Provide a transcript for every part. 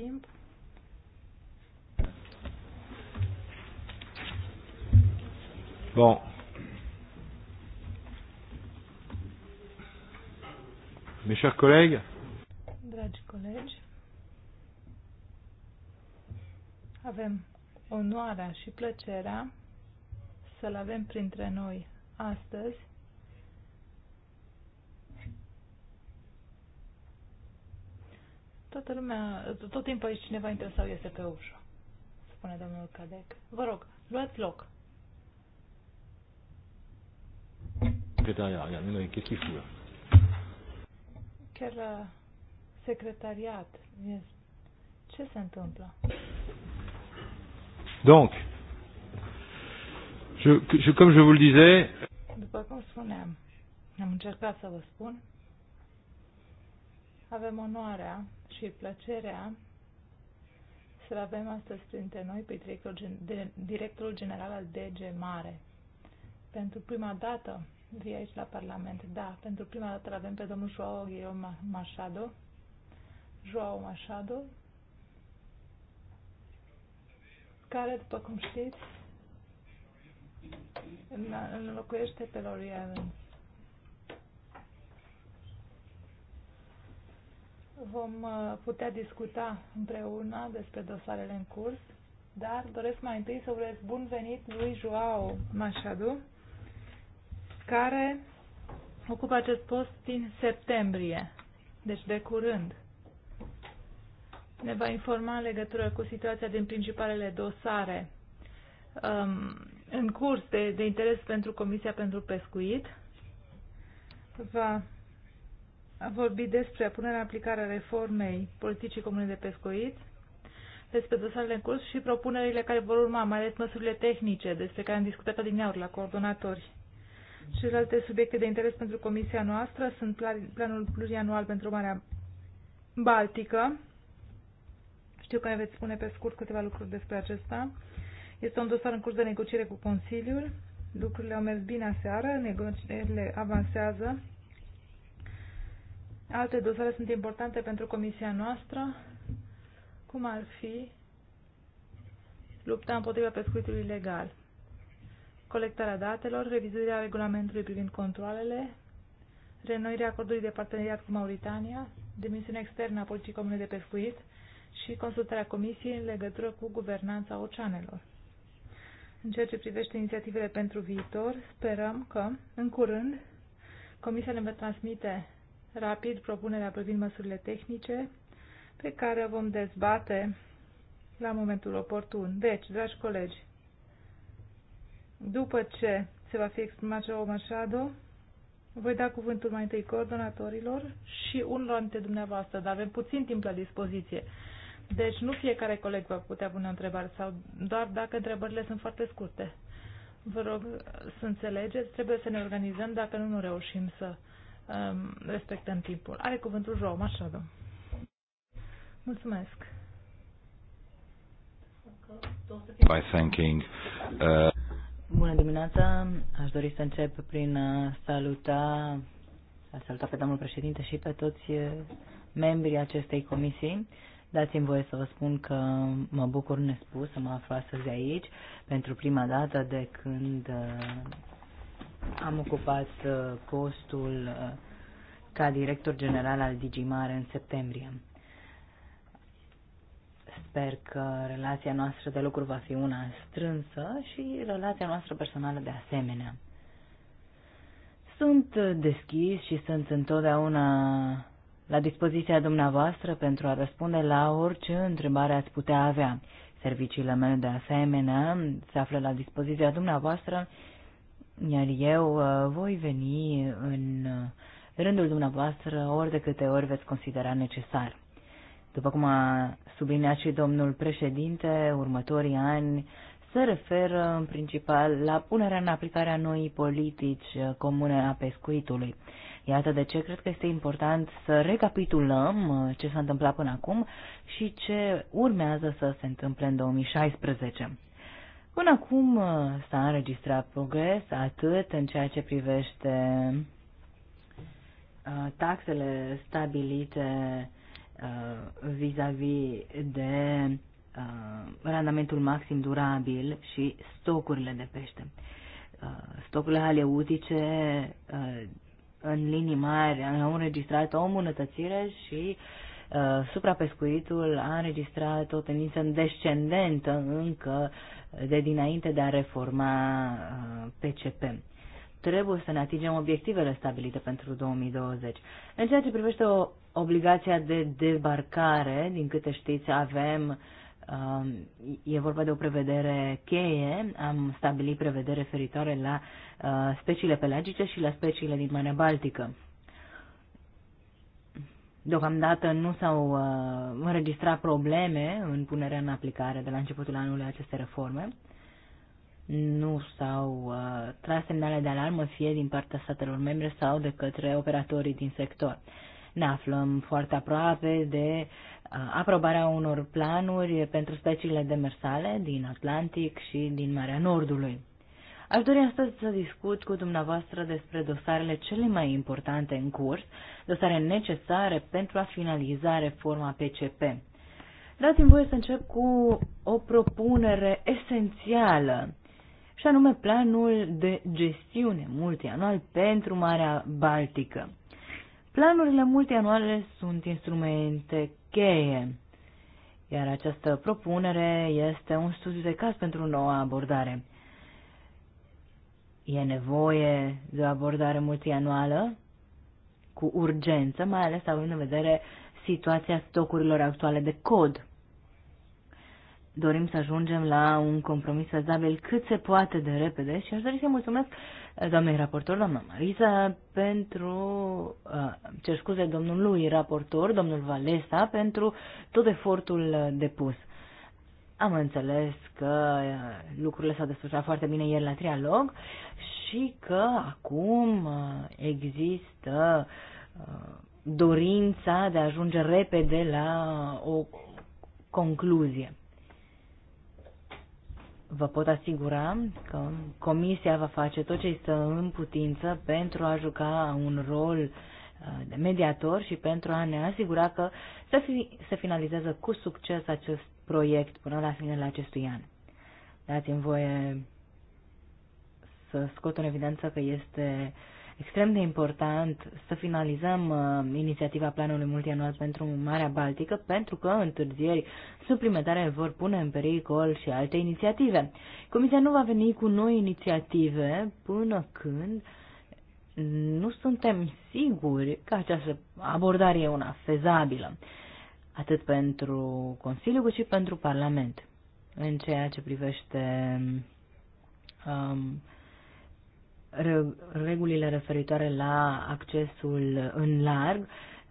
timp. Bon. Mes chers collègues. Dragi colegi. Avem onoarea și plăcerea să-l avem printre noi astăzi Toată lumea, tot timpul aici cineva intră sau iese pe ușă, spune domnul Cadec. Vă rog, luați loc. Uh, secretariat, nu e Chiar la secretariat, ce se întâmplă? Donc, je, je, comme je vous le disais, după cum spuneam, am încercat să vă spun, avem onoarea și plăcerea să-l avem astăzi printre noi pe directorul, gen, de, directorul general al DG Mare. Pentru prima dată vii aici la Parlament. Da, pentru prima dată îl avem pe domnul Joao Guillaume Machado. Joao Machado, care, după cum știți, înlocuiește pe Laurie Evans. vom uh, putea discuta împreună despre dosarele în curs, dar doresc mai întâi să urez bun venit lui Joao Machado, care ocupă acest post din septembrie, deci de curând. Ne va informa în legătură cu situația din principalele dosare um, în curs de, de interes pentru Comisia pentru Pescuit. Va a vorbit despre punerea în aplicare reformei politicii comune de pescuit, despre dosarele în curs și propunerile care vor urma, mai ales măsurile tehnice despre care am discutat adineauri la coordonatori. alte subiecte de interes pentru comisia noastră sunt planul plurianual pentru Marea Baltică. Știu că ne veți spune pe scurt câteva lucruri despre acesta. Este un dosar în curs de negociere cu Consiliul. Lucrurile au mers bine aseară, negocierile avansează Alte dosare sunt importante pentru comisia noastră, cum ar fi lupta împotriva pescuitului ilegal, colectarea datelor, revizuirea regulamentului privind controlele, renoirea acordului de parteneriat cu Mauritania, dimensiunea externă a politicii comune de pescuit și consultarea comisiei în legătură cu guvernanța oceanelor. În ceea ce privește inițiativele pentru viitor, sperăm că, în curând, Comisia ne va transmite rapid propunerea privind măsurile tehnice pe care vom dezbate la momentul oportun. Deci, dragi colegi, după ce se va fi exprimat Joao Machado, voi da cuvântul mai întâi coordonatorilor și unul dintre dumneavoastră, dar avem puțin timp la dispoziție. Deci nu fiecare coleg va putea pune o întrebare sau doar dacă întrebările sunt foarte scurte. Vă rog să înțelegeți, trebuie să ne organizăm, dacă nu, nu reușim să Um, respectăm timpul. Are cuvântul João Machado. Mulțumesc. By thanking, uh... Bună dimineața! Aș dori să încep prin a saluta, a saluta pe domnul președinte și pe toți uh, membrii acestei comisii. Dați-mi voie să vă spun că mă bucur nespus să mă aflu astăzi aici pentru prima dată de când uh, am ocupat uh, postul uh, ca director general al Digimare în septembrie. Sper că relația noastră de lucru va fi una strânsă și relația noastră personală de asemenea. Sunt deschis și sunt întotdeauna la dispoziția dumneavoastră pentru a răspunde la orice întrebare ați putea avea. Serviciile mele de asemenea se află la dispoziția dumneavoastră iar eu uh, voi veni în uh, rândul dumneavoastră ori de câte ori veți considera necesar. După cum a subliniat și domnul președinte, următorii ani se referă în principal la punerea în aplicare a noii politici uh, comune a pescuitului. Iată de ce cred că este important să recapitulăm ce s-a întâmplat până acum și ce urmează să se întâmple în 2016. Până acum uh, s-a înregistrat progres atât în ceea ce privește uh, taxele stabilite uh, vis-a-vis -vis de randamentul maxim durabil și stocurile de pește. Stocurile aleutice în linii mari au înregistrat o îmbunătățire și suprapescuitul a înregistrat o tendință descendentă încă de dinainte de a reforma PCP. Uh, Trebuie să ne atingem obiectivele stabilite pentru 2020. În ceea ce privește o obligația de debarcare, din câte știți, avem, um, e vorba de o prevedere cheie, am stabilit prevedere referitoare la uh, speciile pelagice și la speciile din Marea Baltică. Deocamdată nu s-au uh, înregistrat probleme în punerea în aplicare de la începutul anului aceste reforme. Nu s-au uh, tras semnale de alarmă fie din partea statelor membre sau de către operatorii din sector. Ne aflăm foarte aproape de uh, aprobarea unor planuri pentru speciile demersale din Atlantic și din Marea Nordului. Aș dori astăzi să discut cu dumneavoastră despre dosarele cele mai importante în curs, dosare necesare pentru a finaliza reforma PCP. Dați-mi voie să încep cu o propunere esențială, și anume planul de gestiune multianual pentru Marea Baltică. Planurile multianuale sunt instrumente cheie, iar această propunere este un studiu de caz pentru noua abordare. E nevoie de o abordare multianuală cu urgență, mai ales având în vedere situația stocurilor actuale de cod. Dorim să ajungem la un compromis fezabil cât se poate de repede și aș dori să mulțumesc eh, doamnei raportor, doamna Marisa, pentru, eh, cer scuze, domnului raportor, domnul Valesa, pentru tot efortul eh, depus. Am înțeles că uh, lucrurile s-au desfășurat foarte bine ieri la trialog și că acum uh, există uh, dorința de a ajunge repede la o concluzie. Vă pot asigura că Comisia va face tot ce este în putință pentru a juca un rol de mediator și pentru a ne asigura că se finalizează cu succes acest proiect până la finele acestui an. Dați-mi voie să scot în evidență că este extrem de important să finalizăm uh, inițiativa planului multianual pentru Marea Baltică, pentru că întârzieri suplimentare vor pune în pericol și alte inițiative. Comisia nu va veni cu noi inițiative până când nu suntem siguri că această abordare e una fezabilă atât pentru Consiliu cât și pentru Parlament în ceea ce privește um, regulile referitoare la accesul în larg.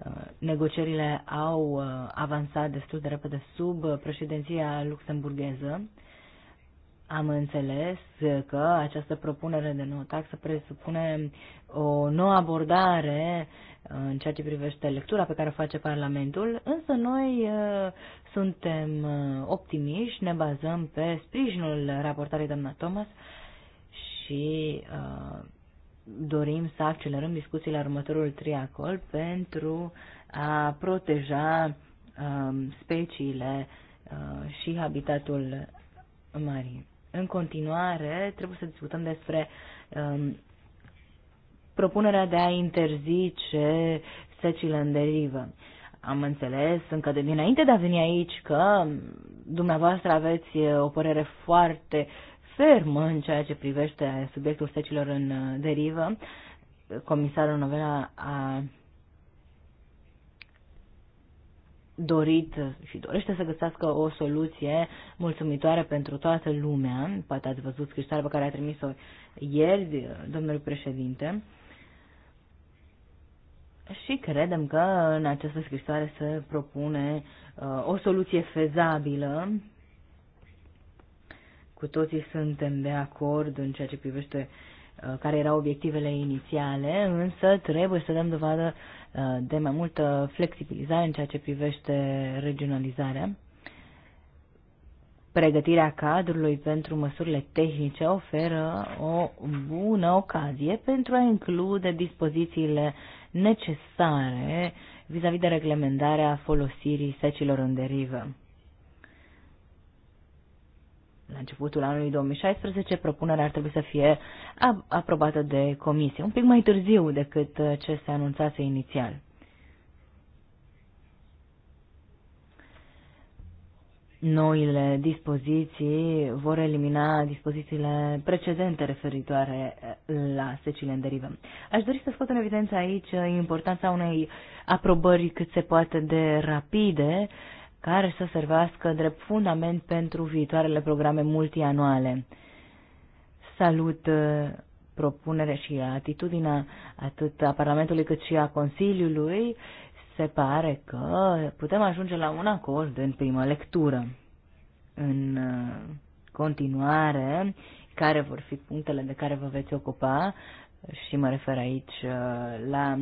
Uh, negocierile au uh, avansat destul de repede sub președinția luxemburgheză. Am înțeles că această propunere de nouă taxă presupune o nouă abordare în ceea ce privește lectura pe care o face Parlamentul, însă noi uh, suntem uh, optimiști, ne bazăm pe sprijinul raportarei doamna Thomas și uh, dorim să accelerăm discuțiile la următorul triacol pentru a proteja um, speciile și habitatul marin. În continuare, trebuie să discutăm despre um, propunerea de a interzice secile în derivă. Am înțeles încă de dinainte de a veni aici că dumneavoastră aveți o părere foarte fermă în ceea ce privește subiectul secilor în derivă. Comisarul Novela a dorit și dorește să găsească o soluție mulțumitoare pentru toată lumea. Poate ați văzut scrisoarea pe care a trimis-o ieri domnul președinte și credem că în această scrisoare se propune uh, o soluție fezabilă. Cu toții suntem de acord în ceea ce privește uh, care erau obiectivele inițiale, însă trebuie să dăm dovadă uh, de mai multă flexibilizare în ceea ce privește regionalizarea. Pregătirea cadrului pentru măsurile tehnice oferă o bună ocazie pentru a include dispozițiile necesare vis-a-vis -vis de reglementarea folosirii secilor în derivă. La începutul anului 2016, propunerea ar trebui să fie aprobată de comisie, un pic mai târziu decât ce se anunțase inițial. Noile dispoziții vor elimina dispozițiile precedente referitoare eh, la secile în derivă. Aș dori să scot în evidență aici eh, importanța unei aprobări cât se poate de rapide, care să servească drept fundament pentru viitoarele programe multianuale. Salut eh, propunerea și atitudinea atât a Parlamentului cât și a Consiliului se pare că putem ajunge la un acord în prima lectură. În uh, continuare, care vor fi punctele de care vă veți ocupa și mă refer aici uh, la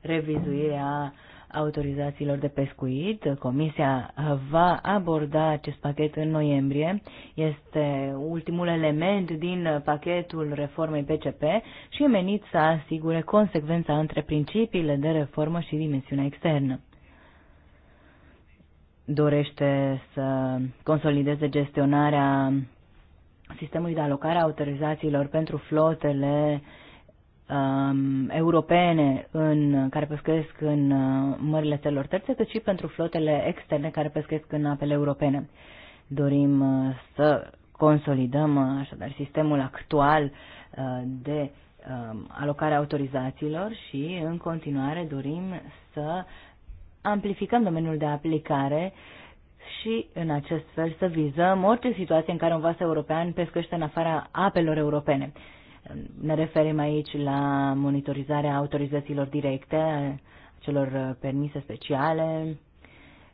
revizuirea uh, autorizațiilor de pescuit. Comisia va aborda acest pachet în noiembrie. Este ultimul element din pachetul reformei PCP și e menit să asigure consecvența între principiile de reformă și dimensiunea externă. Dorește să consolideze gestionarea sistemului de alocare a autorizațiilor pentru flotele uh, um, europene în, care pescuiesc în uh, mările țărilor terțe, cât și pentru flotele externe care pescuiesc în apele europene. Dorim uh, să consolidăm uh, așadar sistemul actual uh, de uh, alocare autorizațiilor și în continuare dorim să amplificăm domeniul de aplicare și în acest fel să vizăm orice situație în care un vas european pescăște în afara apelor europene. Ne referim aici la monitorizarea autorizațiilor directe, celor uh, permise speciale,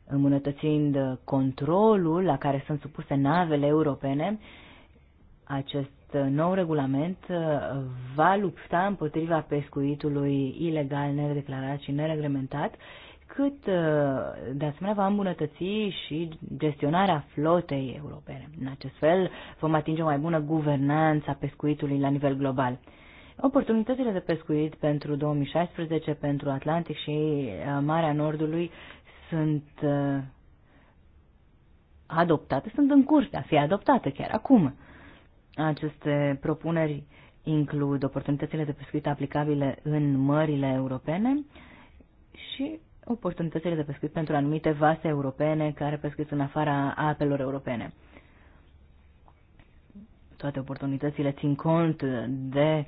îmbunătățind controlul la care sunt supuse navele europene. Acest uh, nou regulament uh, va lupta împotriva pescuitului ilegal, nedeclarat și nereglementat cât uh, de asemenea va îmbunătăți și gestionarea flotei europene. În acest fel vom atinge o mai bună guvernanță a pescuitului la nivel global. Oportunitățile de pescuit pentru 2016, pentru Atlantic și uh, Marea Nordului sunt uh, adoptate, sunt în curs de a fi adoptate chiar acum. Aceste propuneri includ oportunitățile de pescuit aplicabile în mările europene și oportunitățile de pescuit pentru anumite vase europene care pescuiesc în afara apelor europene. Toate oportunitățile țin cont de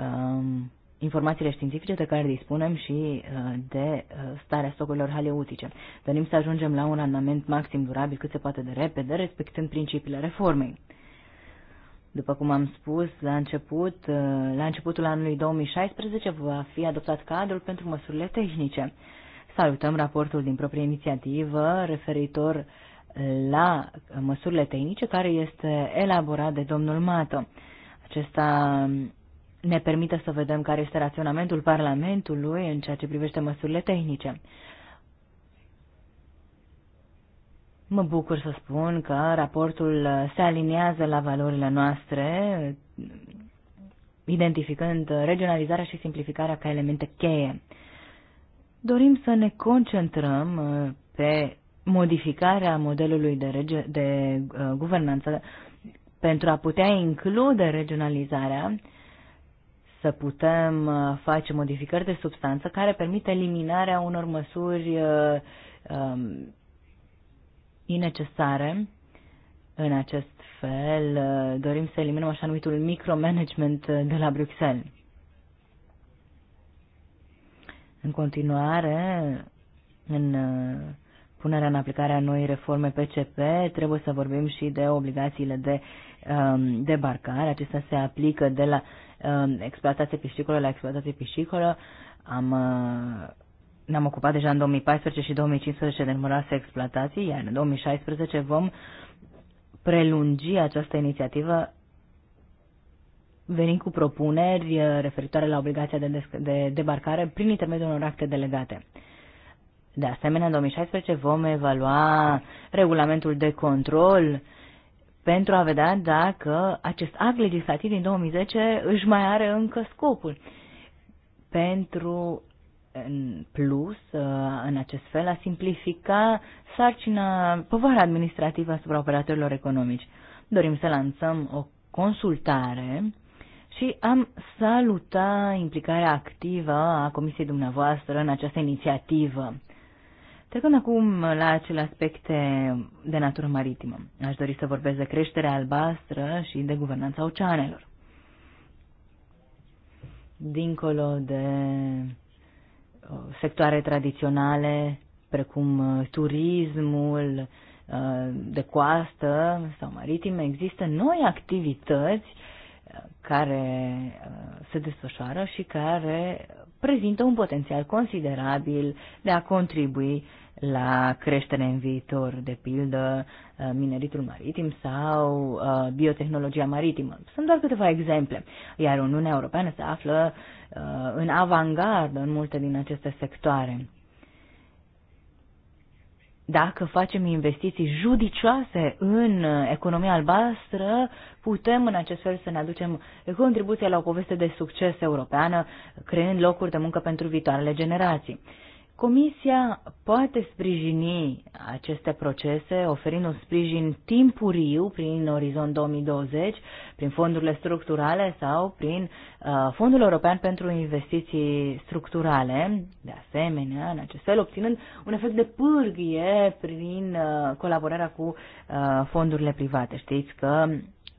um, informațiile științifice de care dispunem și uh, de uh, starea stocurilor haleutice. Dorim să ajungem la un randament maxim durabil cât se poate de repede, respectând principiile reformei. După cum am spus la început, uh, la începutul anului 2016 va fi adoptat cadrul pentru măsurile tehnice. Salutăm raportul din proprie inițiativă referitor la măsurile tehnice care este elaborat de domnul Mato. Acesta ne permite să vedem care este raționamentul Parlamentului în ceea ce privește măsurile tehnice. Mă bucur să spun că raportul se aliniază la valorile noastre, identificând regionalizarea și simplificarea ca elemente cheie dorim să ne concentrăm uh, pe modificarea modelului de, rege, de uh, guvernanță pentru a putea include regionalizarea, să putem uh, face modificări de substanță care permit eliminarea unor măsuri um, inecesare. În acest fel, dorim să eliminăm așa numitul micromanagement de la Bruxelles. În continuare, în uh, punerea în aplicare a noii reforme PCP, trebuie să vorbim și de obligațiile de um, debarcare. Acestea se aplică de la um, exploatație piscicolă la exploatație piscicolă. Am, uh, ne-am ocupat deja în 2014 și 2015 de numeroase exploatații, iar în 2016 vom prelungi această inițiativă venit cu propuneri uh, referitoare la obligația de, de debarcare prin intermediul unor acte delegate. De asemenea, în 2016 vom evalua regulamentul de control pentru a vedea dacă acest act legislativ din 2010 își mai are încă scopul. Pentru, în plus, uh, în acest fel, a simplifica sarcina, povara administrativă asupra operatorilor economici. Dorim să lansăm o consultare și am salutat implicarea activă a comisiei dumneavoastră în această inițiativă. Trecând acum la acele aspecte de natură maritimă, aș dori să vorbesc de creșterea albastră și de guvernanța oceanelor. Dincolo de uh, sectoare tradiționale, precum uh, turismul uh, de coastă sau maritimă, există noi activități care uh, se desfășoară și care prezintă un potențial considerabil de a contribui la creștere în viitor, de pildă uh, mineritul maritim sau uh, biotehnologia maritimă. Sunt doar câteva exemple, iar Uniunea Europeană se află în avangardă în multe din aceste sectoare dacă facem investiții judicioase în uh, economia albastră, putem în acest fel să ne aducem contribuția la o poveste de succes europeană, creând locuri de muncă pentru viitoarele generații. Comisia poate sprijini aceste procese oferind un sprijin timpuriu prin Orizont 2020, prin fondurile structurale sau prin uh, Fondul European pentru Investiții Structurale, de asemenea, în acest fel obținând un efect de pârghie prin uh, colaborarea cu uh, fondurile private. Știți că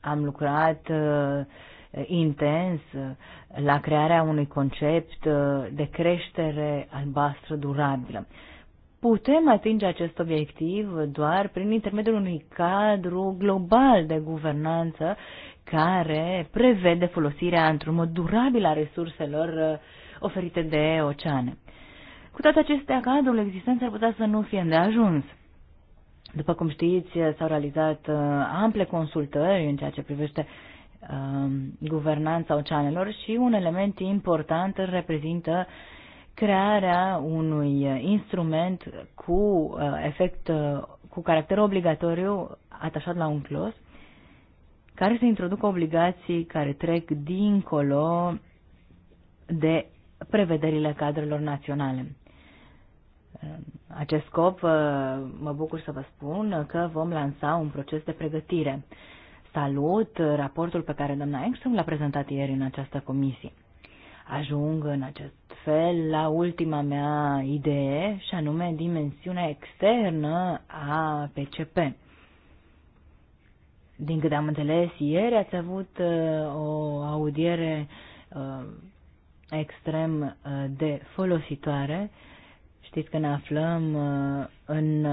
am lucrat uh, Eh, intens eh, la crearea unui concept eh, de creștere albastră durabilă. Putem atinge acest obiectiv doar prin intermediul unui cadru global de guvernanță care prevede folosirea într-un mod durabil a resurselor oferite de oceane. Cu toate acestea, cadrul existent ar putea să nu fie îndeajuns. După cum știți, s-au realizat ample consultări în ceea ce privește uh, Um, guvernanța oceanelor și un element important îl reprezintă crearea unui instrument cu uh, efect, uh, cu caracter obligatoriu atașat la un clos, care să introducă obligații care trec dincolo de prevederile cadrelor naționale. Um, acest scop, uh, mă bucur să vă spun că vom lansa un proces de pregătire. Salut raportul pe care doamna Engström l-a prezentat ieri în această comisie. Ajung în acest fel la ultima mea idee și anume dimensiunea externă a PCP. Din câte am înțeles, ieri ați avut uh, o audiere uh, extrem uh, de folositoare. Știți că ne aflăm în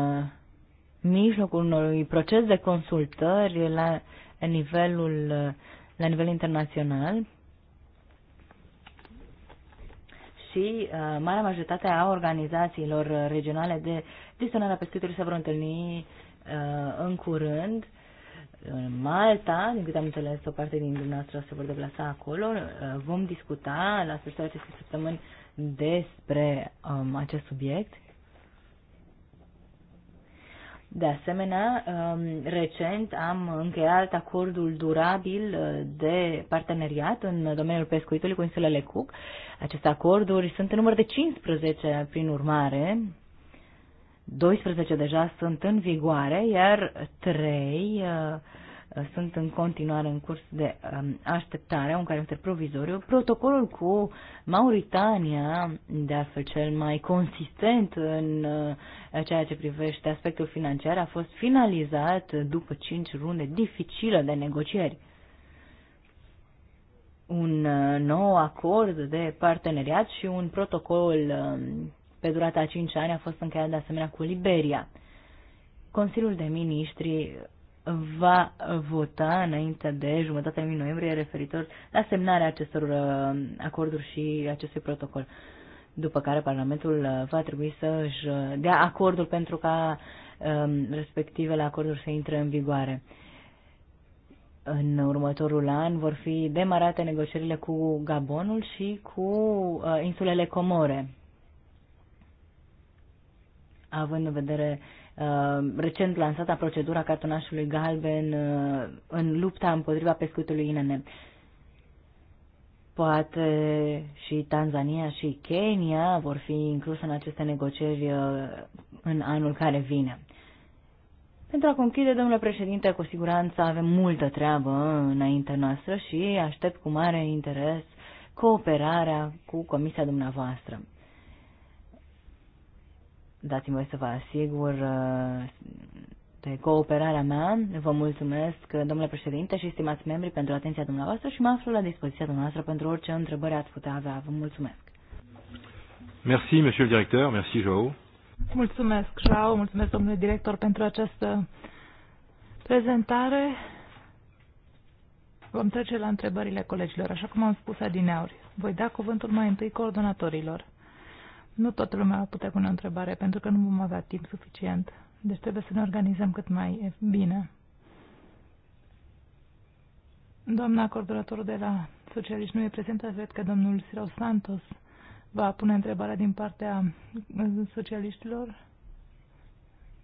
mijlocul unui proces de consultări la nivelul, la nivel internațional și uh, marea majoritate a organizațiilor regionale de gestionare a pescuitului se vor întâlni uh, în curând. În Malta, din câte am înțeles, o parte din dumneavoastră se vor deplasa acolo. Uh, vom discuta la sfârșitul acestei săptămâni despre um, acest subiect de asemenea, um, recent am încheiat acordul durabil uh, de parteneriat în domeniul pescuitului cu insulele Cook. Aceste acorduri sunt în număr de 15, prin urmare, 12 deja sunt în vigoare, iar 3 Uh, sunt în continuare în curs de um, așteptare, un caracter provizoriu. Protocolul cu Mauritania, de altfel cel mai consistent în uh, ceea ce privește aspectul financiar, a fost finalizat după cinci runde dificile de negocieri un uh, nou acord de parteneriat și un protocol um, pe durata a cinci ani a fost încheiat de asemenea cu Liberia. Consiliul de Ministri va vota înainte de jumătatea lui noiembrie referitor la semnarea acestor uh, acorduri și acestui protocol. După care Parlamentul uh, va trebui să își uh, dea acordul pentru ca um, respectivele acorduri să intre în vigoare. În următorul an vor fi demarate negocierile cu Gabonul și cu insulele Comore. Având în vedere uh, Uh, recent lansata procedura cartonașului galben uh, în lupta împotriva pescuitului INN. Poate și Tanzania și Kenya vor fi incluse în aceste negocieri uh, în anul care vine. Pentru a conchide, domnule președinte, cu siguranță avem multă treabă înaintea noastră și aștept cu mare interes cooperarea cu comisia dumneavoastră. Dați-mi voi să vă asigur uh, de cooperarea mea. Vă mulțumesc, domnule președinte și stimați membri, pentru atenția dumneavoastră și mă aflu la dispoziția dumneavoastră pentru orice întrebări ați putea avea. Vă mulțumesc. Merci, monsieur le directeur. Merci, Joao. Mulțumesc, Joao. Mulțumesc, domnule director, pentru această prezentare. Vom trece la întrebările colegilor. Așa cum am spus adineauri, voi da cuvântul mai întâi coordonatorilor. Nu toată lumea putea pune o întrebare, pentru că nu vom avea timp suficient. Deci trebuie să ne organizăm cât mai bine. Doamna coordonatorul de la Socialiști nu e prezentă, cred că domnul Sirau Santos va pune întrebarea din partea socialiștilor.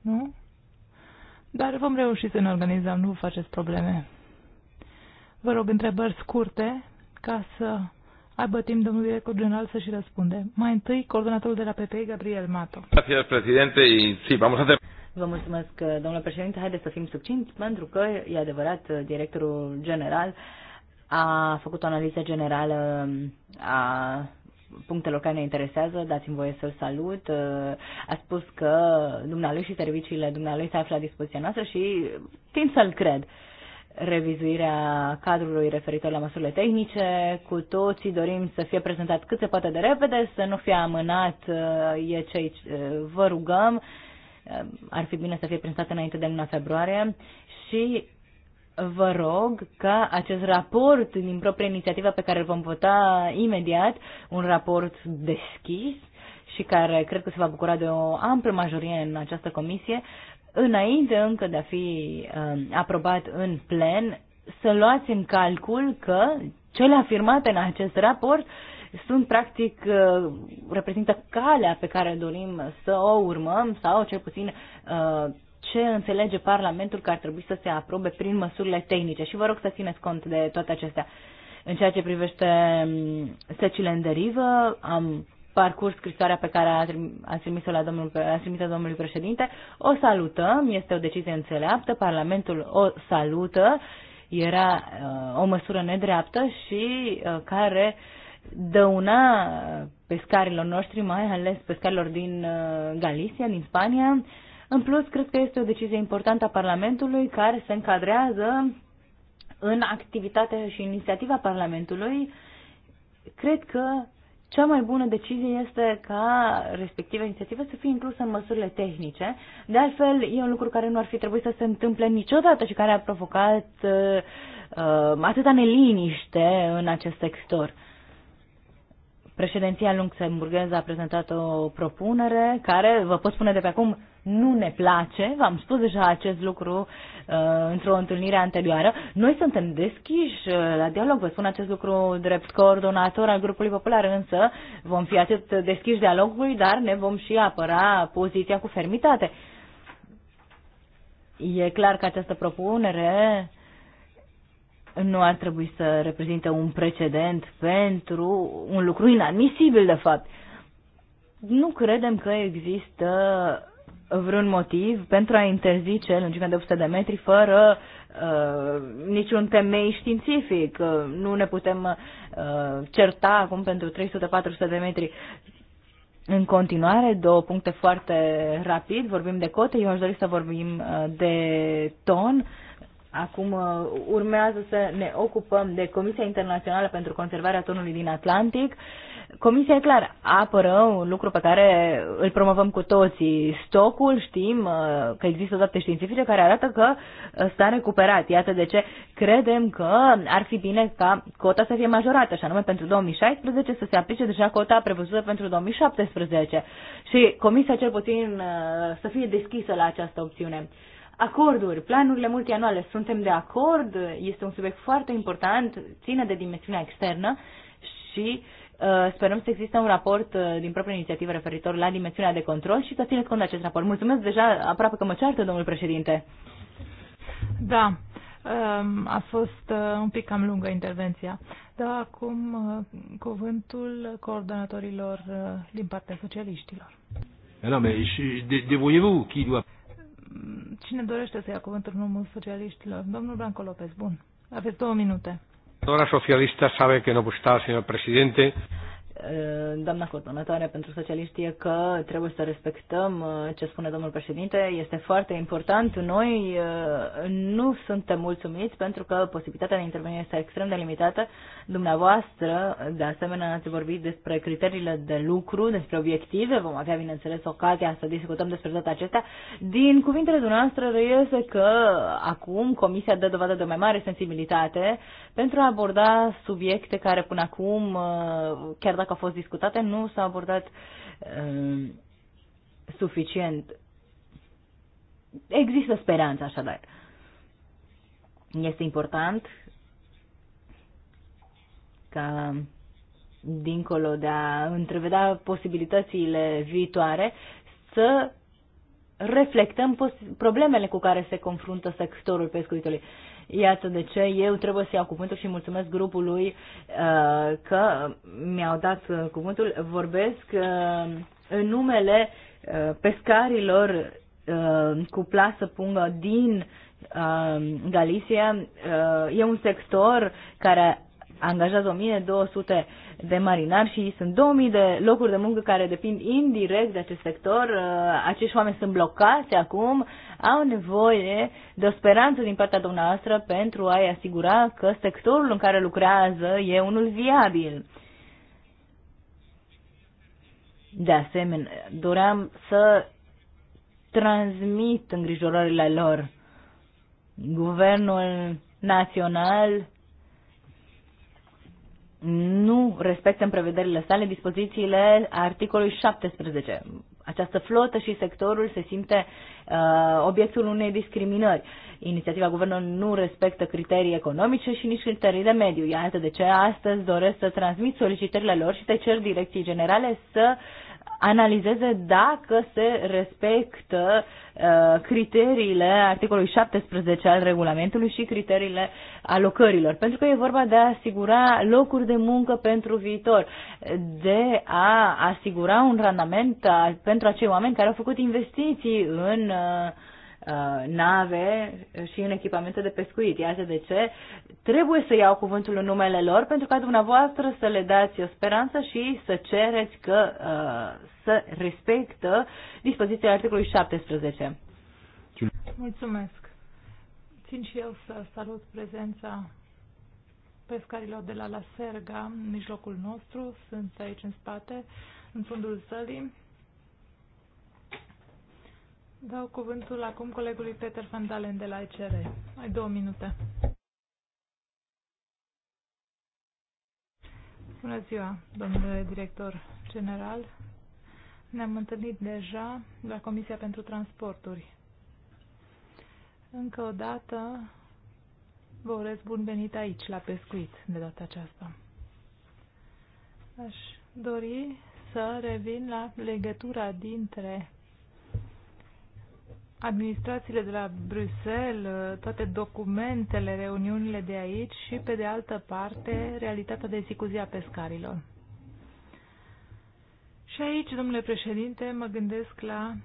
Nu? Dar vom reuși să ne organizăm, nu vă faceți probleme. Vă rog întrebări scurte ca să aibă timp domnul director general să și răspunde. Mai întâi, coordonatorul de la PPI, Gabriel Mato. Vă mulțumesc, domnule președinte. Haideți să fim succinți, pentru că, e adevărat, directorul general a făcut o analiză generală a punctelor care ne interesează, dați-mi voie să-l salut. A spus că dumnealui și serviciile dumnealui se află la dispoziția noastră și tind să-l cred revizuirea cadrului referitor la măsurile tehnice. Cu toții dorim să fie prezentat cât se poate de repede, să nu fie amânat, uh, e ce uh, vă rugăm. Uh, ar fi bine să fie prezentat înainte de luna februarie și vă rog ca acest raport din propria inițiativă pe care îl vom vota imediat, un raport deschis, și care cred că se va bucura de o amplă majorie în această comisie, înainte încă de a fi um, aprobat în plen, să luați în calcul că cele afirmate în acest raport sunt practic uh, reprezintă calea pe care dorim să o urmăm sau cel puțin uh, ce înțelege Parlamentul că ar trebui să se aprobe prin măsurile tehnice și vă rog să țineți cont de toate acestea. În ceea ce privește um, secile în derivă, am parcurs scrisoarea pe care a trimis-o la domnul, a trimis o domnului președinte. O salutăm, este o decizie înțeleaptă, Parlamentul o salută, era uh, o măsură nedreaptă și uh, care dăuna pescarilor noștri, mai ales pescarilor din uh, Galicia, din Spania. În plus, cred că este o decizie importantă a Parlamentului care se încadrează în activitatea și inițiativa Parlamentului. Cred că cea mai bună decizie este ca respectiva inițiativă să fie inclusă în măsurile tehnice. De altfel, e un lucru care nu ar fi trebuit să se întâmple niciodată și care a provocat uh, uh atâta neliniște în acest sector. Președinția luxemburgheză a prezentat o propunere care, vă pot spune de pe acum, nu ne place. V-am spus deja acest lucru uh, într-o întâlnire anterioară. Noi suntem deschiși uh, la dialog, vă spun acest lucru drept coordonator al grupului popular, însă vom fi atât deschiși dialogului, dar ne vom și apăra poziția cu fermitate. E clar că această propunere nu ar trebui să reprezinte un precedent pentru un lucru inadmisibil, de fapt. Nu credem că există vreun motiv pentru a interzice lungimea de 800 de metri fără uh, niciun temei științific. Uh, nu ne putem uh, certa acum pentru 300-400 de metri. În continuare, două puncte foarte rapid. Vorbim de cote, eu aș dori să vorbim uh, de ton. Uh, Acum uh, urmează să ne ocupăm de Comisia Internațională pentru Conservarea Tonului din Atlantic. Comisia, e clar, apără un lucru pe care îl promovăm cu toții. Stocul, știm uh, că există date științifice care arată că uh, s-a recuperat. Iată de ce credem că ar fi bine ca cota să fie majorată, și anume pentru 2016 să se aplice deja cota prevăzută pentru 2017. Și Comisia, cel puțin, să fie deschisă la această opțiune. Acorduri, planurile multianuale, suntem de acord, este un subiect foarte important, ține de dimensiunea externă și uh, sperăm să existe un raport uh, din proprie inițiativă referitor la dimensiunea de control și să țineți cont de acest raport. Mulțumesc deja, aproape că mă ceartă, domnul președinte. Da, um, a fost uh, un pic cam lungă intervenția. Da, acum uh, cuvântul coordonatorilor uh, din partea socialiștilor. Eh, non, mais dévoyez-vous qui doit... Cine dorește să ia cuvântul în numul socialiștilor? Domnul Blanco Lopez, bun. Aveți două minute. Doamna socialista sabe că nu no estar, señor președinte doamna coordonatoare pentru socialiști e că trebuie să respectăm uh, ce spune domnul președinte. Este foarte important. Noi uh, nu suntem mulțumiți pentru că posibilitatea de intervenire este extrem de limitată. Dumneavoastră, de asemenea, ați vorbit despre criteriile de lucru, despre obiective. Vom avea, bineînțeles, ocazia să discutăm despre toate acestea. Din cuvintele dumneavoastră reiese că acum Comisia dă dovadă de o mai mare sensibilitate pentru a aborda subiecte care până acum, uh, chiar dacă dacă au fost discutate, nu s-a abordat uh, suficient. Există speranță, așadar. Este important ca dincolo de a întrevedea posibilitățile viitoare, să reflectăm problemele cu care se confruntă sectorul pescuitului. Iată de ce eu trebuie să iau cuvântul și mulțumesc grupului uh, că mi-au dat uh, cuvântul. Vorbesc uh, în numele uh, pescarilor uh, cu plasă pungă din uh, Galicia. Uh, e un sector care angajează 1200 de marinari și sunt 2000 de locuri de muncă care depind indirect de acest sector. Uh, acești oameni sunt blocați acum, au nevoie de o speranță din partea dumneavoastră pentru a-i asigura că sectorul în care lucrează e unul viabil. De asemenea, doream să transmit îngrijorările lor. Guvernul național nu respectă în prevederile sale dispozițiile articolului 17. Această flotă și sectorul se simte uh, obiectul unei discriminări. Inițiativa guvernului nu respectă criterii economice și nici criterii de mediu. Iată de ce astăzi doresc să transmit solicitările lor și să cer direcției generale să uh, analizeze dacă se respectă uh, criteriile articolului 17 al regulamentului și criteriile alocărilor, pentru că e vorba de a asigura locuri de muncă pentru viitor, de a asigura un randament a, pentru acei oameni care au făcut investiții în uh, Uh, nave și în echipamente de pescuit. Iată de ce trebuie să iau cuvântul în numele lor pentru ca dumneavoastră să le dați o speranță și să cereți că uh, să respectă dispoziția articolului 17. Mulțumesc. Țin și eu să salut prezența pescarilor de la La Serga în mijlocul nostru. Sunt aici în spate, în fundul sălii Dau cuvântul acum colegului Peter Van Dalen de la ECR. Ai două minute. Bună ziua, domnule director general. Ne-am întâlnit deja la Comisia pentru Transporturi. Încă o dată vă urez bun venit aici, la pescuit, de data aceasta. Aș dori să revin la legătura dintre administrațiile de la Bruxelles, toate documentele, reuniunile de aici și, pe de altă parte, realitatea de zi cu zi a pescarilor. Și aici, domnule președinte, mă gândesc la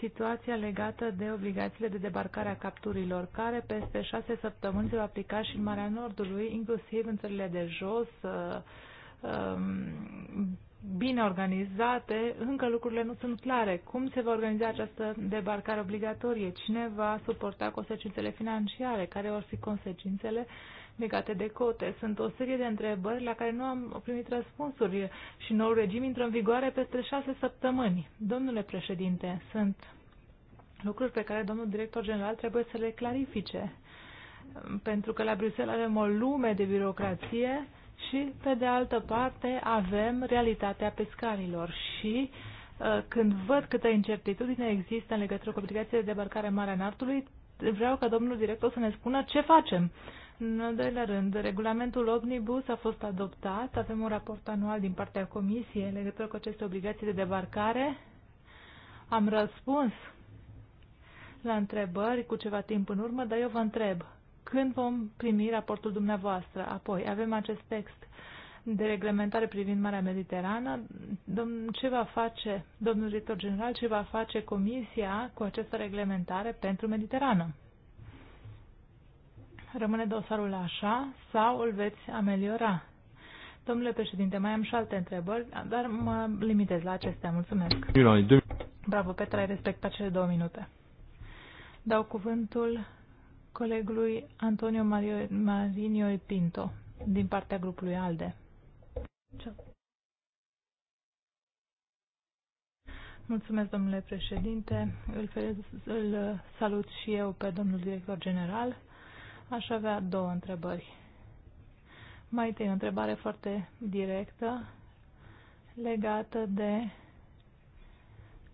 situația legată de obligațiile de debarcare a capturilor, care peste șase săptămâni se va aplica și în Marea Nordului, inclusiv în țările de jos, uh, um, bine organizate, încă lucrurile nu sunt clare. Cum se va organiza această debarcare obligatorie? Cine va suporta consecințele financiare? Care vor fi consecințele legate de cote? Sunt o serie de întrebări la care nu am primit răspunsuri și noul regim intră în vigoare peste șase săptămâni. Domnule președinte, sunt lucruri pe care domnul director general trebuie să le clarifice. Pentru că la Bruxelles avem o lume de birocrație și, pe de altă parte, avem realitatea pescarilor și uh, când văd câtă incertitudine există în legătură cu obligațiile de debarcare în Marea Nartului, vreau ca domnul director să ne spună ce facem. În al doilea rând, regulamentul Omnibus a fost adoptat, avem un raport anual din partea Comisiei în legătură cu aceste obligații de debarcare. Am răspuns la întrebări cu ceva timp în urmă, dar eu vă întreb, când vom primi raportul dumneavoastră. Apoi avem acest text de reglementare privind Marea Mediterană. Ce va face domnul director general, ce va face Comisia cu această reglementare pentru Mediterană? Rămâne dosarul așa sau îl veți ameliora? Domnule președinte, mai am și alte întrebări, dar mă limitez la acestea. Mulțumesc. Bravo, Petra, ai respectat cele două minute. Dau cuvântul colegului Antonio Mario, Marinio e Pinto din partea grupului ALDE. Mulțumesc, domnule președinte. Îl, ferez, îl salut și eu pe domnul director general. Aș avea două întrebări. Mai întâi, o întrebare foarte directă legată de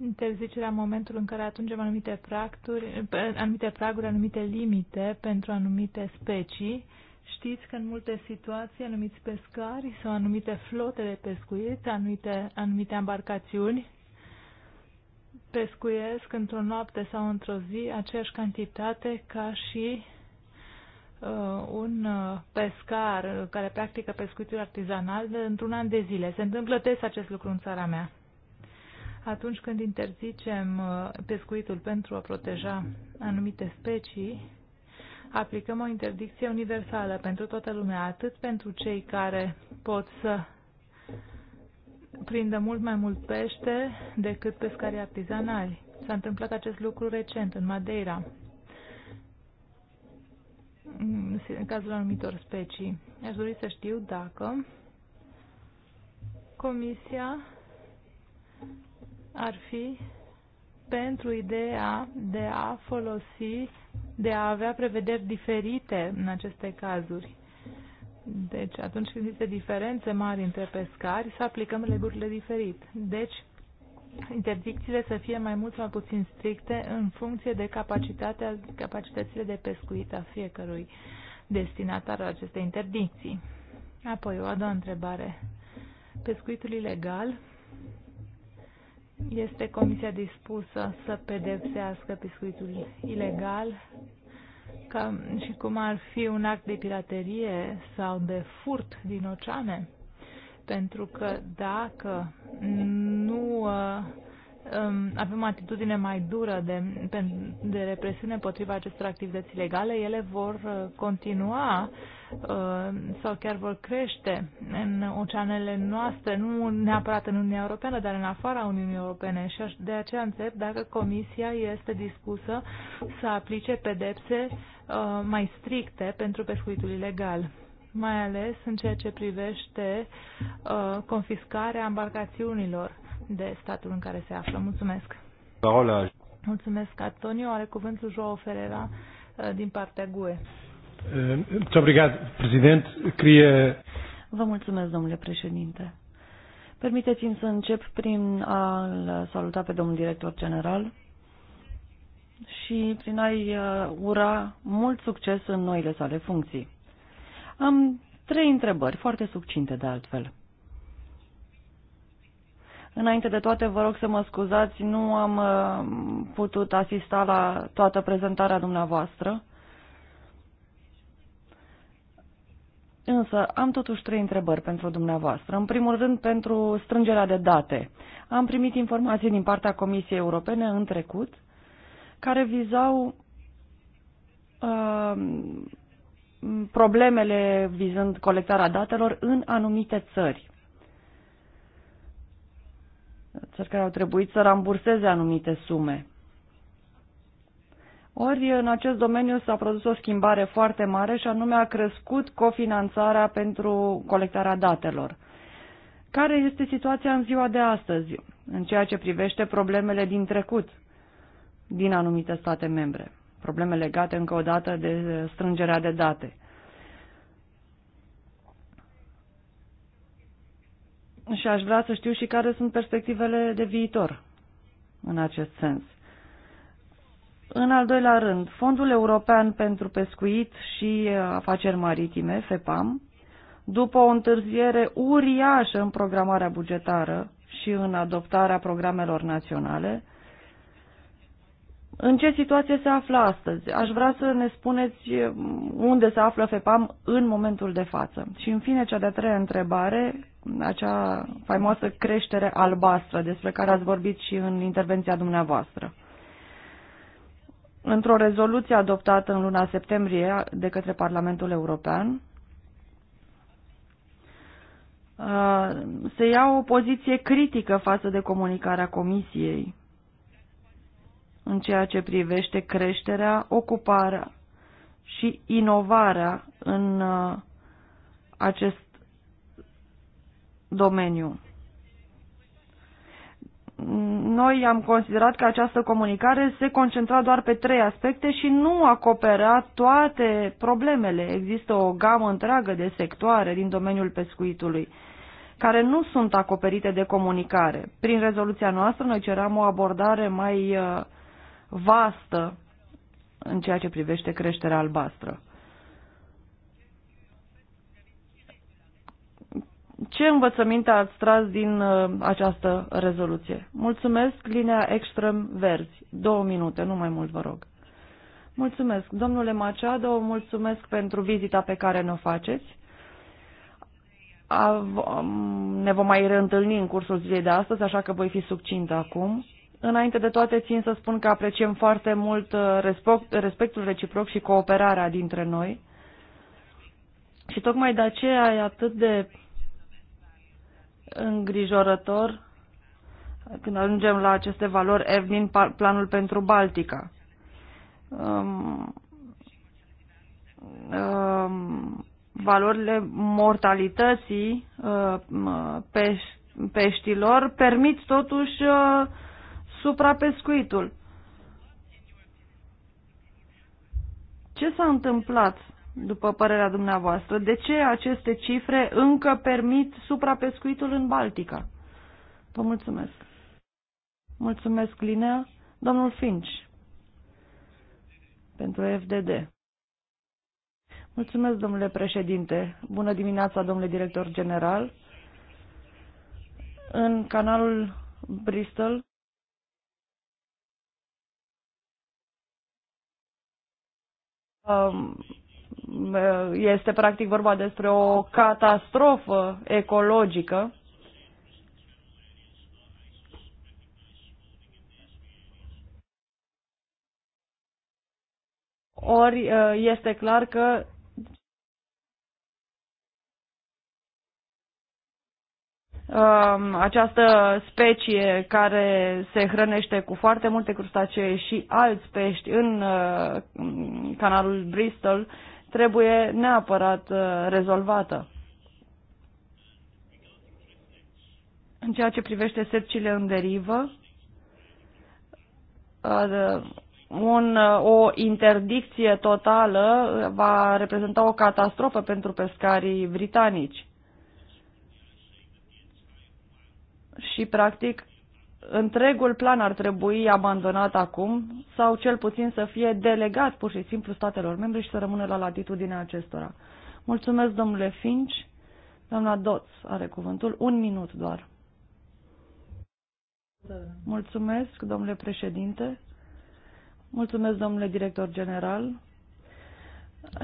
interzicerea în momentul în care atungem anumite, practuri, anumite praguri, anumite limite pentru anumite specii. Știți că în multe situații anumiți pescari sau anumite flote de pescuit, anumite, anumite embarcațiuni pescuiesc într-o noapte sau într-o zi aceeași cantitate ca și uh, un uh, pescar care practică pescuitul artizanal într-un an de zile. Se întâmplă des acest lucru în țara mea atunci când interzicem uh, pescuitul pentru a proteja anumite specii, aplicăm o interdicție universală pentru toată lumea, atât pentru cei care pot să prindă mult mai mult pește decât pescarii artizanali. S-a întâmplat acest lucru recent în Madeira, în cazul anumitor specii. Aș dori să știu dacă Comisia ar fi pentru ideea de a folosi, de a avea prevederi diferite în aceste cazuri. Deci, atunci când există diferențe mari între pescari, să aplicăm regulile diferit. Deci, interdicțiile să fie mai mult sau mai puțin stricte în funcție de capacitatea, capacitățile de pescuit a fiecărui destinatar al acestei interdicții. Apoi, o a doua întrebare. Pescuitul ilegal este Comisia dispusă să pedepsească pescuitul ilegal ca și cum ar fi un act de piraterie sau de furt din oceane? Pentru că dacă nu uh, um, avem o atitudine mai dură de, de represiune împotriva acestor activități ilegale, ele vor uh, continua uh, Uh, sau chiar vor crește în oceanele noastre, nu neapărat în Uniunea Europeană, dar în afara Uniunii Europene. Și de aceea înțeleg dacă Comisia este dispusă să aplice pedepse uh, mai stricte pentru pescuitul ilegal mai ales în ceea ce privește uh, confiscarea embarcațiunilor de statul în care se află. Mulțumesc! Parola. Mulțumesc, Antonio. Are cuvântul Joao Ferreira uh, din partea GUE. Muito obrigado, Presidente. Queria... Vă mulțumesc, domnule președinte. Permiteți-mi să încep prin a saluta pe domnul director general și prin a-i uh, ura mult succes în noile sale funcții. Am trei întrebări, foarte succinte de altfel. Înainte de toate, vă rog să mă scuzați, nu am uh, putut asista la toată prezentarea dumneavoastră. Însă am totuși trei întrebări pentru dumneavoastră. În primul rând, pentru strângerea de date. Am primit informații din partea Comisiei Europene în trecut care vizau uh, problemele vizând colectarea datelor în anumite țări. Țări care au trebuit să ramburseze anumite sume. Ori în acest domeniu s-a produs o schimbare foarte mare și anume a crescut cofinanțarea pentru colectarea datelor. Care este situația în ziua de astăzi în ceea ce privește problemele din trecut din anumite state membre? Probleme legate încă o dată de strângerea de date. Și aș vrea să știu și care sunt perspectivele de viitor în acest sens. În al doilea rând, Fondul European pentru Pescuit și uh, Afaceri Maritime, FEPAM, după o întârziere uriașă în programarea bugetară și în adoptarea programelor naționale, în ce situație se află astăzi? Aș vrea să ne spuneți uh, unde se află FEPAM în momentul de față. Și în fine, cea de-a treia întrebare, acea faimoasă creștere albastră despre care ați vorbit și în intervenția dumneavoastră. Într-o rezoluție adoptată în luna septembrie de către Parlamentul European, uh, se ia o poziție critică față de comunicarea Comisiei în ceea ce privește creșterea, ocuparea și inovarea în uh, acest domeniu noi am considerat că această comunicare se concentra doar pe trei aspecte și nu acopera toate problemele. Există o gamă întreagă de sectoare din domeniul pescuitului care nu sunt acoperite de comunicare. Prin rezoluția noastră noi ceram o abordare mai uh, vastă în ceea ce privește creșterea albastră. Ce învățăminte ați tras din uh, această rezoluție? Mulțumesc, linia extrem verzi. Două minute, nu mai mult, vă rog. Mulțumesc, domnule Machado, mulțumesc pentru vizita pe care ne-o faceți. A, ne vom mai reîntâlni în cursul zilei de astăzi, așa că voi fi succintă acum. Înainte de toate, țin să spun că apreciem foarte mult uh, respectul reciproc și cooperarea dintre noi. Și tocmai de aceea e atât de îngrijorător când ajungem la aceste valori F din planul pentru Baltica. Um, um, valorile mortalității uh, peș peștilor permit totuși uh, suprapescuitul. Ce s-a întâmplat după părerea dumneavoastră, de ce aceste cifre încă permit suprapescuitul în Baltica? Vă mulțumesc. Mulțumesc, Linea. Domnul Finch, pentru FDD. Mulțumesc, domnule președinte. Bună dimineața, domnule director general. În canalul Bristol, um, este practic vorba despre o catastrofă ecologică. Ori uh, este clar că um, această specie care se hrănește cu foarte multe crustacee și alți pești în uh, canalul Bristol trebuie neapărat uh, rezolvată. În ceea ce privește sercile în derivă, uh, un, uh, o interdicție totală va reprezenta o catastrofă pentru pescarii britanici. Și, practic, întregul plan ar trebui abandonat acum sau cel puțin să fie delegat pur și simplu statelor membre și să rămână la latitudinea acestora. Mulțumesc, domnule Finch. Doamna Doț are cuvântul. Un minut doar. Mulțumesc, domnule președinte. Mulțumesc, domnule director general.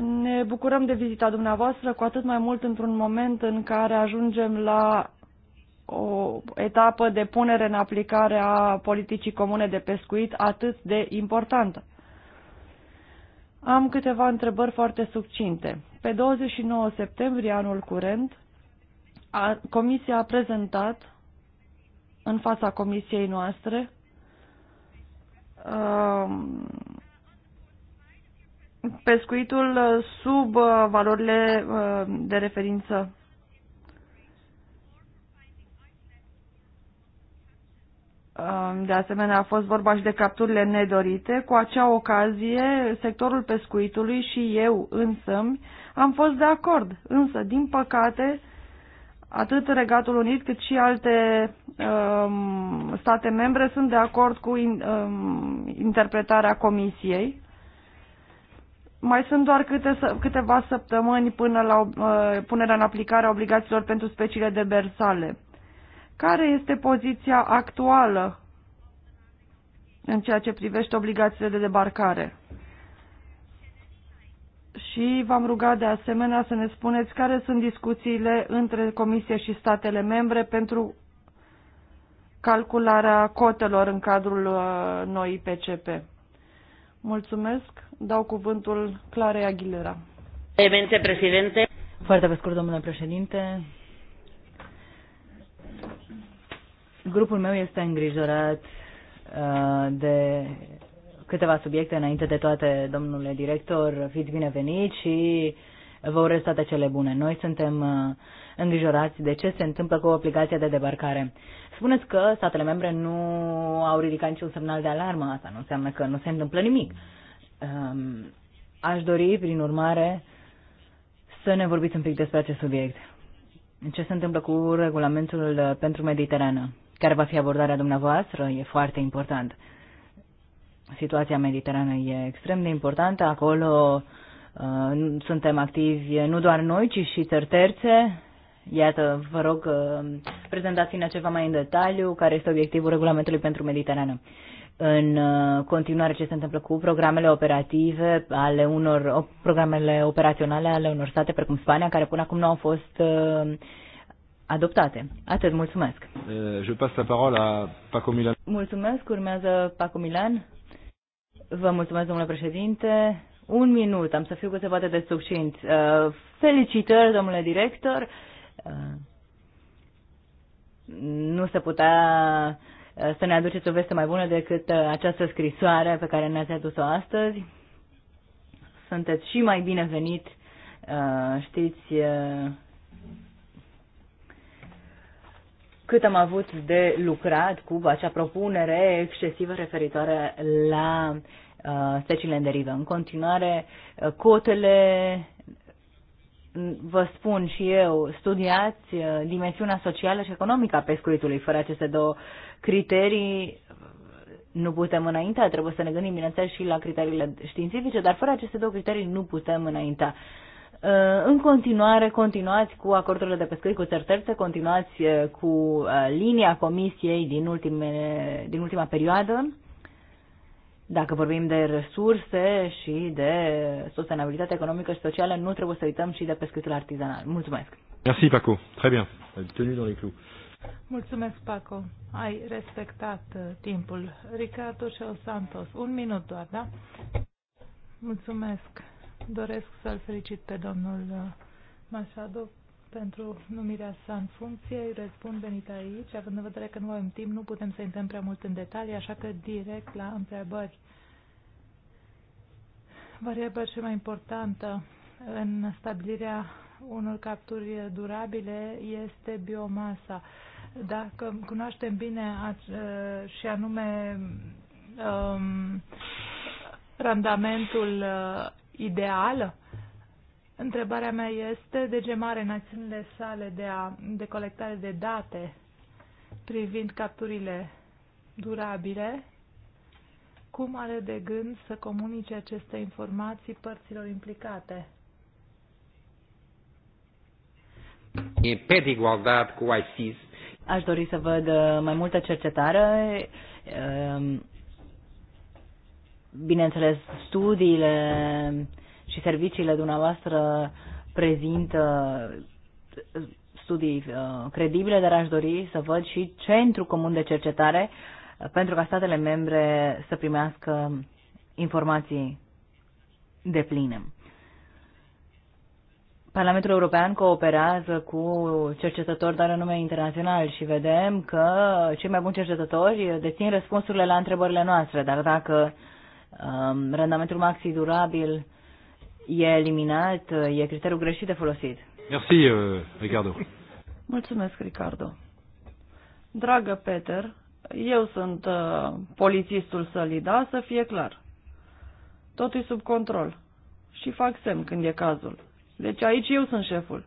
Ne bucurăm de vizita dumneavoastră, cu atât mai mult într-un moment în care ajungem la o etapă de punere în aplicare a politicii comune de pescuit atât de importantă. Am câteva întrebări foarte succinte. Pe 29 septembrie anul curent, a, Comisia a prezentat în fața Comisiei noastre uh, pescuitul sub uh, valorile uh, de referință De asemenea, a fost vorba și de capturile nedorite. Cu acea ocazie, sectorul pescuitului și eu însămi am fost de acord. Însă, din păcate, atât Regatul Unit cât și alte um, state membre sunt de acord cu in, um, interpretarea Comisiei. Mai sunt doar câte, câteva săptămâni până la uh, punerea în aplicare a obligațiilor pentru speciile de bersale. Care este poziția actuală în ceea ce privește obligațiile de debarcare? Și v-am rugat de asemenea să ne spuneți care sunt discuțiile între Comisie și statele membre pentru calcularea cotelor în cadrul uh, noii PCP. Mulțumesc. Dau cuvântul Clarei Aguilera. Evențe, președinte. Foarte pe scurt, domnule președinte. Grupul meu este îngrijorat uh, de câteva subiecte înainte de toate, domnule director, fiți binevenit și vă urez toate cele bune. Noi suntem uh, îngrijorați de ce se întâmplă cu obligația de debarcare. Spuneți că statele membre nu au ridicat niciun semnal de alarmă, asta nu înseamnă că nu se întâmplă nimic. Um, aș dori, prin urmare, să ne vorbiți un pic despre acest subiect. Ce se întâmplă cu regulamentul uh, pentru Mediterană? care va fi abordarea dumneavoastră e foarte important. Situația mediterană e extrem de importantă. Acolo uh, suntem activi nu doar noi, ci și țări terțe. Iată, vă rog, uh, prezentați-ne ceva mai în detaliu care este obiectivul regulamentului pentru Mediterană. În uh, continuare, ce se întâmplă cu programele operative ale unor, programele operaționale ale unor state precum Spania, care până acum nu au fost uh, adoptate. Atât, mulțumesc. Eh, je passe la parole à Paco Milan. Mulțumesc, urmează Paco Milan. Vă mulțumesc, domnule președinte. Un minut, am să fiu cât se poate de succint. Eh, felicitări, domnule director. Eh, nu se putea să ne aduceți o veste mai bună decât această scrisoare pe care ne-ați adus-o astăzi. Sunteți și mai bine venit. știți, cât am avut de lucrat cu acea propunere excesivă referitoare la uh, secile în derivă. În continuare, uh, cotele, mm, vă spun și eu, studiați uh, dimensiunea socială și economică a pescuitului. Fără aceste două criterii uh, nu putem înainta. Trebuie să ne gândim, bineînțeles, și la criteriile științifice, dar fără aceste două criterii nu putem înainta. Uh, Uh, în continuare continuați cu acordurile de pescuit cu terțe, continuați uh, cu uh, linia comisiei din, ultime, din ultima perioadă. Dacă vorbim de resurse și de sustenabilitate economică și socială, nu trebuie să uităm și de pescuitul artizanal. Mulțumesc! Merci, Paco. Très bien. Tenu dans les clous. Mulțumesc, Paco. Ai respectat timpul. Ricardo Santos, un minut doar, da? Mulțumesc. Doresc să-l felicit pe domnul uh, Machado pentru numirea sa în funcție. Îi răspund venit aici. Având în vedere că nu avem timp, nu putem să intrăm prea mult în detalii, așa că direct la întrebări. Variabila cea mai importantă în stabilirea unor capturi durabile este biomasa. Dacă cunoaștem bine uh, și anume um, randamentul uh, ideală? Întrebarea mea este de ce mare națiunile sale de, a, de colectare de date privind capturile durabile, cum are de gând să comunice aceste informații părților implicate? Aș dori să văd uh, mai multă cercetare um, Bineînțeles, studiile și serviciile dumneavoastră prezintă studii uh, credibile, dar aș dori să văd și centru comun de cercetare uh, pentru ca statele membre să primească informații de pline. Parlamentul European cooperează cu cercetători, dar în nume internațional și vedem că cei mai buni cercetători dețin răspunsurile la întrebările noastre, dar dacă uh, Um, randamentul maxi durabil e eliminat, e criteriul greșit de folosit. Merci, uh, Ricardo. Mulțumesc, Ricardo. Dragă Peter, eu sunt uh, polițistul Sălida, să fie clar. Totul e sub control. Și fac semn când e cazul. Deci aici eu sunt șeful.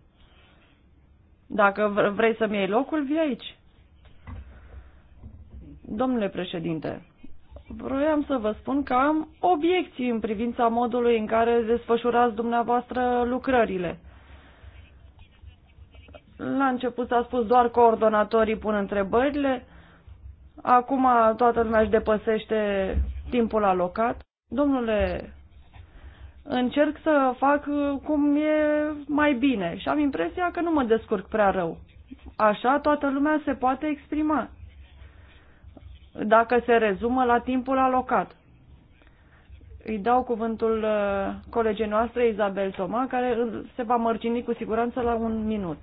Dacă vrei să-mi iei locul, vii aici. Domnule președinte, Vroiam să vă spun că am obiecții în privința modului în care desfășurați dumneavoastră lucrările. La început s-a spus doar coordonatorii pun întrebările, acum toată lumea își depăsește timpul alocat. Domnule, încerc să fac cum e mai bine și am impresia că nu mă descurc prea rău. Așa toată lumea se poate exprima dacă se rezumă la timpul alocat. Îi dau cuvântul uh, colegii noastre, Izabel Toma, care se va mărcini cu siguranță la un minut.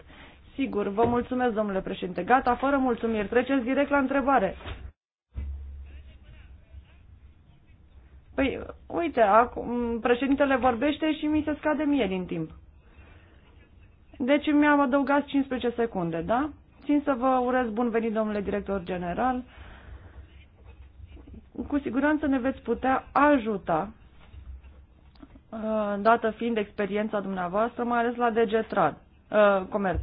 Sigur, vă mulțumesc, domnule președinte. Gata, fără mulțumiri, treceți direct la întrebare. Păi, uite, acum președintele vorbește și mi se scade mie din timp. Deci mi-am adăugat 15 secunde, da? Țin să vă urez bun venit, domnule director general cu siguranță ne veți putea ajuta, uh, dată fiind experiența dumneavoastră, mai ales la degetrat uh, Comerț.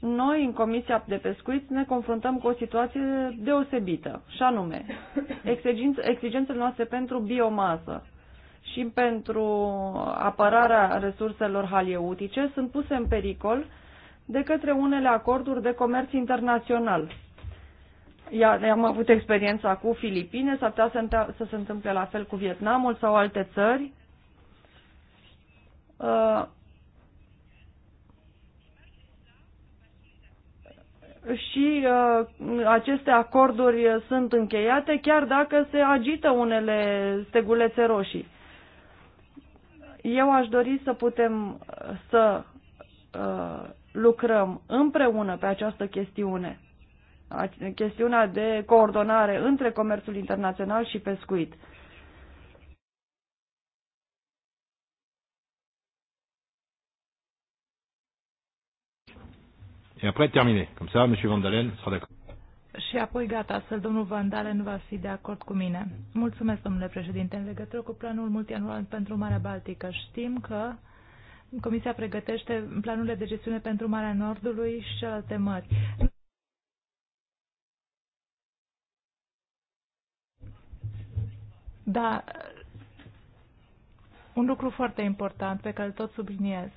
Noi, în Comisia de Pescuit, ne confruntăm cu o situație deosebită, și anume, exigențele noastre pentru biomasă și pentru apărarea resurselor halieutice sunt puse în pericol de către unele acorduri de comerț internațional, am avut experiența cu Filipine, s-ar putea să, să se întâmple la fel cu Vietnamul sau alte țări. Uh, și uh, aceste acorduri sunt încheiate chiar dacă se agită unele stegulețe roșii. Eu aș dori să putem uh, să uh, lucrăm împreună pe această chestiune chestiunea de coordonare între comerțul internațional și pescuit. Et après, terminé. Comme ça, M. Vandalen sera Și apoi gata, astfel domnul Vandalen va fi de acord cu mine. Mulțumesc, domnule președinte, în legătură cu planul multianual pentru Marea Baltică. Știm că Comisia pregătește planurile de gestiune pentru Marea Nordului și alte mări. da un lucru foarte important pe care tot subliniez.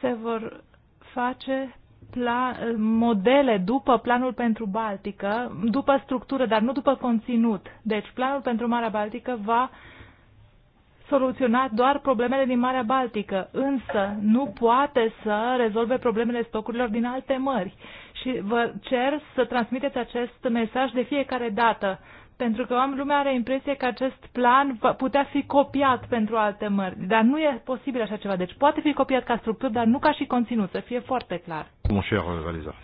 Se vor face plan, modele după planul pentru Baltică, după structură, dar nu după conținut. Deci planul pentru Marea Baltică va soluționa doar problemele din Marea Baltică, însă nu poate să rezolve problemele stocurilor din alte mări. Și vă cer să transmiteți acest mesaj de fiecare dată pentru că lumea are impresia că acest plan putea fi copiat pentru alte mări, dar nu e posibil așa ceva. Deci poate fi copiat ca structură, dar nu ca și conținut, să fie foarte clar. Mon cher euh, Valeza,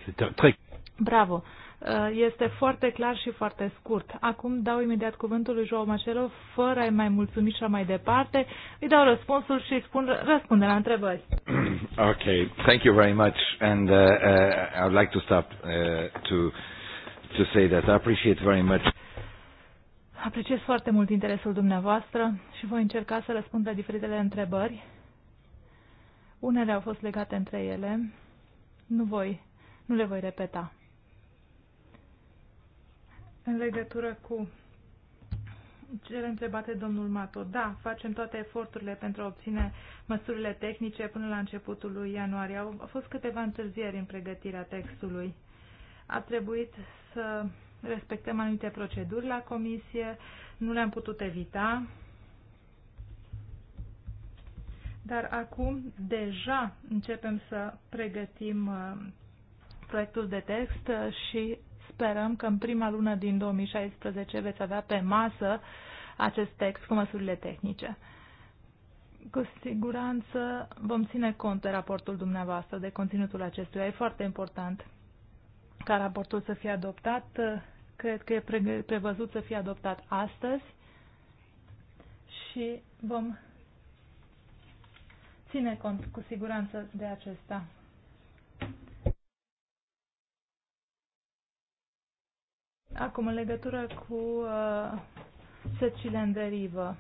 Bravo! Uh, este foarte clar și foarte scurt. Acum dau imediat cuvântul lui João Macelo, fără a-i mai mulțumi și mai departe. Îi dau răspunsul și îi spun, răspunde la întrebări. Ok, thank you very much. And uh, uh, I would like to stop uh, to, to say that I appreciate very much Apreciez foarte mult interesul dumneavoastră și voi încerca să răspund la diferitele întrebări. Unele au fost legate între ele. Nu voi, nu le voi repeta. În legătură cu cele întrebate domnul Mato, da, facem toate eforturile pentru a obține măsurile tehnice până la începutul lui ianuarie. Au fost câteva întârzieri în pregătirea textului. A trebuit să respectăm anumite proceduri la comisie, nu le-am putut evita, dar acum deja începem să pregătim uh, proiectul de text uh, și sperăm că în prima lună din 2016 veți avea pe masă acest text cu măsurile tehnice. Cu siguranță vom ține cont de raportul dumneavoastră, de conținutul acestuia. E foarte important ca raportul să fie adoptat. Cred că e prevăzut să fie adoptat astăzi și vom ține cont cu siguranță de acesta. Acum, în legătură cu uh, secile în derivă,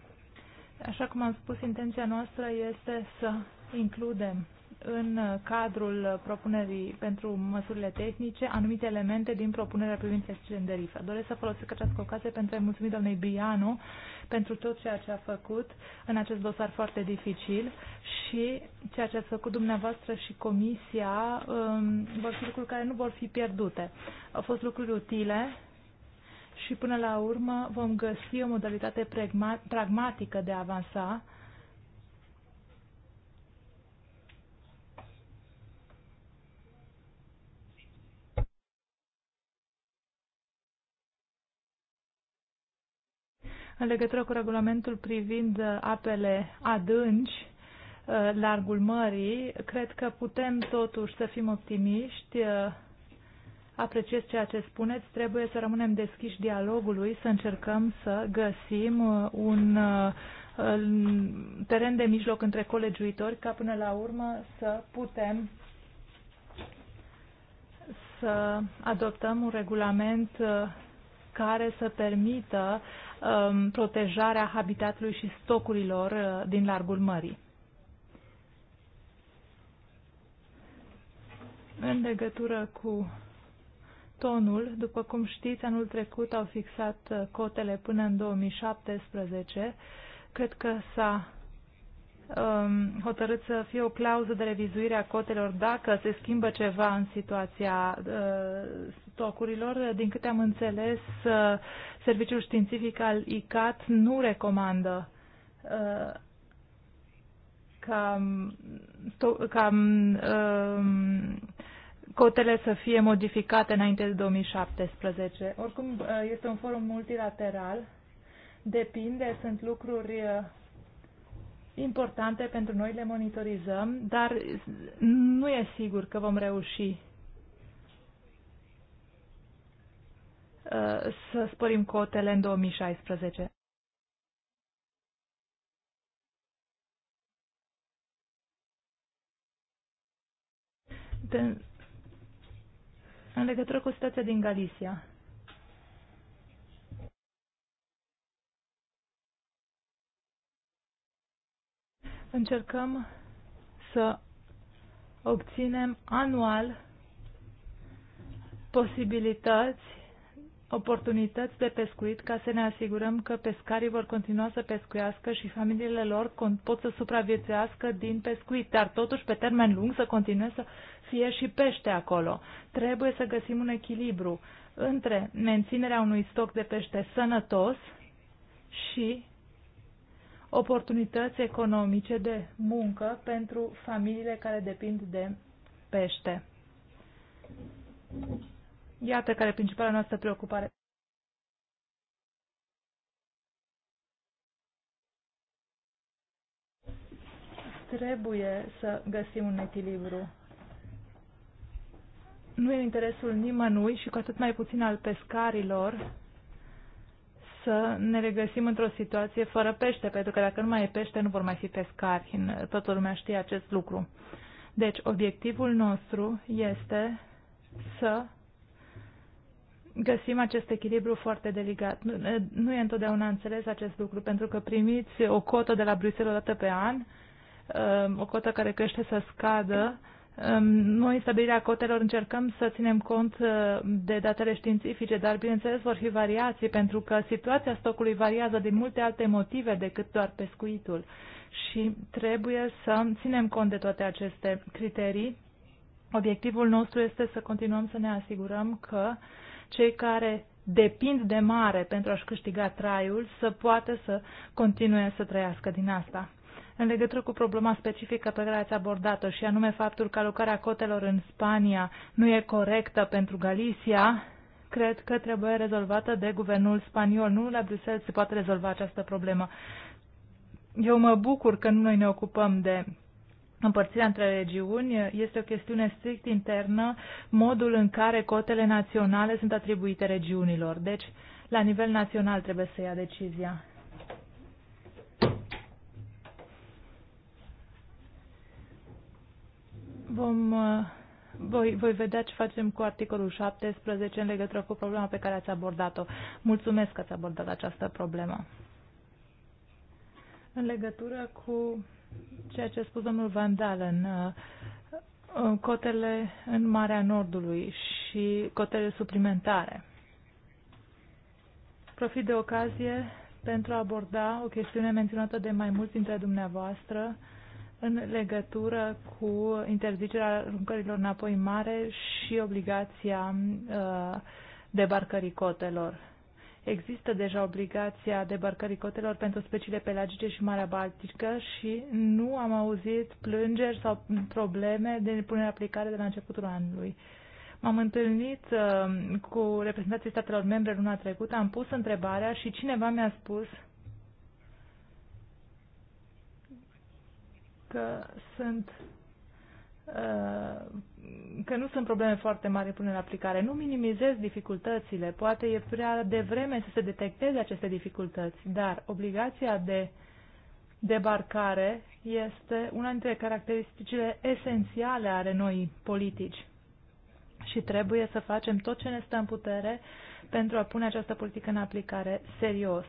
așa cum am spus, intenția noastră este să includem în cadrul propunerii pentru măsurile tehnice anumite elemente din propunerea privind scenderifă. Doresc să folosesc această ocazie pentru a-i mulțumi doamnei Bianu pentru tot ceea ce a făcut în acest dosar foarte dificil și ceea ce ați făcut dumneavoastră și comisia um, vor fi lucruri care nu vor fi pierdute. Au fost lucruri utile și până la urmă vom găsi o modalitate pragmatică de a avansa în legătură cu regulamentul privind uh, apele adânci, uh, largul mării, cred că putem totuși să fim optimiști. Uh, apreciez ceea ce spuneți, trebuie să rămânem deschiși dialogului, să încercăm să găsim un teren de mijloc între colegiuitori ca până la urmă să putem să adoptăm un regulament care să permită uh, Um, protejarea habitatului și stocurilor uh, din largul mării. În legătură cu tonul, după cum știți, anul trecut au fixat uh, cotele până în 2017. Cred că s-a um, hotărât să fie o clauză de revizuire a cotelor dacă se schimbă ceva în situația uh, stocurilor. Din câte am înțeles, uh, Serviciul Științific al ICAT nu recomandă uh, ca, ca um, cotele să fie modificate înainte de 2017. Oricum, uh, este un forum multilateral. Depinde, sunt lucruri importante pentru noi, le monitorizăm, dar nu e sigur că vom reuși Uh, să spărim cotele în 2016. De, în legătură cu situația din Galicia. Încercăm să obținem anual posibilități oportunități de pescuit ca să ne asigurăm că pescarii vor continua să pescuiască și familiile lor pot să supraviețuiască din pescuit, dar totuși pe termen lung să continue să fie și pește acolo. Trebuie să găsim un echilibru între menținerea unui stoc de pește sănătos și oportunități economice de muncă pentru familiile care depind de pește. Iată care e principala noastră preocupare. Trebuie să găsim un echilibru. Nu e în interesul nimănui și cu atât mai puțin al pescarilor să ne regăsim într-o situație fără pește, pentru că dacă nu mai e pește, nu vor mai fi pescari. Toată lumea știe acest lucru. Deci, obiectivul nostru este să găsim acest echilibru foarte delicat. Nu, nu e întotdeauna înțeles acest lucru, pentru că primiți o cotă de la Bruxelles o dată pe an, um, o cotă care crește să scadă. Um, noi, în stabilirea cotelor, încercăm să ținem cont uh, de datele științifice, dar, bineînțeles, vor fi variații, pentru că situația stocului variază din multe alte motive decât doar pescuitul. Și trebuie să ținem cont de toate aceste criterii. Obiectivul nostru este să continuăm să ne asigurăm că uh, cei care depind de mare pentru a-și câștiga traiul să poată să continue să trăiască din asta. În legătură cu problema specifică pe care ați abordat-o și anume faptul că alocarea cotelor în Spania nu e corectă pentru Galicia, cred că trebuie rezolvată de guvernul spaniol. Nu la Bruxelles se poate rezolva această problemă. Eu mă bucur că nu noi ne ocupăm de Împărțirea între regiuni este o chestiune strict internă, modul în care cotele naționale sunt atribuite regiunilor. Deci, la nivel național trebuie să ia decizia. Vom, voi, voi vedea ce facem cu articolul 17 în legătură cu problema pe care ați abordat-o. Mulțumesc că ați abordat această problemă. În legătură cu ceea ce a spus domnul Van Dalen, uh, uh, cotele în Marea Nordului și cotele suplimentare. Profit de ocazie pentru a aborda o chestiune menționată de mai mulți dintre dumneavoastră în legătură cu interzicerea aruncărilor înapoi în mare și obligația uh, debarcării cotelor. Există deja obligația debarcării cotelor pentru speciile pelagice și Marea Baltică și nu am auzit plângeri sau probleme de punere în aplicare de la începutul anului. M-am întâlnit uh, cu reprezentanții statelor membre luna trecută, am pus întrebarea și cineva mi-a spus că sunt uh, că nu sunt probleme foarte mari până în aplicare. Nu minimizez dificultățile, poate e prea devreme să se detecteze aceste dificultăți, dar obligația de debarcare este una dintre caracteristicile esențiale ale noi politici și trebuie să facem tot ce ne stă în putere pentru a pune această politică în aplicare serios.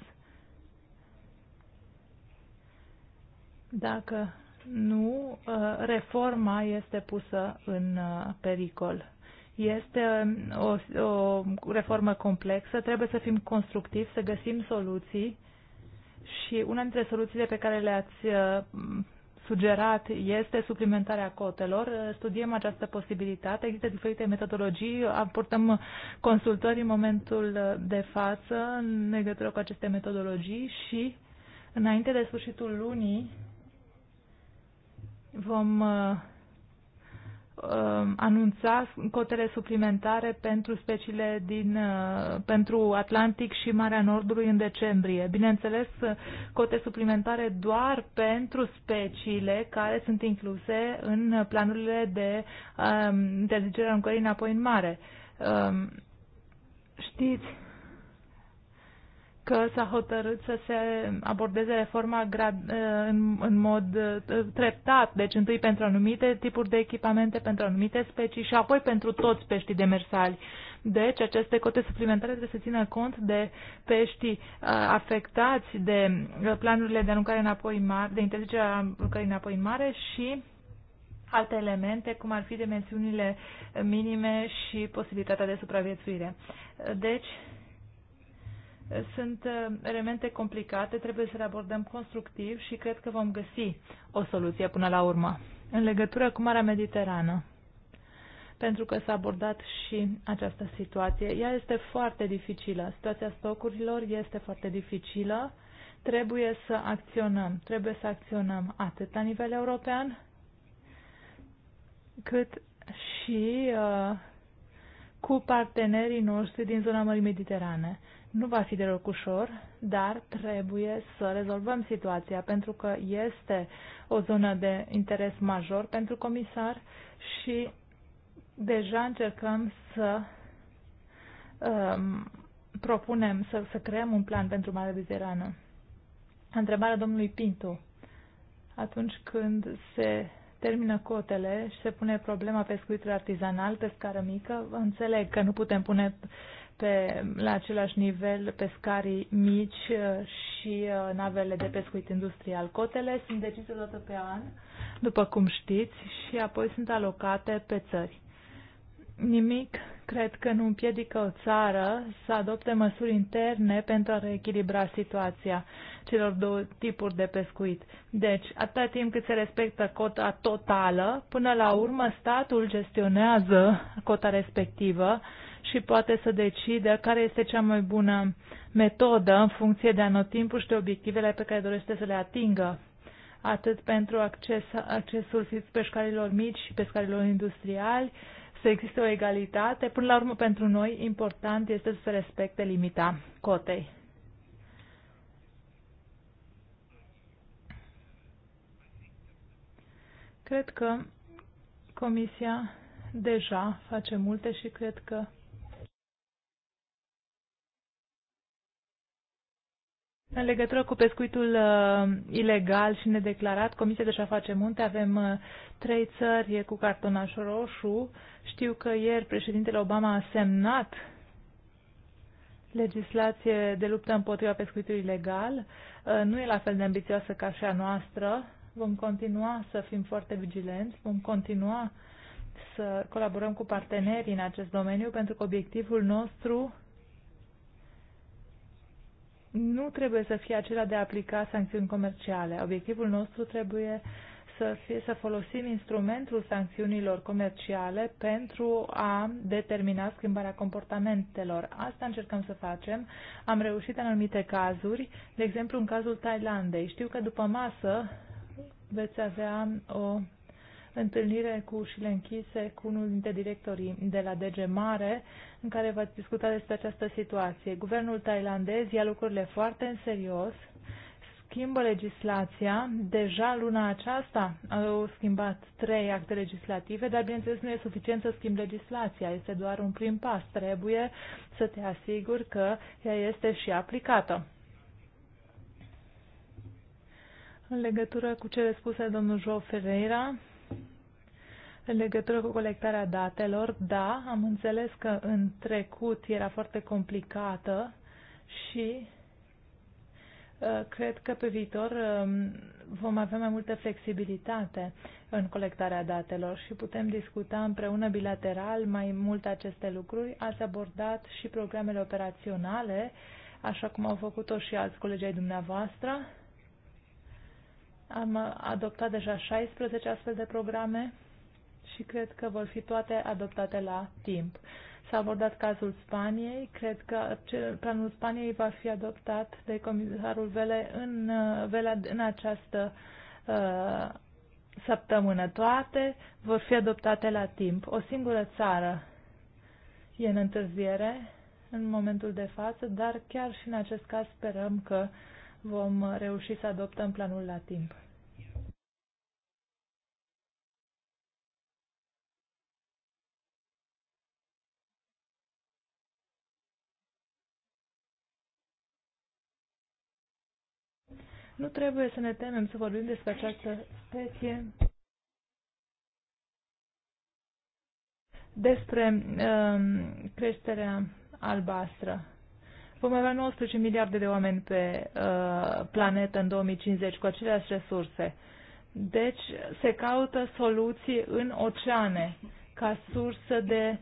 Dacă nu, ă, reforma este pusă în ă, pericol. Este ă, o, o reformă complexă, trebuie să fim constructivi, să găsim soluții și una dintre soluțiile pe care le-ați sugerat este suplimentarea cotelor. Studiem această posibilitate. Există diferite metodologii. Aportăm consultări în momentul de față în legătură cu aceste metodologii și înainte de sfârșitul lunii vom uh, uh, anunța cotele suplimentare pentru speciile din, uh, pentru Atlantic și Marea Nordului în decembrie. Bineînțeles, cote suplimentare doar pentru speciile care sunt incluse în planurile de um, interzicere aruncării înapoi în mare. Um, știți că s-a hotărât să se abordeze reforma grad, eh, în, în mod eh, treptat, deci întâi pentru anumite tipuri de echipamente, pentru anumite specii și apoi pentru toți peștii demersali. Deci aceste cote suplimentare trebuie să țină cont de peștii eh, afectați de planurile de aruncare înapoi în mare, de interzicerea aruncării înapoi în mare și alte elemente, cum ar fi dimensiunile minime și posibilitatea de supraviețuire. Deci, sunt uh, elemente complicate, trebuie să le abordăm constructiv și cred că vom găsi o soluție până la urmă. În legătură cu Marea Mediterană, pentru că s-a abordat și această situație. Ea este foarte dificilă. Situația stocurilor este foarte dificilă. Trebuie să acționăm. Trebuie să acționăm atât la nivel european, cât și uh, cu partenerii noștri din zona Mării Mediterane. Nu va fi deloc ușor, dar trebuie să rezolvăm situația, pentru că este o zonă de interes major pentru comisar și deja încercăm să um, propunem, să, să creăm un plan pentru Marea Bizerană. Întrebarea domnului Pintu. Atunci când se termină cotele și se pune problema pescuitului artizanal, pescară mică, înțeleg că nu putem pune uh, pe, la același nivel pescarii mici uh, și uh, navele de pescuit industrial. Cotele sunt decise odată pe an, după cum știți, și apoi sunt alocate pe țări. Nimic cred că nu împiedică o țară să adopte măsuri interne pentru a reechilibra situația celor două tipuri de pescuit. Deci, atâta timp cât se respectă cota totală, până la urmă statul gestionează cota respectivă și poate să decidă care este cea mai bună metodă în funcție de anotimpul și de obiectivele pe care dorește să le atingă, atât pentru acces, accesul pescarilor mici și pescarilor industriali, să existe o egalitate. Până la urmă, pentru noi, important este să se respecte limita cotei. Cred că Comisia deja face multe și cred că În legătură cu pescuitul uh, ilegal și nedeclarat, Comisia de Șaface Munte, avem uh, trei țări cu cartonaș roșu. Știu că ieri președintele Obama a semnat legislație de luptă împotriva pescuitului ilegal. Uh, nu e la fel de ambițioasă ca și a noastră. Vom continua să fim foarte vigilenți, vom continua să colaborăm cu partenerii în acest domeniu pentru că obiectivul nostru nu trebuie să fie acela de a aplica sancțiuni comerciale. Obiectivul nostru trebuie să, fie, să folosim instrumentul sancțiunilor comerciale pentru a determina schimbarea comportamentelor. Asta încercăm să facem. Am reușit în anumite cazuri, de exemplu în cazul Thailandei. Știu că după masă veți avea o întâlnire cu ușile închise cu unul dintre directorii de la DG Mare, în care v-ați discutat despre această situație. Guvernul tailandez ia lucrurile foarte în serios, schimbă legislația. Deja luna aceasta au schimbat trei acte legislative, dar bineînțeles nu e suficient să schimbi legislația, este doar un prim pas. Trebuie să te asiguri că ea este și aplicată. În legătură cu cele spuse domnul Jo Ferreira, în legătură cu colectarea datelor, da, am înțeles că în trecut era foarte complicată și uh, cred că pe viitor um, vom avea mai multă flexibilitate în colectarea datelor și putem discuta împreună bilateral mai mult aceste lucruri. Ați abordat și programele operaționale, așa cum au făcut-o și alți colegi ai dumneavoastră. Am adoptat deja 16 astfel de programe și cred că vor fi toate adoptate la timp. S-a abordat cazul Spaniei. Cred că planul Spaniei va fi adoptat de comisarul Vele în, uh, Vela în această uh, săptămână. Toate vor fi adoptate la timp. O singură țară e în întârziere în momentul de față, dar chiar și în acest caz sperăm că vom reuși să adoptăm planul la timp. Nu trebuie să ne temem să vorbim despre această specie, despre um, creșterea albastră. Vom avea 19 miliarde de oameni pe uh, planetă în 2050 cu aceleași resurse. Deci se caută soluții în oceane. Uh, ca sursă de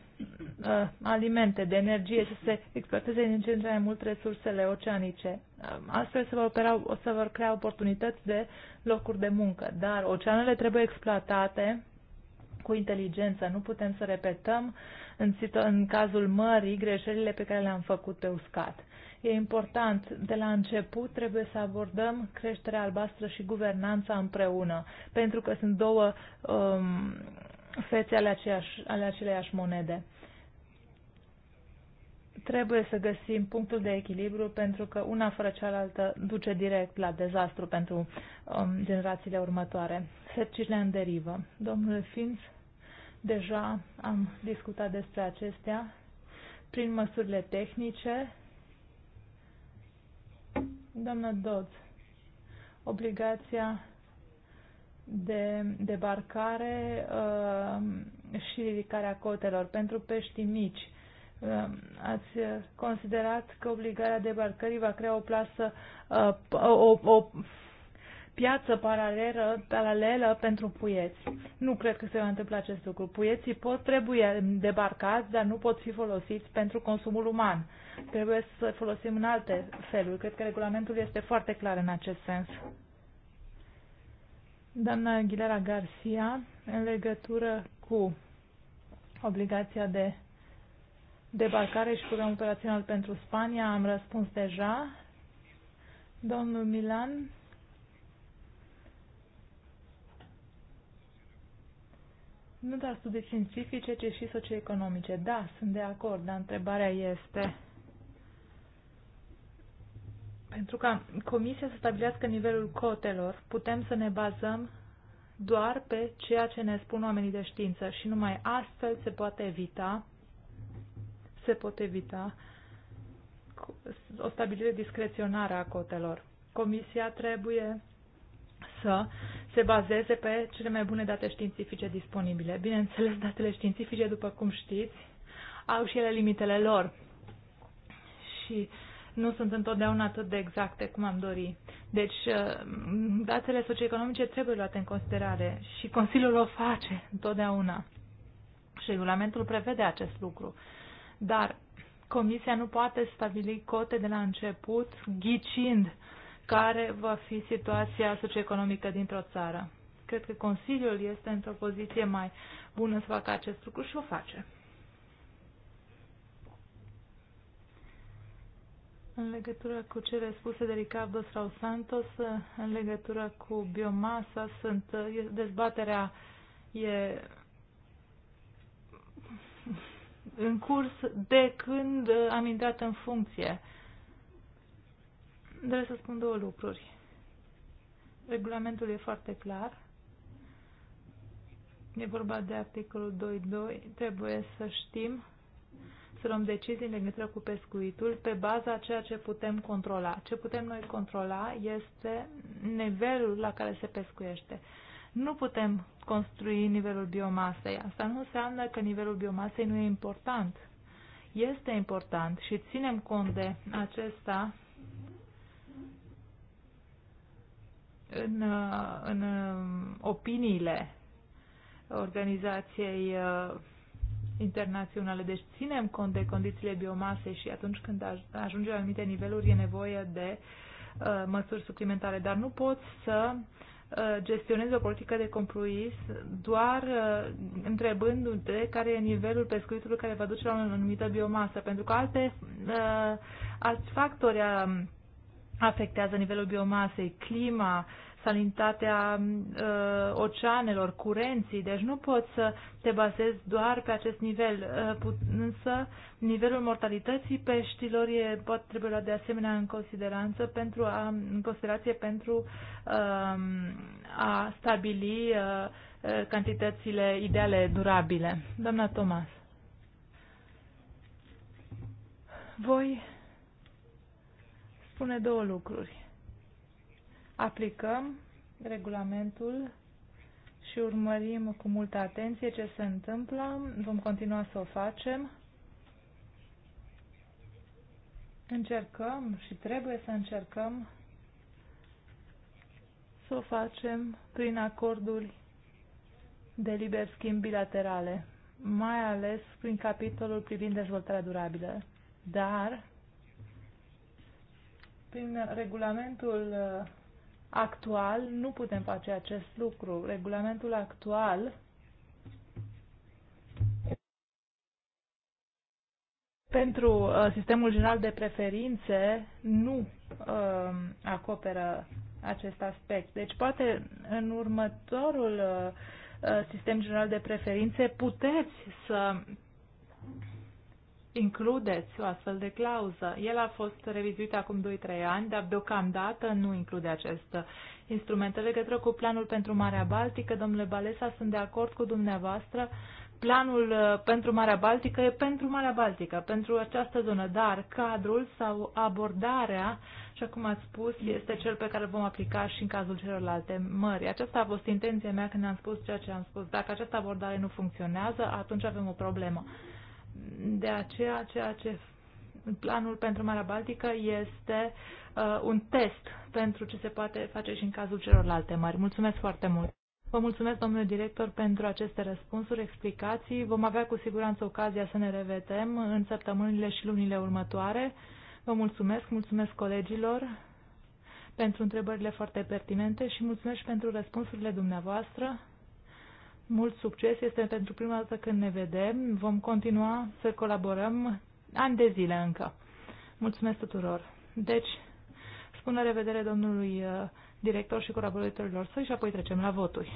uh, alimente, de energie, să se exploateze din ce în ce mai mult resursele oceanice. Um, astfel se vor, opera, o să vor crea oportunități de locuri de muncă, dar oceanele trebuie exploatate cu inteligență. Nu putem să repetăm în, în cazul mării greșelile pe care le-am făcut pe uscat. E important, de la început trebuie să abordăm creșterea albastră și guvernanța împreună, pentru că sunt două um, fețe ale, aceeași, ale aceleiași monede. Trebuie să găsim punctul de echilibru pentru că una fără cealaltă duce direct la dezastru pentru um, generațiile următoare. Sărcile în derivă. Domnule Finț, deja am discutat despre acestea prin măsurile tehnice. Doamnă Dodd, obligația de debarcare uh, și ridicarea cotelor pentru pești mici. Uh, ați considerat că obligarea debarcării va crea o plasă, uh, o, o piață paralelă, paralelă pentru puieți. Nu cred că se va întâmpla acest lucru. Puieții pot trebuie debarcați, dar nu pot fi folosiți pentru consumul uman. Trebuie să folosim în alte feluri. Cred că regulamentul este foarte clar în acest sens doamna Aguilera Garcia în legătură cu obligația de debarcare și program operațional pentru Spania. Am răspuns deja. Domnul Milan. Nu doar studii științifice, ci și socioeconomice. Da, sunt de acord, dar întrebarea este pentru ca Comisia să stabilească nivelul cotelor, putem să ne bazăm doar pe ceea ce ne spun oamenii de știință și numai astfel se poate evita se pot evita o stabilire discreționară a cotelor. Comisia trebuie să se bazeze pe cele mai bune date științifice disponibile. Bineînțeles, datele științifice, după cum știți, au și ele limitele lor. Și uh, nu sunt întotdeauna atât de exacte cum am dori. Deci, uh, datele socioeconomice trebuie luate în considerare și Consiliul o face întotdeauna. Și regulamentul prevede acest lucru. Dar Comisia nu poate stabili cote de la început, ghicind care va fi situația socioeconomică dintr-o țară. Cred că Consiliul este într-o poziție mai bună să facă acest lucru și o face. în legătură cu cele spuse de Ricardo Sau Santos, în legătură cu biomasa, sunt, dezbaterea e în curs de când am intrat în funcție. Trebuie să spun două lucruri. Regulamentul e foarte clar. E vorba de articolul 2.2. Trebuie să știm să luăm decizii în legătură cu pescuitul pe baza ceea ce putem controla. Ce putem noi controla este nivelul la care se pescuiește. Nu putem construi nivelul biomasei. Asta nu înseamnă că nivelul biomasei nu e important. Este important și ținem cont de acesta în, în opiniile organizației internaționale. Deci ținem cont de condițiile biomasei și atunci când ajunge la anumite niveluri e nevoie de uh, măsuri suplimentare, dar nu poți să gestionez uh, gestionezi o politică de compruis, doar uh, întrebându-te care e nivelul pescuitului care va duce la o anumită biomasă, pentru că alte, alți factori um, afectează nivelul biomasei, clima, salinitatea uh, oceanelor, curenții, deci nu poți să te bazezi doar pe acest nivel, uh, însă nivelul mortalității peștilor e, pot trebuie luat de asemenea în, consideranță pentru a, în considerație pentru uh, a stabili uh, uh, cantitățile ideale durabile. Doamna Tomas. Voi spune două lucruri aplicăm regulamentul și urmărim cu multă atenție ce se întâmplă. Vom continua să o facem. Încercăm și trebuie să încercăm să o facem prin acorduri de liber schimb bilaterale, mai ales prin capitolul privind dezvoltarea durabilă. Dar, prin regulamentul uh, actual nu putem face acest lucru. Regulamentul actual pentru uh, sistemul general de preferințe nu uh, acoperă acest aspect. Deci poate în următorul uh, uh sistem general de preferințe puteți să includeți o astfel de clauză. El a fost revizuit acum 2-3 ani, dar deocamdată nu include acest instrument. În legătură cu planul pentru Marea Baltică, domnule Balesa, sunt de acord cu dumneavoastră. Planul uh, pentru Marea Baltică e pentru Marea Baltică, pentru această zonă, dar cadrul sau abordarea, și cum ați spus, este cel pe care îl vom aplica și în cazul celorlalte mări. Aceasta a fost intenția mea când am spus ceea ce am spus. Dacă această abordare nu funcționează, atunci avem o problemă. De aceea, ceea ce planul pentru Marea Baltică este uh, un test pentru ce se poate face și în cazul celorlalte mari. Mulțumesc foarte mult! Vă mulțumesc, domnule director, pentru aceste răspunsuri, explicații. Vom avea cu siguranță ocazia să ne revedem în săptămânile și lunile următoare. Vă mulțumesc, mulțumesc colegilor pentru întrebările foarte pertinente și mulțumesc pentru răspunsurile dumneavoastră mult succes. Este pentru prima dată când ne vedem. Vom continua să colaborăm ani de zile încă. Mulțumesc tuturor. Deci, spun la revedere domnului uh, director și colaboratorilor săi și apoi trecem la voturi.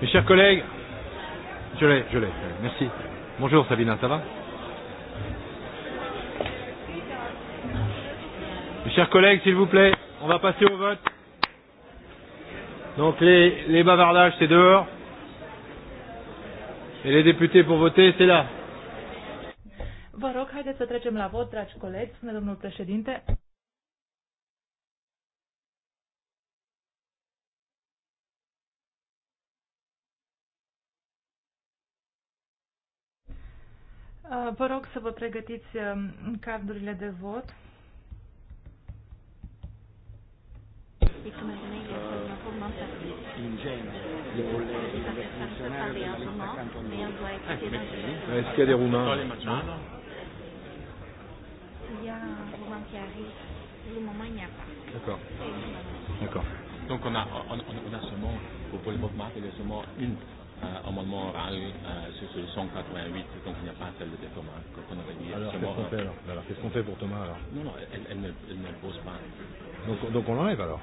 Mes chers collègues, je l'ai, je l'ai. Merci. Bonjour Sabina, ça va Mes chers collègues, s'il vous plaît, on va passer au vote. Donc les, les bavardages, c'est dehors. Et les députés pour voter, c'est là. Vă rog, haideți să trecem la vot, dragi colegi, spune domnul președinte. Uh, vă rog să vă pregătiți um, cardurile de vot. Est-ce qu'il y a des Roumains Il y a un Roumain qui arrive. Le moment, il n'y a pas. D'accord. D'accord. Donc, on a, on, on a seulement, pour le mouvement, il y a seulement une euh, amendement oral euh, sur le 188, donc il n'y a pas celle de Thomas. Quand on avait dit alors qu'est-ce qu'on fait alors, alors Qu'est-ce qu'on fait pour Thomas alors Non, non, elle, elle, ne, elle ne pose pas. Donc, donc on l'enlève alors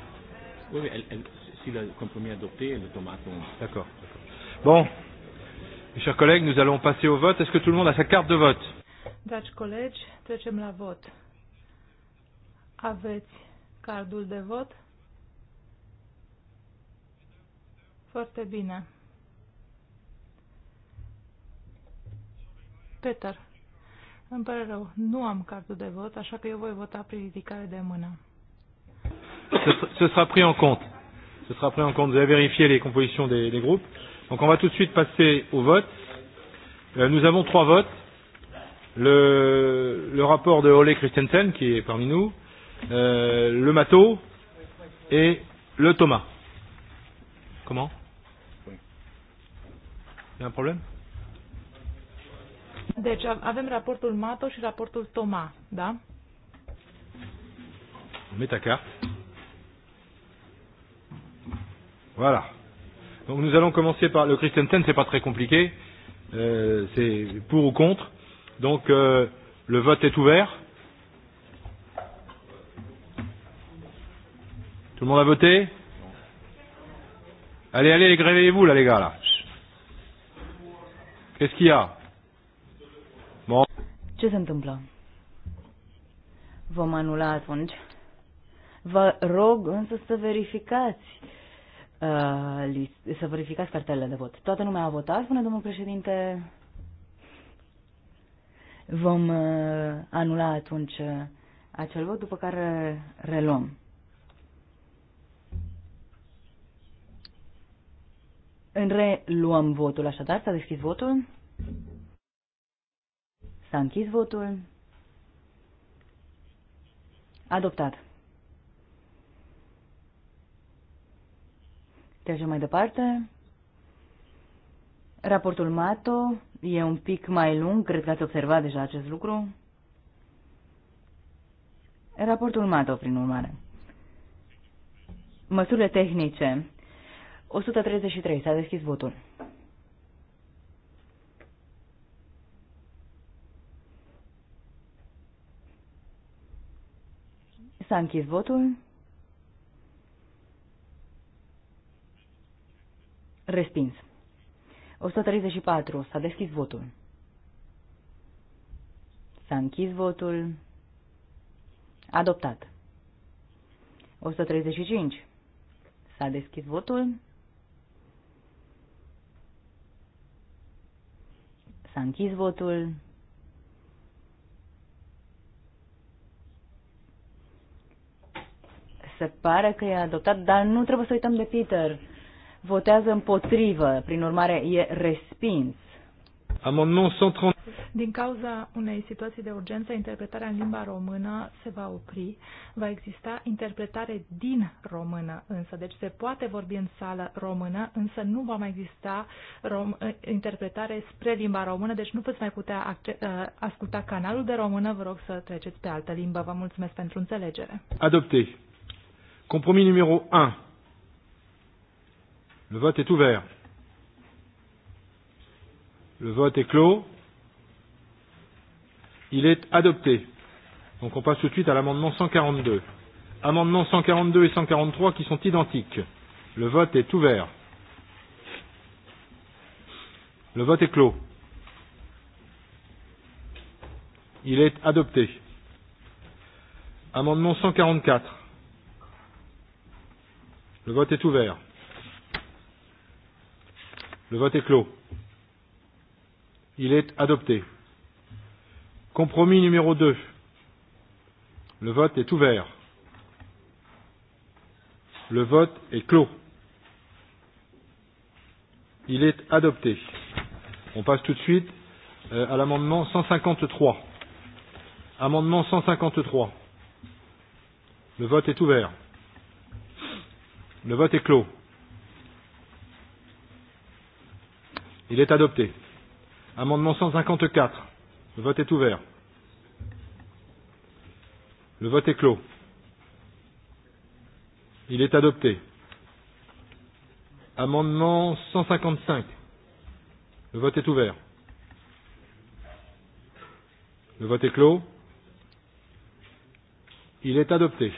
Oui, oui elle, elle, si le compromis est adopté, le Thomas tombe. D'accord. Bon, mes chers collègues, nous allons passer au vote. Est-ce que tout le monde a sa carte de vote Dragi colegi, trecem la vot. Aveți cardul de vot? Foarte bine. Peter, îmi pare rău, nu am cardul de vot, așa că eu voi vota prin ridicare de mână. Ce sera pris en compte. Ce sera pris en compte. Vous avez vérifié les compositions des, des groupes. Donc on va tout de suite passer au vote. Euh, nous avons trois votes. Le, le rapport de Ole Christensen, qui est parmi nous, euh, le Mato et le Thomas. Comment Il y a un problème deci avem raportul Mato și raportul Toma, da? Mita carte. Voilà. Donc nous allons commencer par le Christensen, c'est pas très compliqué. Euh, c'est pour ou contre. Donc euh, le vote est ouvert. Tout le monde a voté Allez, allez, réveillez-vous là les gars là. Qu'est-ce qu'il y a ce se întâmplă? Vom anula atunci. Vă rog însă să verificați uh, să verificați cartelele de vot. Toată lumea a votat, spune domnul președinte. Vom uh, anula atunci uh, acel vot, după care reluăm. Reluăm votul, așadar, s-a deschis votul. S-a închis votul. Adoptat. Trecem mai departe. Raportul MATO e un pic mai lung, cred că ați observat deja acest lucru. Raportul MATO, prin urmare. Măsurile tehnice. 133. S-a deschis votul. S-a închis votul. Respins. 134. S-a deschis votul. S-a închis votul. Adoptat. 135. S-a deschis votul. S-a închis votul. Se pare că e adoptat, dar nu trebuie să uităm de Peter. Votează împotrivă, prin urmare e respins. Amendement 130. Din cauza unei situații de urgență, interpretarea în limba română se va opri. Va exista interpretare din română însă. Deci se poate vorbi în sală română, însă nu va mai exista rom- interpretare spre limba română, deci nu veți mai putea uh, asculta canalul de română. Vă rog să treceți pe altă limbă. Vă mulțumesc pentru înțelegere. Adoptez. Compromis numéro 1. Le vote est ouvert. Le vote est clos. Il est adopté. Donc on passe tout de suite à l'amendement 142. Amendements 142 et 143 qui sont identiques. Le vote est ouvert. Le vote est clos. Il est adopté. Amendement 144. Le vote est ouvert. Le vote est clos. Il est adopté. Compromis numéro 2. Le vote est ouvert. Le vote est clos. Il est adopté. On passe tout de suite euh, à l'amendement 153. Amendement 153. Le vote est ouvert. Le vote est clos. Il est adopté. Amendement 154. Le vote est ouvert. Le vote est clos. Il est adopté. Amendement 155. Le vote est ouvert. Le vote est clos. Il est adopté.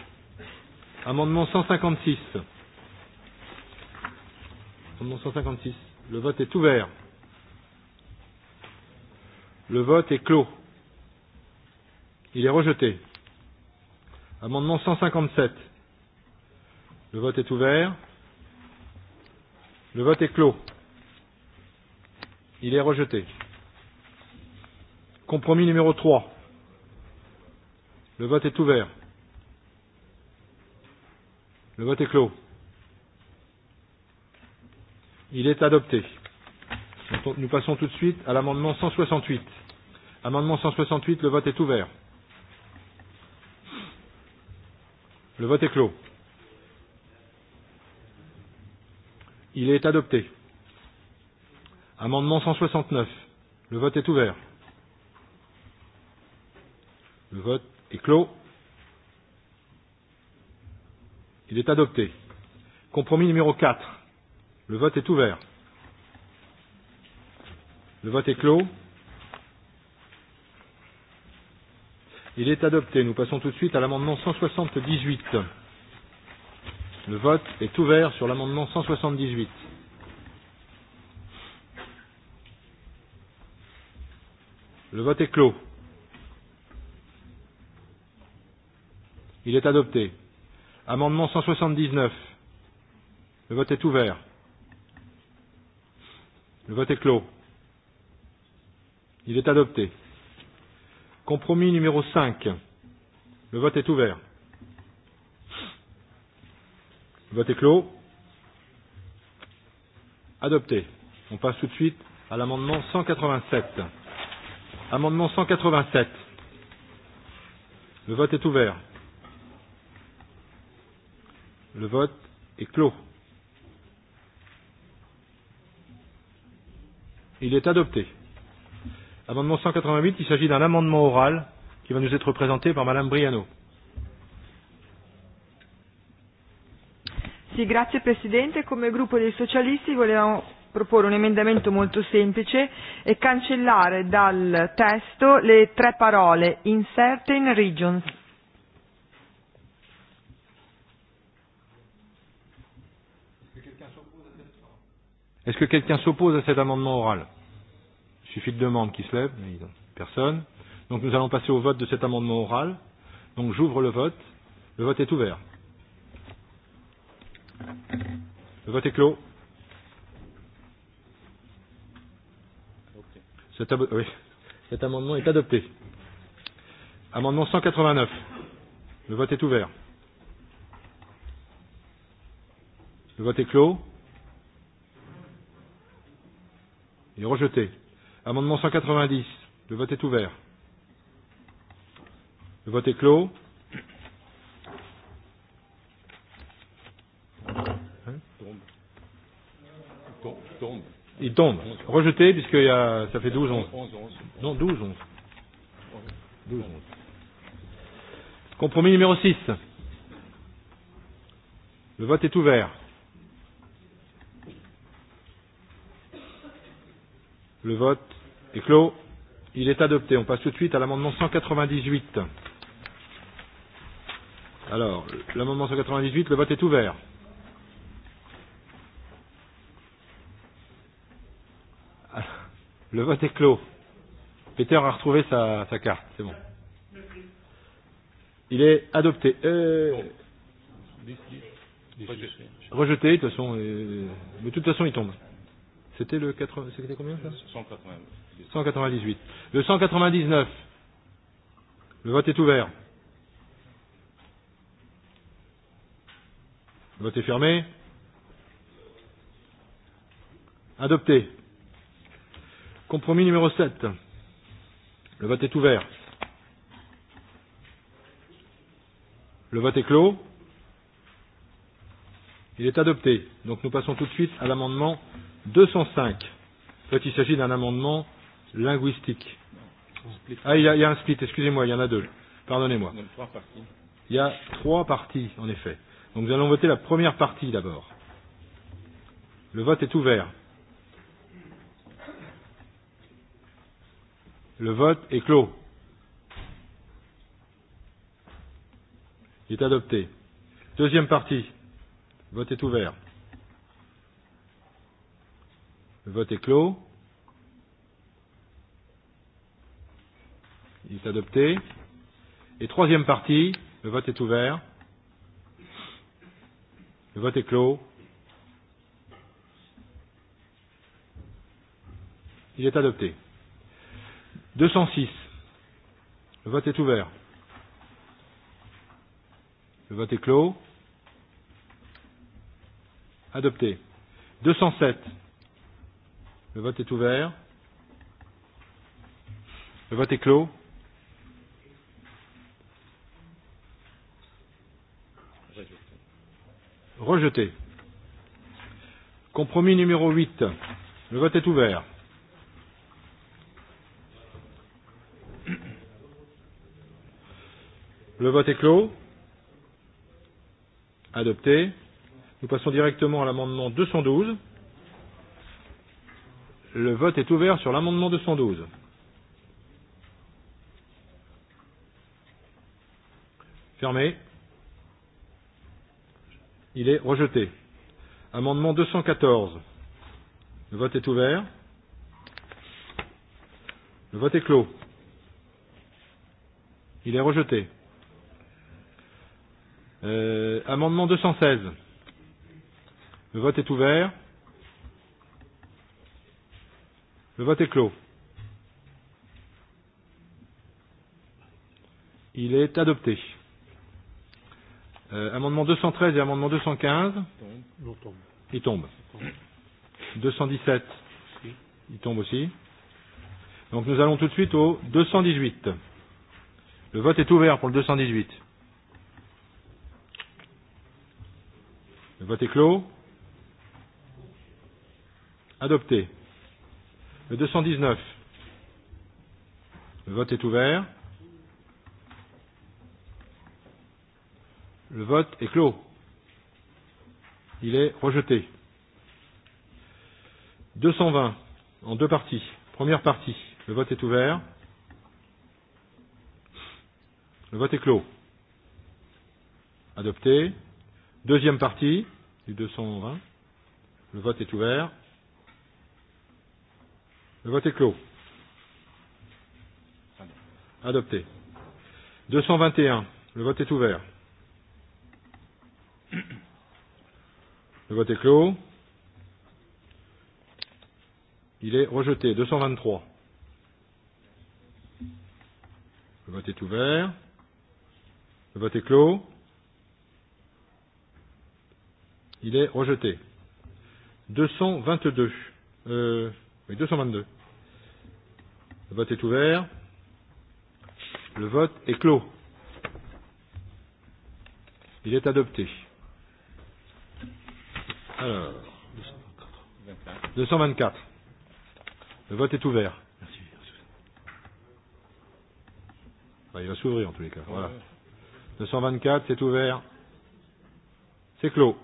Amendement 156. Amendement 156. Le vote est ouvert. Le vote est clos. Il est rejeté. Amendement 157. Le vote est ouvert. Le vote est clos. Il est rejeté. Compromis numéro 3. Le vote est ouvert. Le vote est clos. Il est adopté. Nous passons tout de suite à l'amendement 168. Amendement 168, le vote est ouvert. Le vote est clos. Il est adopté. Amendement 169. Le vote est ouvert. Le vote est clos. Il est adopté. Compromis numéro 4. Le vote est ouvert. Le vote est clos. Il est adopté. Nous passons tout de suite à l'amendement 178. Le vote est ouvert sur l'amendement 178. Le vote est clos. Il est adopté. Amendement 179. Le vote est ouvert. Le vote est clos. Il est adopté. Compromis numéro 5. Le vote est ouvert. Le vote est clos. Adopté. On passe tout de suite à l'amendement 187. Amendement 187. Le vote est ouvert. Le vote est clos. Il est adopté. Amendement 188, il s'agit d'un amendement oral qui va nous être présenté par Madame Briano. Sì, grazie Presidente. Come gruppo dei socialisti volevamo proporre un emendamento molto semplice e cancellare dal testo le tre parole incertain regions. Est-ce que quelqu'un s'oppose à cet amendement oral Il suffit de demande qui se lève, mais personne. Donc nous allons passer au vote de cet amendement oral. Donc j'ouvre le vote. Le vote est ouvert. Le vote est clos. Cet, ab- oui. Cet amendement est adopté. Amendement 189. Le vote est ouvert. Le vote est clos. est rejeté. Amendement 190. Le vote est ouvert. Le vote est clos. Il tombe. Rejeté, puisque y a, ça fait 12, 11. 11. Non, 12, 11. 12, 11. Compromis numéro 6. Le vote est ouvert. Le vote est clos. Il est adopté. On passe tout de suite à l'amendement 198. Alors, l'amendement 198, le vote est ouvert. Le vote est clos. Peter a retrouvé sa, sa carte, c'est bon. Il est adopté. Euh, rejeté, de toute façon, euh, mais de toute façon il tombe. C'était le 80, c'était combien ça 198. Le 199. Le vote est ouvert. Le vote est fermé. Adopté. Compromis numéro 7. Le vote est ouvert. Le vote est clos. Il est adopté. Donc nous passons tout de suite à l'amendement 205. En fait, il s'agit d'un amendement linguistique. Ah, il y, a, il y a un split, excusez-moi, il y en a deux. Pardonnez-moi. Il y a trois parties, en effet. Donc nous allons voter la première partie d'abord. Le vote est ouvert. Le vote est clos. Il est adopté. Deuxième partie. Vote est ouvert. Le vote est clos. Il est adopté. Et troisième partie, le vote est ouvert. Le vote est clos. Il est adopté. 206. Le vote est ouvert. Le vote est clos. Adopté. 207. Le vote est ouvert. Le vote est clos. Rejeté. Compromis numéro 8. Le vote est ouvert. Le vote est clos. Adopté. Nous passons directement à l'amendement 212. Le vote est ouvert sur l'amendement 212. Fermé. Il est rejeté. Amendement 214. Le vote est ouvert. Le vote est clos. Il est rejeté. Euh, amendement 216. Le vote est ouvert. Le vote est clos. Il est adopté. Euh, amendement 213 et amendement 215. Il tombe. 217. Il tombe. aussi. Donc nous allons tout de suite au 218. Le vote est ouvert pour le 218. Le vote est clos. Adopté. Le 219. Le vote est ouvert. Le vote est clos. Il est rejeté. 220 en deux parties. Première partie. Le vote est ouvert. Le vote est clos. Adopté. Deuxième partie du 220. Le vote est ouvert. Le vote est clos. Adopté. 221. Le vote est ouvert. Le vote est clos. Il est rejeté. 223. Le vote est ouvert. Le vote est clos. Il est rejeté. 222. Euh, oui, 222. Le vote est ouvert. Le vote est clos. Il est adopté. Alors, 224. Le vote est ouvert. Merci. Enfin, il va s'ouvrir en tous les cas. Voilà. 224, c'est ouvert. C'est clos.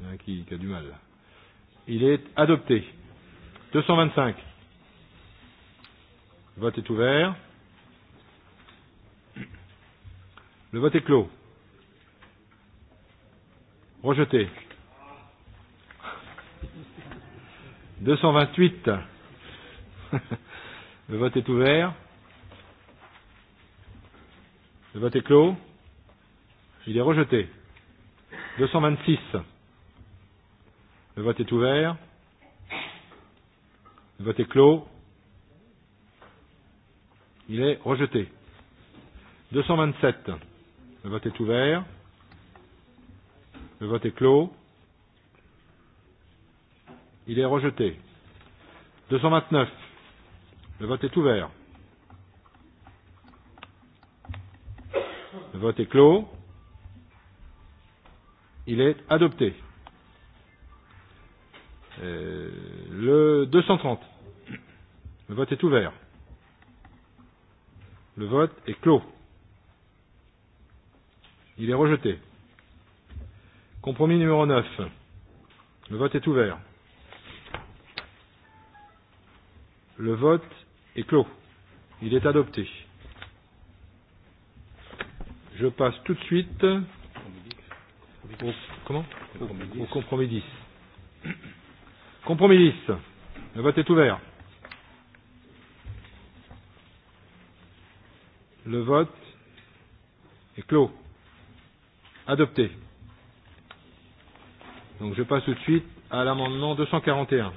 Il y en a qui, qui a du mal. Là. Il est adopté. 225. Le vote est ouvert. Le vote est clos. Rejeté. 228. Le vote est ouvert. Le vote est clos. Il est rejeté. 226. Le vote est ouvert. Le vote est clos. Il est rejeté. 227. Le vote est ouvert. Le vote est clos. Il est rejeté. 229. Le vote est ouvert. Le vote est clos. Il est adopté. Euh, le 230. Le vote est ouvert. Le vote est clos. Il est rejeté. Compromis numéro 9. Le vote est ouvert. Le vote est clos. Il est adopté. Je passe tout de suite au, comment au, compromis 10. au compromis 10. Compromis 10. Le vote est ouvert. Le vote est clos. Adopté. Donc je passe tout de suite à l'amendement 241.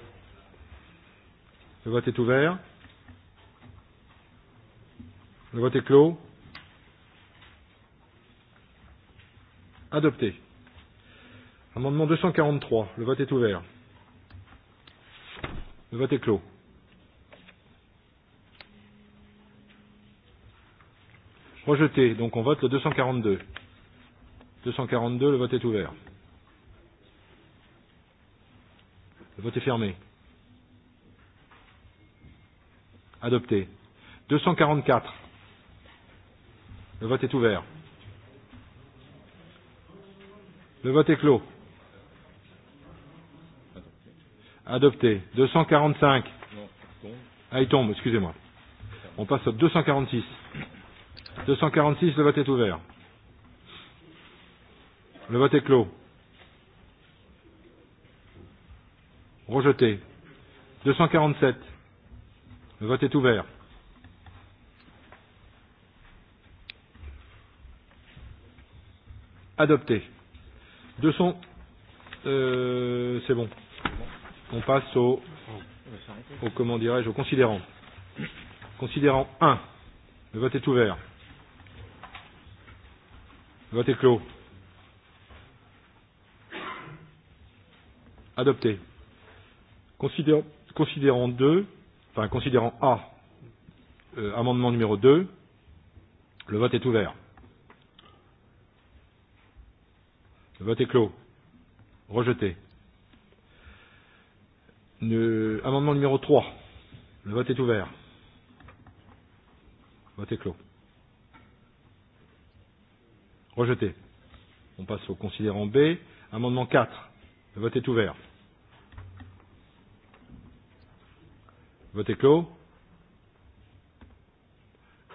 Le vote est ouvert. Le vote est clos. Adopté. Amendement 243. Le vote est ouvert. Le vote est clos. Rejeté. Donc on vote le 242. 242, le vote est ouvert. Le vote est fermé. Adopté. 244. Le vote est ouvert. Le vote est clos. Adopté. 245. Ah, il tombe, excusez-moi. On passe au 246. 246, le vote est ouvert. Le vote est clos. Rejeté. 247. Le vote est ouvert. Adopté. 200. Euh, C'est bon on passe au, au comment dirais-je, au considérant. Considérant 1. Le vote est ouvert. Le vote est clos. Adopté. Considérant, considérant 2, enfin considérant A, euh, amendement numéro 2, le vote est ouvert. Le vote est clos. Rejeté. Le... Amendement numéro 3. Le vote est ouvert. Le vote est clos. Rejeté. On passe au considérant B. Amendement 4. Le vote est ouvert. Le vote est clos.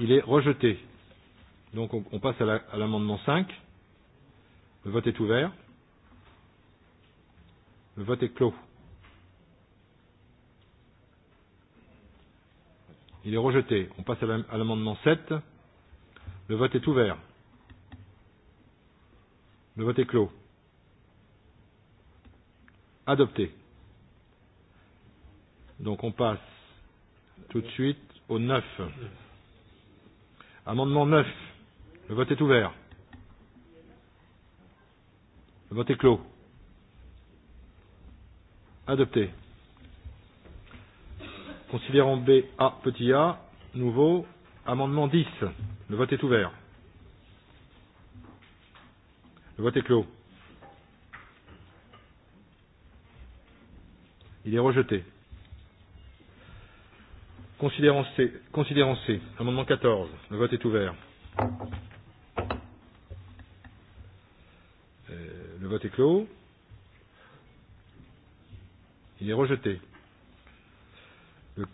Il est rejeté. Donc on, on passe à l'amendement la, 5. Le vote est ouvert. Le vote est clos. Il est rejeté. On passe à l'amendement 7. Le vote est ouvert. Le vote est clos. Adopté. Donc on passe tout de suite au 9. Amendement 9. Le vote est ouvert. Le vote est clos. Adopté. Considérant B, A, petit a, nouveau, amendement 10. Le vote est ouvert. Le vote est clos. Il est rejeté. Considérant C, considérant C, amendement 14. Le vote est ouvert. Euh, le vote est clos. Il est rejeté.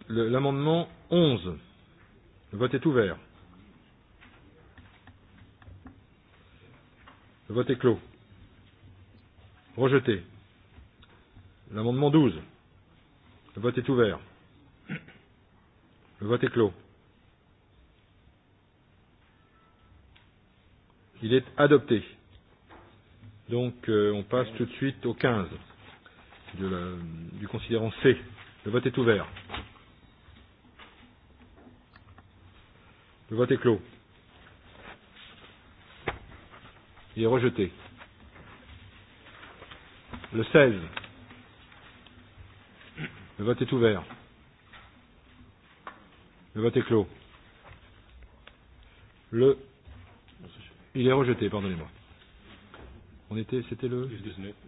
L'amendement 11. Le vote est ouvert. Le vote est clos. Rejeté. L'amendement 12. Le vote est ouvert. Le vote est clos. Il est adopté. Donc euh, on passe tout de suite au 15 de la, du considérant C. Le vote est ouvert. Le vote est clos. Il est rejeté. Le 16. Le vote est ouvert. Le vote est clos. Le. Il est rejeté, pardonnez-moi. On était, c'était le.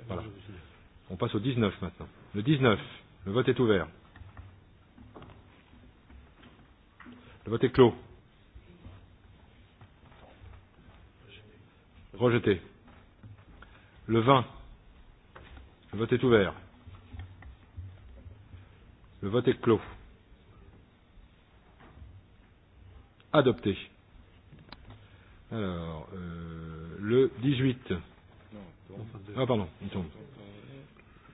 Voilà. On passe au 19 maintenant. Le 19. Le vote est ouvert. Le vote est clos. Rejeté. Le 20. Le vote est ouvert. Le vote est clos. Adopté. Alors, euh, le 18. Non, ah, pardon, il tombe.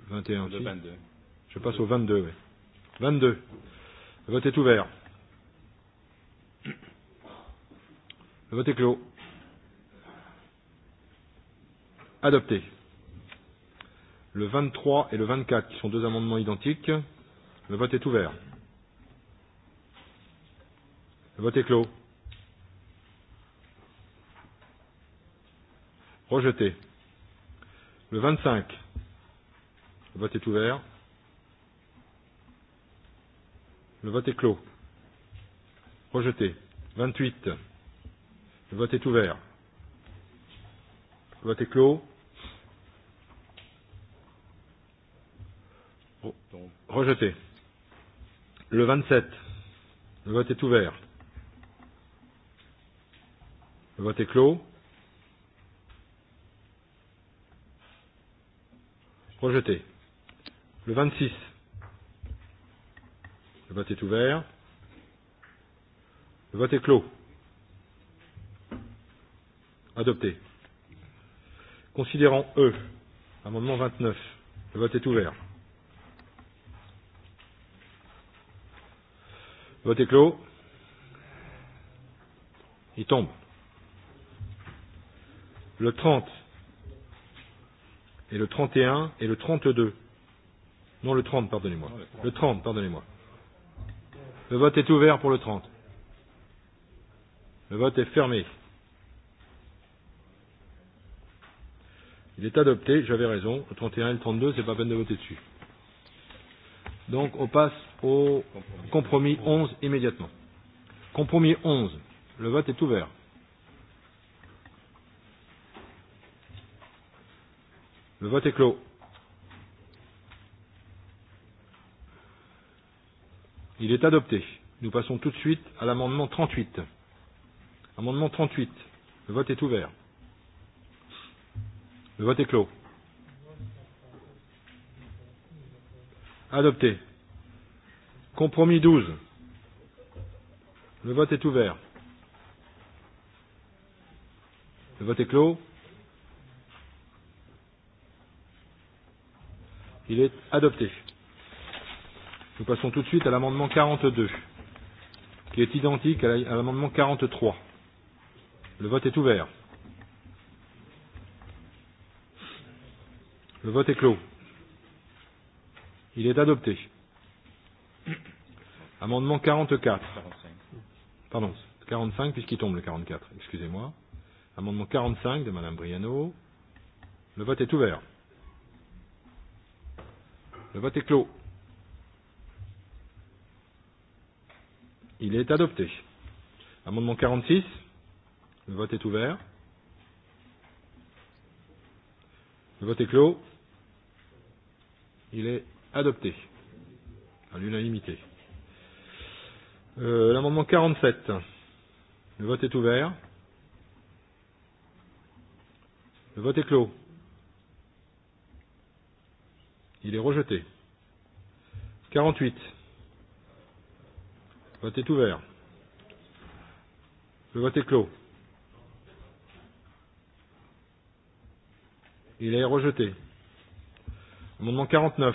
21. Le 22. Je passe au 22, oui. 22. Le vote est ouvert. Le vote est clos. Adopté. Le 23 et le 24, qui sont deux amendements identiques. Le vote est ouvert. Le vote est clos. Rejeté. Le 25. Le vote est ouvert. Le vote est clos. Rejeté. 28. Le vote est ouvert. Le vote est clos. Rejeté. Le 27. Le vote est ouvert. Le vote est clos. Rejeté. Le 26. Le vote est ouvert. Le vote est clos. Adopté. Considérant E, amendement 29. Le vote est ouvert. Vote est clos. Il tombe. Le 30 et le 31 et le 32. Non, le 30, pardonnez-moi. Le 30, pardonnez-moi. Le vote est ouvert pour le 30. Le vote est fermé. Il est adopté, j'avais raison. Le 31 et le 32, c'est pas peine de voter dessus. Donc on passe au compromis 11 immédiatement. Compromis 11. Le vote est ouvert. Le vote est clos. Il est adopté. Nous passons tout de suite à l'amendement 38. Amendement 38. Le vote est ouvert. Le vote est clos. Adopté. Compromis 12. Le vote est ouvert. Le vote est clos. Il est adopté. Nous passons tout de suite à l'amendement 42, qui est identique à l'amendement 43. Le vote est ouvert. Le vote est clos. Il est adopté. Amendement 44. Pardon, 45 puisqu'il tombe le 44, excusez-moi. Amendement 45 de Madame Briano. Le vote est ouvert. Le vote est clos. Il est adopté. Amendement 46. Le vote est ouvert. Le vote est clos. Il est Adopté. À l'unanimité. Euh, L'amendement 47. Le vote est ouvert. Le vote est clos. Il est rejeté. 48. Le vote est ouvert. Le vote est clos. Il est rejeté. Amendement 49.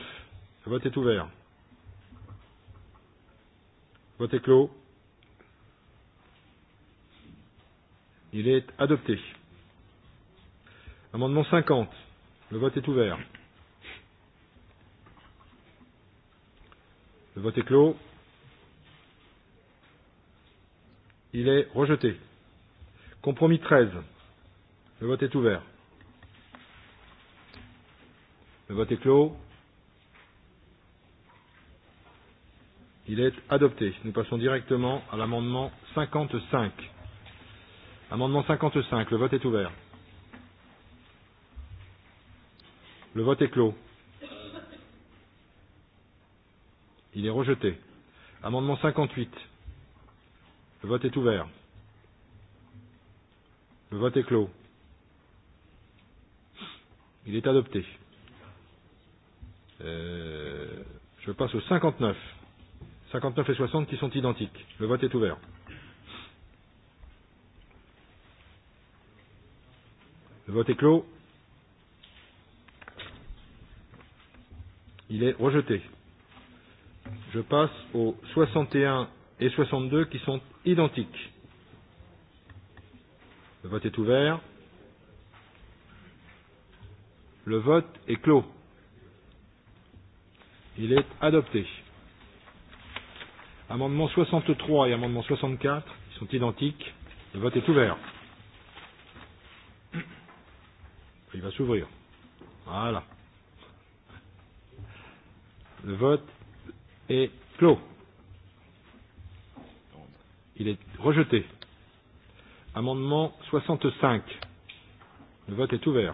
Le vote est ouvert. Le vote est clos. Il est adopté. Amendement 50. Le vote est ouvert. Le vote est clos. Il est rejeté. Compromis 13. Le vote est ouvert. Le vote est clos. Il est adopté. Nous passons directement à l'amendement 55. Amendement 55, le vote est ouvert. Le vote est clos. Il est rejeté. Amendement 58. Le vote est ouvert. Le vote est clos. Il est adopté. Euh, je passe au 59. 59 et 60 qui sont identiques. Le vote est ouvert. Le vote est clos. Il est rejeté. Je passe aux 61 et 62 qui sont identiques. Le vote est ouvert. Le vote est clos. Il est adopté. Amendement 63 et amendement 64, ils sont identiques. Le vote est ouvert. Il va s'ouvrir. Voilà. Le vote est clos. Il est rejeté. Amendement 65. Le vote est ouvert.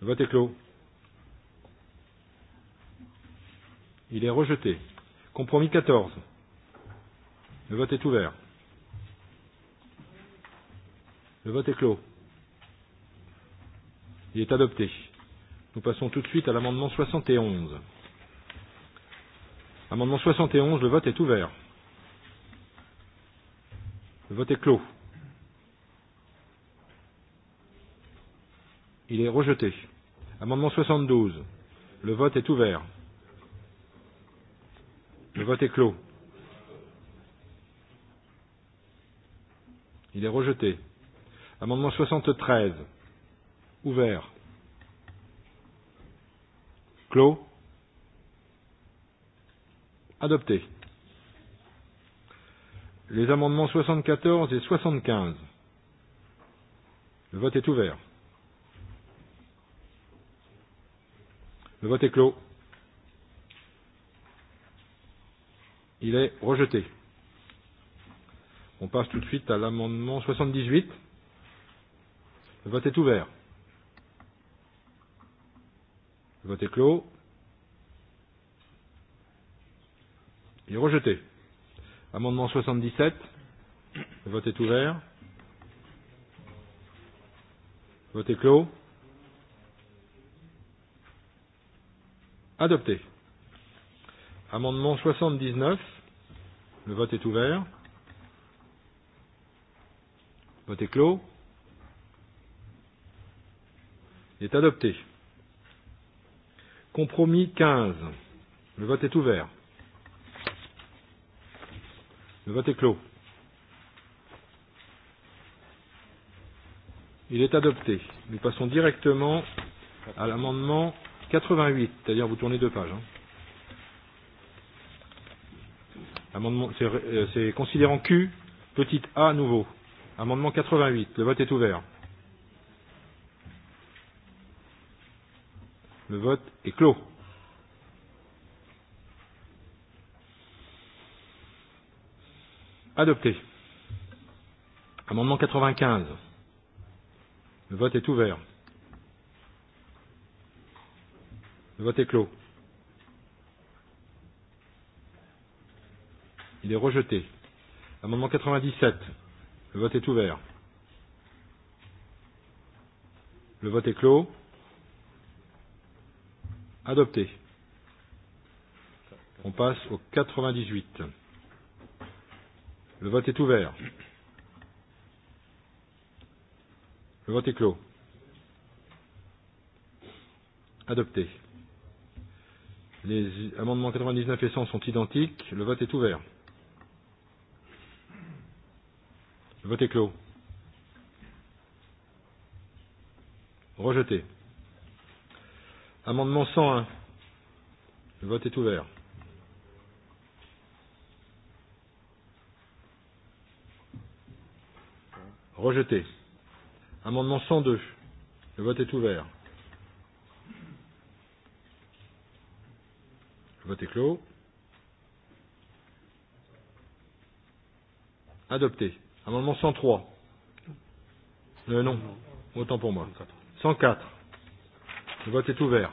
Le vote est clos. Il est rejeté. Compromis 14. Le vote est ouvert. Le vote est clos. Il est adopté. Nous passons tout de suite à l'amendement 71. Amendement 71, le vote est ouvert. Le vote est clos. Il est rejeté. Amendement 72, le vote est ouvert. Le vote est clos. Il est rejeté. Amendement 73. Ouvert. Clos. Adopté. Les amendements 74 et 75. Le vote est ouvert. Le vote est clos. Il est rejeté. On passe tout de suite à l'amendement 78. Le vote est ouvert. Le vote est clos. Il est rejeté. Amendement 77. Le vote est ouvert. Le vote est clos. Adopté. Amendement 79. Le vote est ouvert. Le vote est clos. Il est adopté. Compromis 15. Le vote est ouvert. Le vote est clos. Il est adopté. Nous passons directement à l'amendement 88, c'est-à-dire vous tournez deux pages. Hein. Amendement, c'est, euh, c'est considérant Q, petit a nouveau. Amendement 88. Le vote est ouvert. Le vote est clos. Adopté. Amendement 95. Le vote est ouvert. Le vote est clos. Il est rejeté. Amendement 97. Le vote est ouvert. Le vote est clos. Adopté. On passe au 98. Le vote est ouvert. Le vote est clos. Adopté. Les amendements 99 et 100 sont identiques. Le vote est ouvert. Le vote est clos. Rejeté. Amendement 101. Le vote est ouvert. Rejeté. Amendement 102. Le vote est ouvert. Le vote est clos. Adopté. Amendement 103. Euh, non. Autant pour moi. 104. Le vote est ouvert.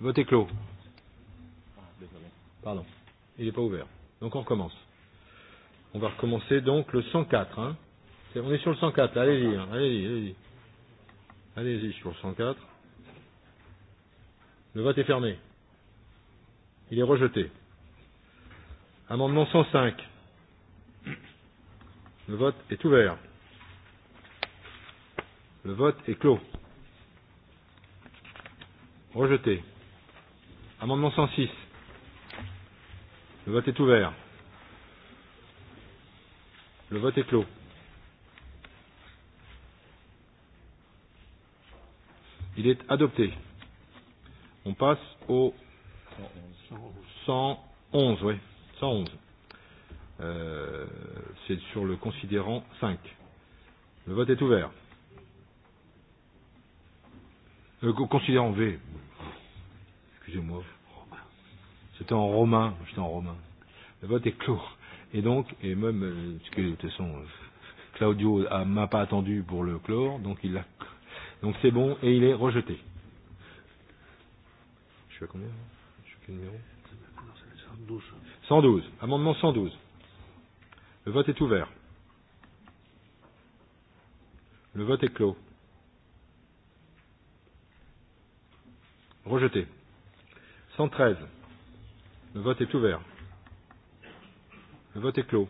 Le vote est clos. Pardon. Il n'est pas ouvert. Donc on recommence. On va recommencer donc le 104. Hein. Est, on est sur le 104. Allez-y. Hein. Allez-y. Allez-y. Allez-y sur le 104. Le vote est fermé. Il est rejeté. Amendement 105. Le vote est ouvert. Le vote est clos. Rejeté. Amendement 106. Le vote est ouvert. Le vote est clos. Il est adopté. On passe au 111, oui. 111. Euh, c'est sur le considérant 5. Le vote est ouvert. Euh, considérant V. Excusez-moi. C'était en romain. J'étais en romain. Le vote est clos. Et donc, et même, euh, parce que de toute façon, euh, Claudio m'a pas attendu pour le clore, donc il l'a. Donc c'est bon et il est rejeté. Je suis à combien Je suis à quel numéro 112. 112. Amendement 112. Le vote est ouvert. Le vote est clos. Rejeté. 113. Le vote est ouvert. Le vote est clos.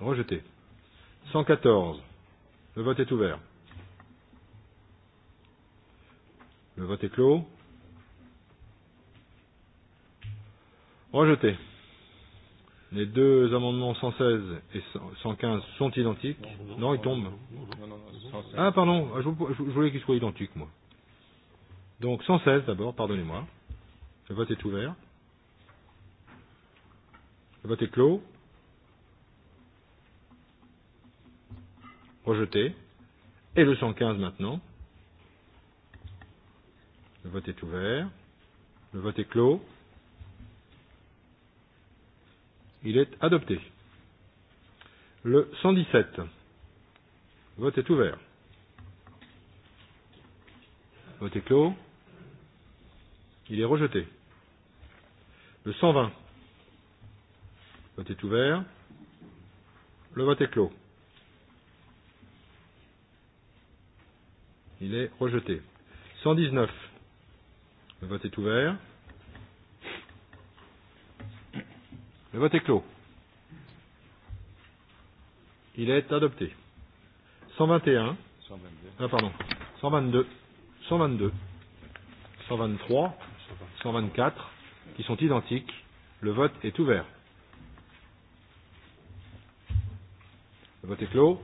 Rejeté. 114. Le vote est ouvert. Le vote est clos. Rejeté. Les deux amendements 116 et 115 sont identiques. Non, non, non ils tombent. Non, non, ah, pardon, ah, je, je, je voulais qu'ils soient identiques, moi. Donc 116 d'abord, pardonnez-moi. Le vote est ouvert. Le vote est clos. Rejeté. Et le 115 maintenant. Le vote est ouvert. Le vote est clos. Il est adopté. Le 117. Le vote est ouvert. Le vote est clos. Il est rejeté. Le 120. Le vote est ouvert. Le vote est clos. Il est rejeté. 119. Le vote est ouvert. Le vote est clos. Il est adopté. 121. 122. Ah, pardon. 122. 122. 123. 124. Qui sont identiques. Le vote est ouvert. Le vote est clos.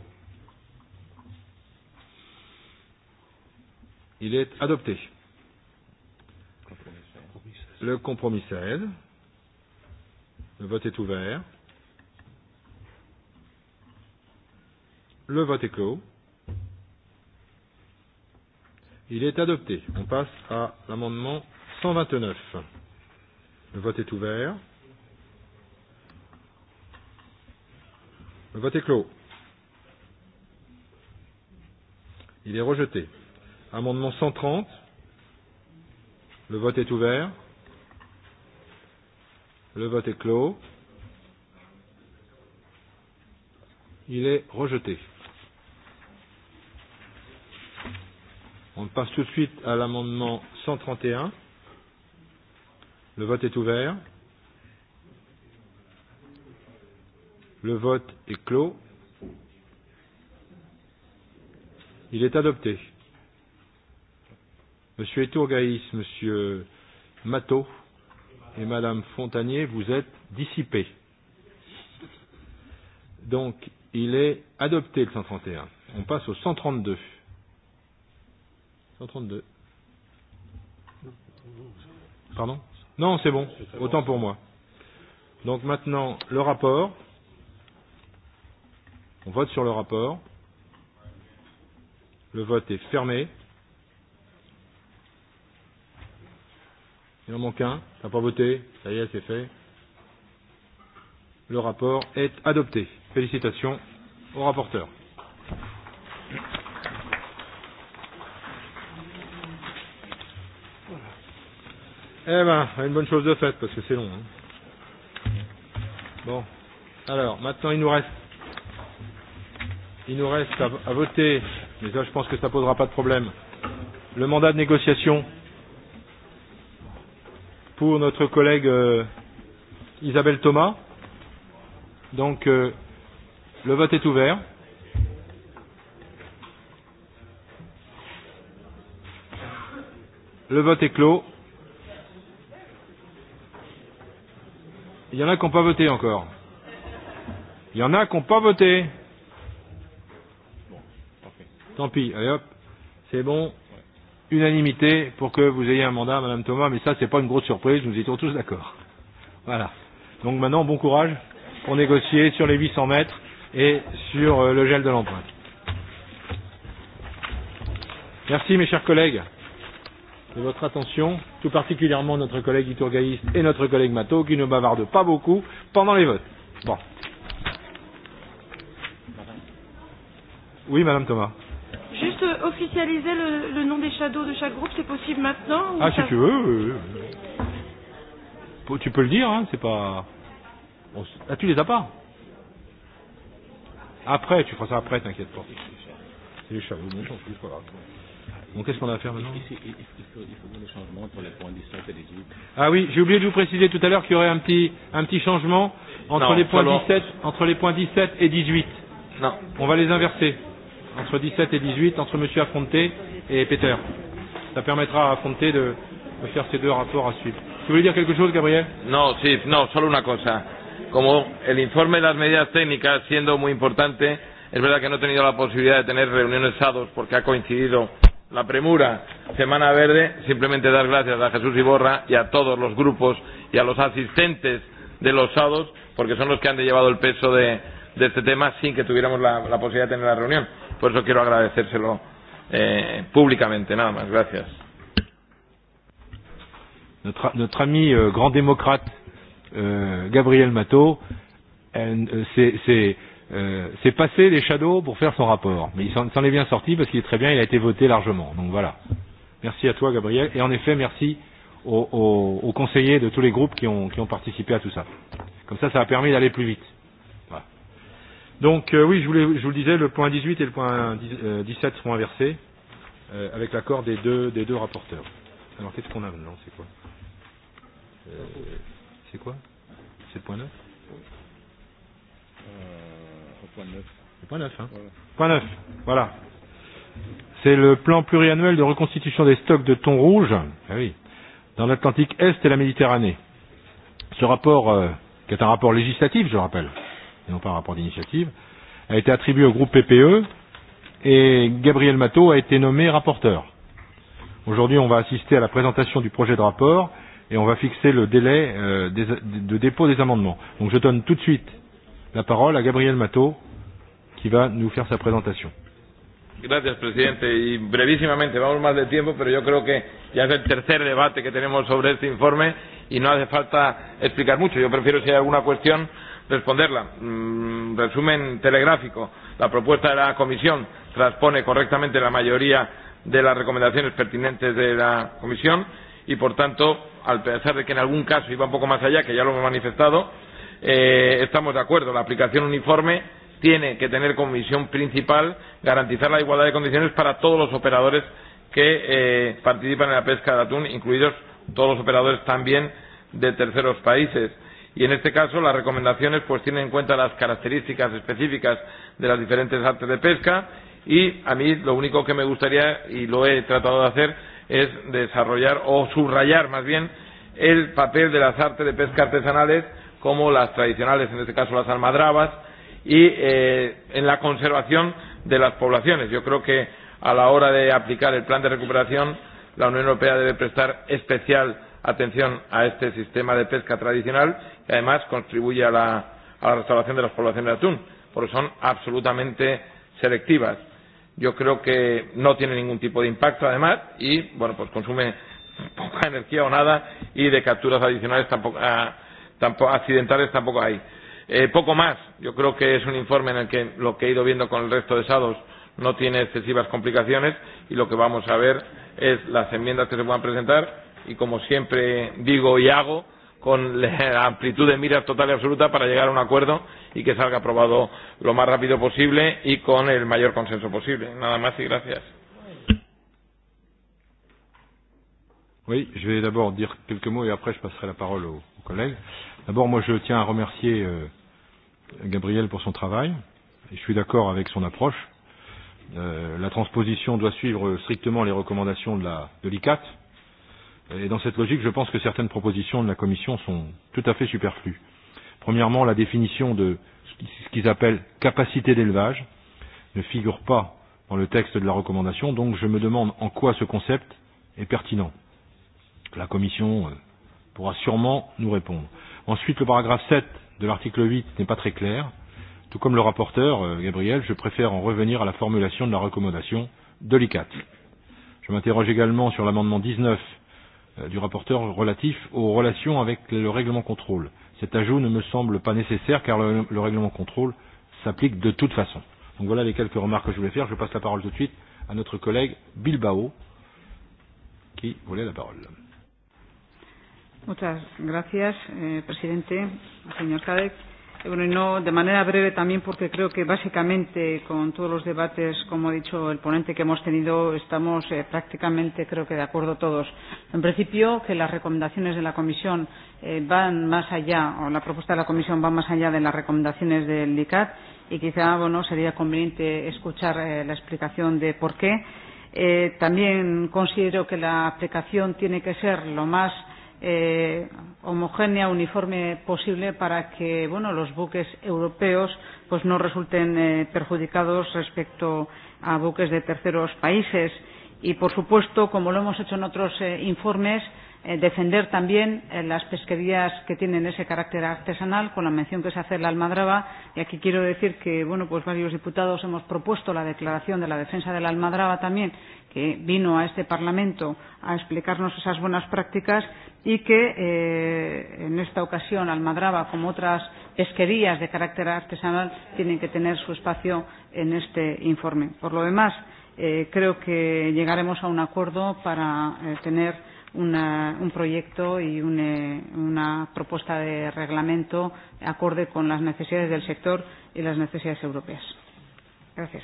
Il est adopté. Le compromis Sahel. Le vote est ouvert. Le vote est clos. Il est adopté. On passe à l'amendement 129. Le vote est ouvert. Le vote est clos. Il est rejeté. Amendement 130. Le vote est ouvert. Le vote est clos. Il est rejeté. On passe tout de suite à l'amendement 131. Le vote est ouvert. Le vote est clos. Il est adopté. Monsieur Etourgaïs, Monsieur Matteau, et Madame Fontanier, vous êtes dissipés. Donc, il est adopté le 131. On passe au 132. 132. Pardon Non, c'est bon. Autant pour moi. Donc maintenant, le rapport. On vote sur le rapport. Le vote est fermé. Il en manque un. T'as pas voté Ça y est, c'est fait. Le rapport est adopté. Félicitations au rapporteur. Eh ben, une bonne chose de faite parce que c'est long. Hein. Bon, alors maintenant il nous reste, il nous reste à, à voter, mais là, je pense que ça posera pas de problème. Le mandat de négociation pour notre collègue euh, Isabelle Thomas. Donc, euh, le vote est ouvert. Le vote est clos. Il y en a qui n'ont pas voté encore. Il y en a qui n'ont pas voté. tant pis. Allez hop, c'est bon unanimité pour que vous ayez un mandat, Madame Thomas, mais ça, ce n'est pas une grosse surprise, nous étions tous d'accord. Voilà. Donc maintenant, bon courage pour négocier sur les 800 mètres et sur euh, le gel de l'empreinte. Merci, mes chers collègues, de votre attention, tout particulièrement notre collègue Iturgaïste et notre collègue Mato, qui ne bavardent pas beaucoup pendant les votes. Bon. Oui, Madame Thomas. Juste officialiser le, le nom des shadows de chaque groupe, c'est possible maintenant ou Ah, ça... si tu veux. Euh, tu peux le dire, hein, c'est pas. Bon, ah, tu les as pas Après, tu feras ça après, t'inquiète pas. C'est les shadows, bon, en plus, voilà. Bon, qu'est-ce qu'on a à faire maintenant Ah oui, j'ai oublié de vous préciser tout à l'heure qu'il y aurait un petit, un petit changement entre, non, les points 17, entre les points 17 et 18. Non. On va les inverser entre 17 et 18, entre M. Affronté et Peter. Ça permettra à Affronté de, de faire ces deux rapports à suivre. Tu voulais dire quelque chose, Gabriel? No, si, no, solo una cosa. Como el informe de las medidas técnicas, siendo muy importante, es verdad que no he tenido la posibilidad de tener reuniones SADOS porque ha coincidido la premura Semana Verde. Simplemente dar gracias a Jesús Iborra y a todos los grupos y a los asistentes de los SADOS porque son los que han llevado el peso de, de este tema sin que tuviéramos la, la posibilidad de tener la reunión Por eso quiero agradecérselo eh, públicamente. Nada más. Gracias. Notre, notre ami euh, grand démocrate euh, Gabriel Matteau euh, s'est euh, euh, passé les shadows pour faire son rapport. Mais il s'en est bien sorti parce qu'il est très bien, il a été voté largement. Donc voilà. Merci à toi Gabriel. Et en effet, merci aux, aux, aux conseillers de tous les groupes qui ont, qui ont participé à tout ça. Comme ça, ça a permis d'aller plus vite. Donc euh, oui, je, voulais, je vous le disais, le point 18 et le point 17 euh, seront inversés euh, avec l'accord des deux, des deux rapporteurs. Alors qu'est-ce qu'on a maintenant C'est quoi euh, C'est quoi C'est le point 9 euh, Point 9. Le point 9, hein voilà. Point 9, voilà. C'est le plan pluriannuel de reconstitution des stocks de thon rouge ah oui, dans l'Atlantique Est et la Méditerranée. Ce rapport, euh, qui est un rapport législatif, je rappelle, et non pas un rapport d'initiative, a été attribué au groupe PPE et Gabriel Matteau a été nommé rapporteur. Aujourd'hui, on va assister à la présentation du projet de rapport et on va fixer le délai euh, des, de dépôt des amendements. Donc je donne tout de suite la parole à Gabriel Matteau qui va nous faire sa présentation. Gracias, presidente. Y brevísimamente, vamos más de tiempo, pero yo creo que ya es el tercer debate que tenemos sobre este informe y no hace falta explicar mucho. Yo prefiero, si hay alguna cuestión, responderla. Mm, resumen telegráfico. La propuesta de la Comisión transpone correctamente la mayoría de las recomendaciones pertinentes de la Comisión y, por tanto, al pesar de que en algún caso iba un poco más allá, que ya lo hemos manifestado, eh, estamos de acuerdo. La aplicación uniforme tiene que tener como misión principal garantizar la igualdad de condiciones para todos los operadores que eh, participan en la pesca de atún, incluidos todos los operadores también de terceros países y en este caso las recomendaciones pues tienen en cuenta las características específicas de las diferentes artes de pesca y a mí lo único que me gustaría y lo he tratado de hacer es desarrollar o subrayar más bien el papel de las artes de pesca artesanales como las tradicionales, en este caso las almadrabas, y eh, en la conservación de las poblaciones. Yo creo que a la hora de aplicar el plan de recuperación, la Unión Europea debe prestar especial atención a este sistema de pesca tradicional y además contribuye a la, a la restauración de las poblaciones de atún, porque son absolutamente selectivas. Yo creo que no tiene ningún tipo de impacto, además, y bueno, pues consume poca energía o nada y de capturas adicionales tampoco, a, ah, tampoco accidentales tampoco hay. Eh, poco más. Yo creo que es un informe en el que lo que he ido viendo con el resto de SADOS no tiene excesivas complicaciones y lo que vamos a ver es las enmiendas que se puedan presentar y como siempre digo y hago, con la amplitud de miras total y absoluta para llegar a un acuerdo y que salga aprobado lo más rápido posible y con el mayor consenso posible. Nada más y gracias. Oui, je vais d'abord dire quelques mots et après je passerai la parole aux, aux collègues. D'abord, moi je tiens à remercier euh, Gabriel pour son travail et je suis d'accord avec son approche. Euh, la transposition doit suivre strictement les recommandations de l'ICAT. De Et dans cette logique, je pense que certaines propositions de la Commission sont tout à fait superflues. Premièrement, la définition de ce qu'ils appellent capacité d'élevage ne figure pas dans le texte de la recommandation, donc je me demande en quoi ce concept est pertinent. La Commission euh, pourra sûrement nous répondre. Ensuite, le paragraphe 7 de l'article 8 n'est pas très clair. Tout comme le rapporteur, euh, Gabriel, je préfère en revenir à la formulation de la recommandation de l'ICAT. Je m'interroge également sur l'amendement 19 Euh, du rapporteur relatif aux relations avec le règlement contrôle. Cet ajout ne me semble pas nécessaire car le, le règlement contrôle s'applique de toute façon. Donc voilà les quelques remarques que je voulais faire. Je passe la parole tout de suite à notre collègue Bilbao qui voulait la parole. Muchas gracias, eh, presidente, señor Cadec. Eh, bueno, y no de manera breve también porque creo que básicamente con todos los debates, como ha dicho el ponente que hemos tenido, estamos eh, prácticamente creo que de acuerdo todos. En principio que las recomendaciones de la Comisión eh, van más allá o la propuesta de la Comisión va más allá de las recomendaciones del ICAT y quizá bueno sería conveniente escuchar eh, la explicación de por qué. Eh, también considero que la aplicación tiene que ser lo más eh, homogénea, uniforme posible para que bueno, los buques europeos pues, no resulten eh, perjudicados respecto a buques de terceros países. Y, por supuesto, como lo hemos hecho en otros eh, informes, eh, defender también eh, las pesquerías que tienen ese carácter artesanal, con la mención que se hace de la almadraba. Y aquí quiero decir que bueno, pues varios diputados hemos propuesto la declaración de la defensa de la almadraba también que vino a este Parlamento a explicarnos esas buenas prácticas y que eh, en esta ocasión Almadraba, como otras pesquerías de carácter artesanal, tienen que tener su espacio en este informe. Por lo demás, eh, creo que llegaremos a un acuerdo para eh, tener una, un proyecto y un, eh, una propuesta de reglamento acorde con las necesidades del sector y las necesidades europeas. Gracias.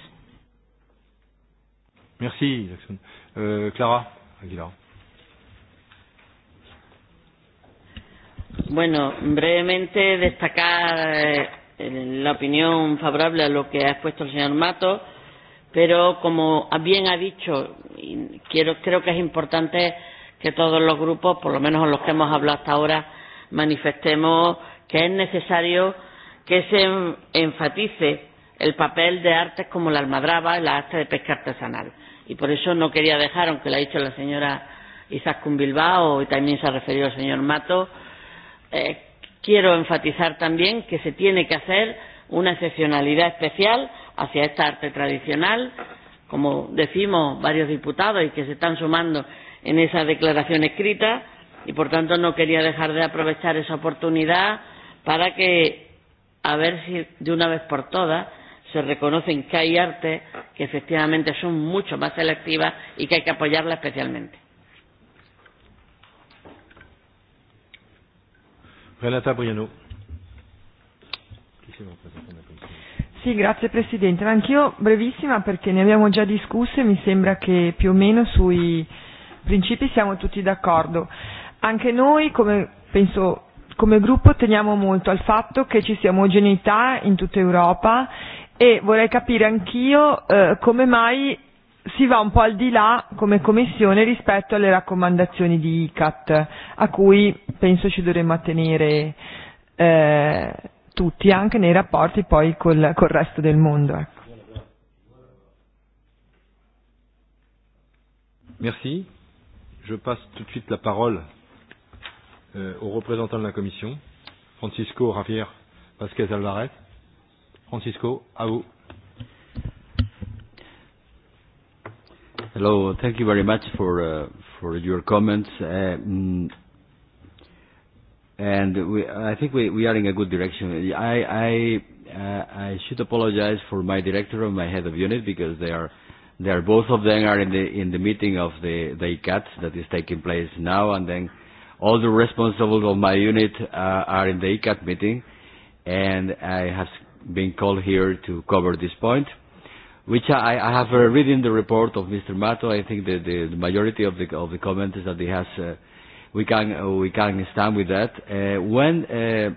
Merci, Jackson. Euh, Clara Aguilar. Bueno, brevemente destacar eh, la opinión favorable a lo que ha expuesto el señor Mato, pero como bien ha dicho, y quiero, creo que es importante que todos los grupos, por lo menos los que hemos hablado hasta ahora, manifestemos que es necesario que se enfatice el papel de artes como la almadraba y la arte de pesca artesanal y por eso no quería dejar, aunque lo ha dicho la señora Isaac Bilbao y también se ha referido el señor Mato, eh, quiero enfatizar también que se tiene que hacer una excepcionalidad especial hacia esta arte tradicional, como decimos varios diputados y que se están sumando en esa declaración escrita, y por tanto no quería dejar de aprovechar esa oportunidad para que, a ver si de una vez por todas, se reconocen que hay arte que efectivamente son mucho más selectivas y que hay que apoyarla especialmente. Renata Briano. Sì, grazie Presidente. Anch'io brevissima perché ne abbiamo già discusso e mi sembra che più o meno sui principi siamo tutti d'accordo. Anche noi, come penso come gruppo, teniamo molto al fatto che ci sia omogeneità in tutta Europa e vorrei capire anch'io eh, come mai si va un po' al di là come Commissione rispetto alle raccomandazioni di ICAT, a cui penso ci dovremmo attenere eh, tutti, anche nei rapporti poi col, col resto del mondo. Ecco. Merci. Je passe tout de suite la parole euh, au représentant de la Commission, Francisco Javier Vasquez Alvarez. Francisco, à vous. Hello. Thank you very much for uh, for your comments. Uh, mm, and we, I think we, we are in a good direction. I I, uh, I should apologize for my director and my head of unit because they are they are both of them are in the in the meeting of the the ICAT that is taking place now, and then all the responsible of my unit uh, are in the ICAT meeting, and I have being called here to cover this point, which I, I have uh, read in the report of Mr. Mato. I think that the, the majority of the, of the comments that he has, uh, we, can, uh, we can stand with that. Uh, when uh,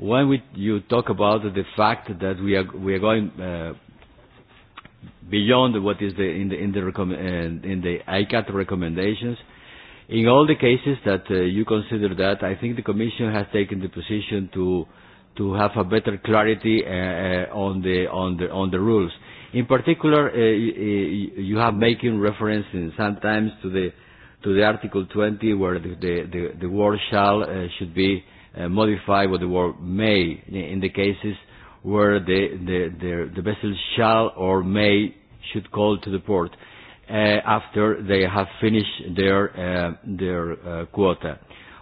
when we, you talk about the fact that we are, we are going uh, beyond what is the, in the, in the, recomm uh, in the ICAT recommendations, in all the cases that uh, you consider that, I think the Commission has taken the position to uh, to have a better clarity uh, uh, on, the, on, the, on the rules. In particular, uh, you have making reference in sometimes to the, to the Article 20 where the, the, the, the word shall uh, should be uh, modified with the word may in the cases where the, the, the, the vessel shall or may should call to the port uh, after they have finished their, uh, their uh, quota.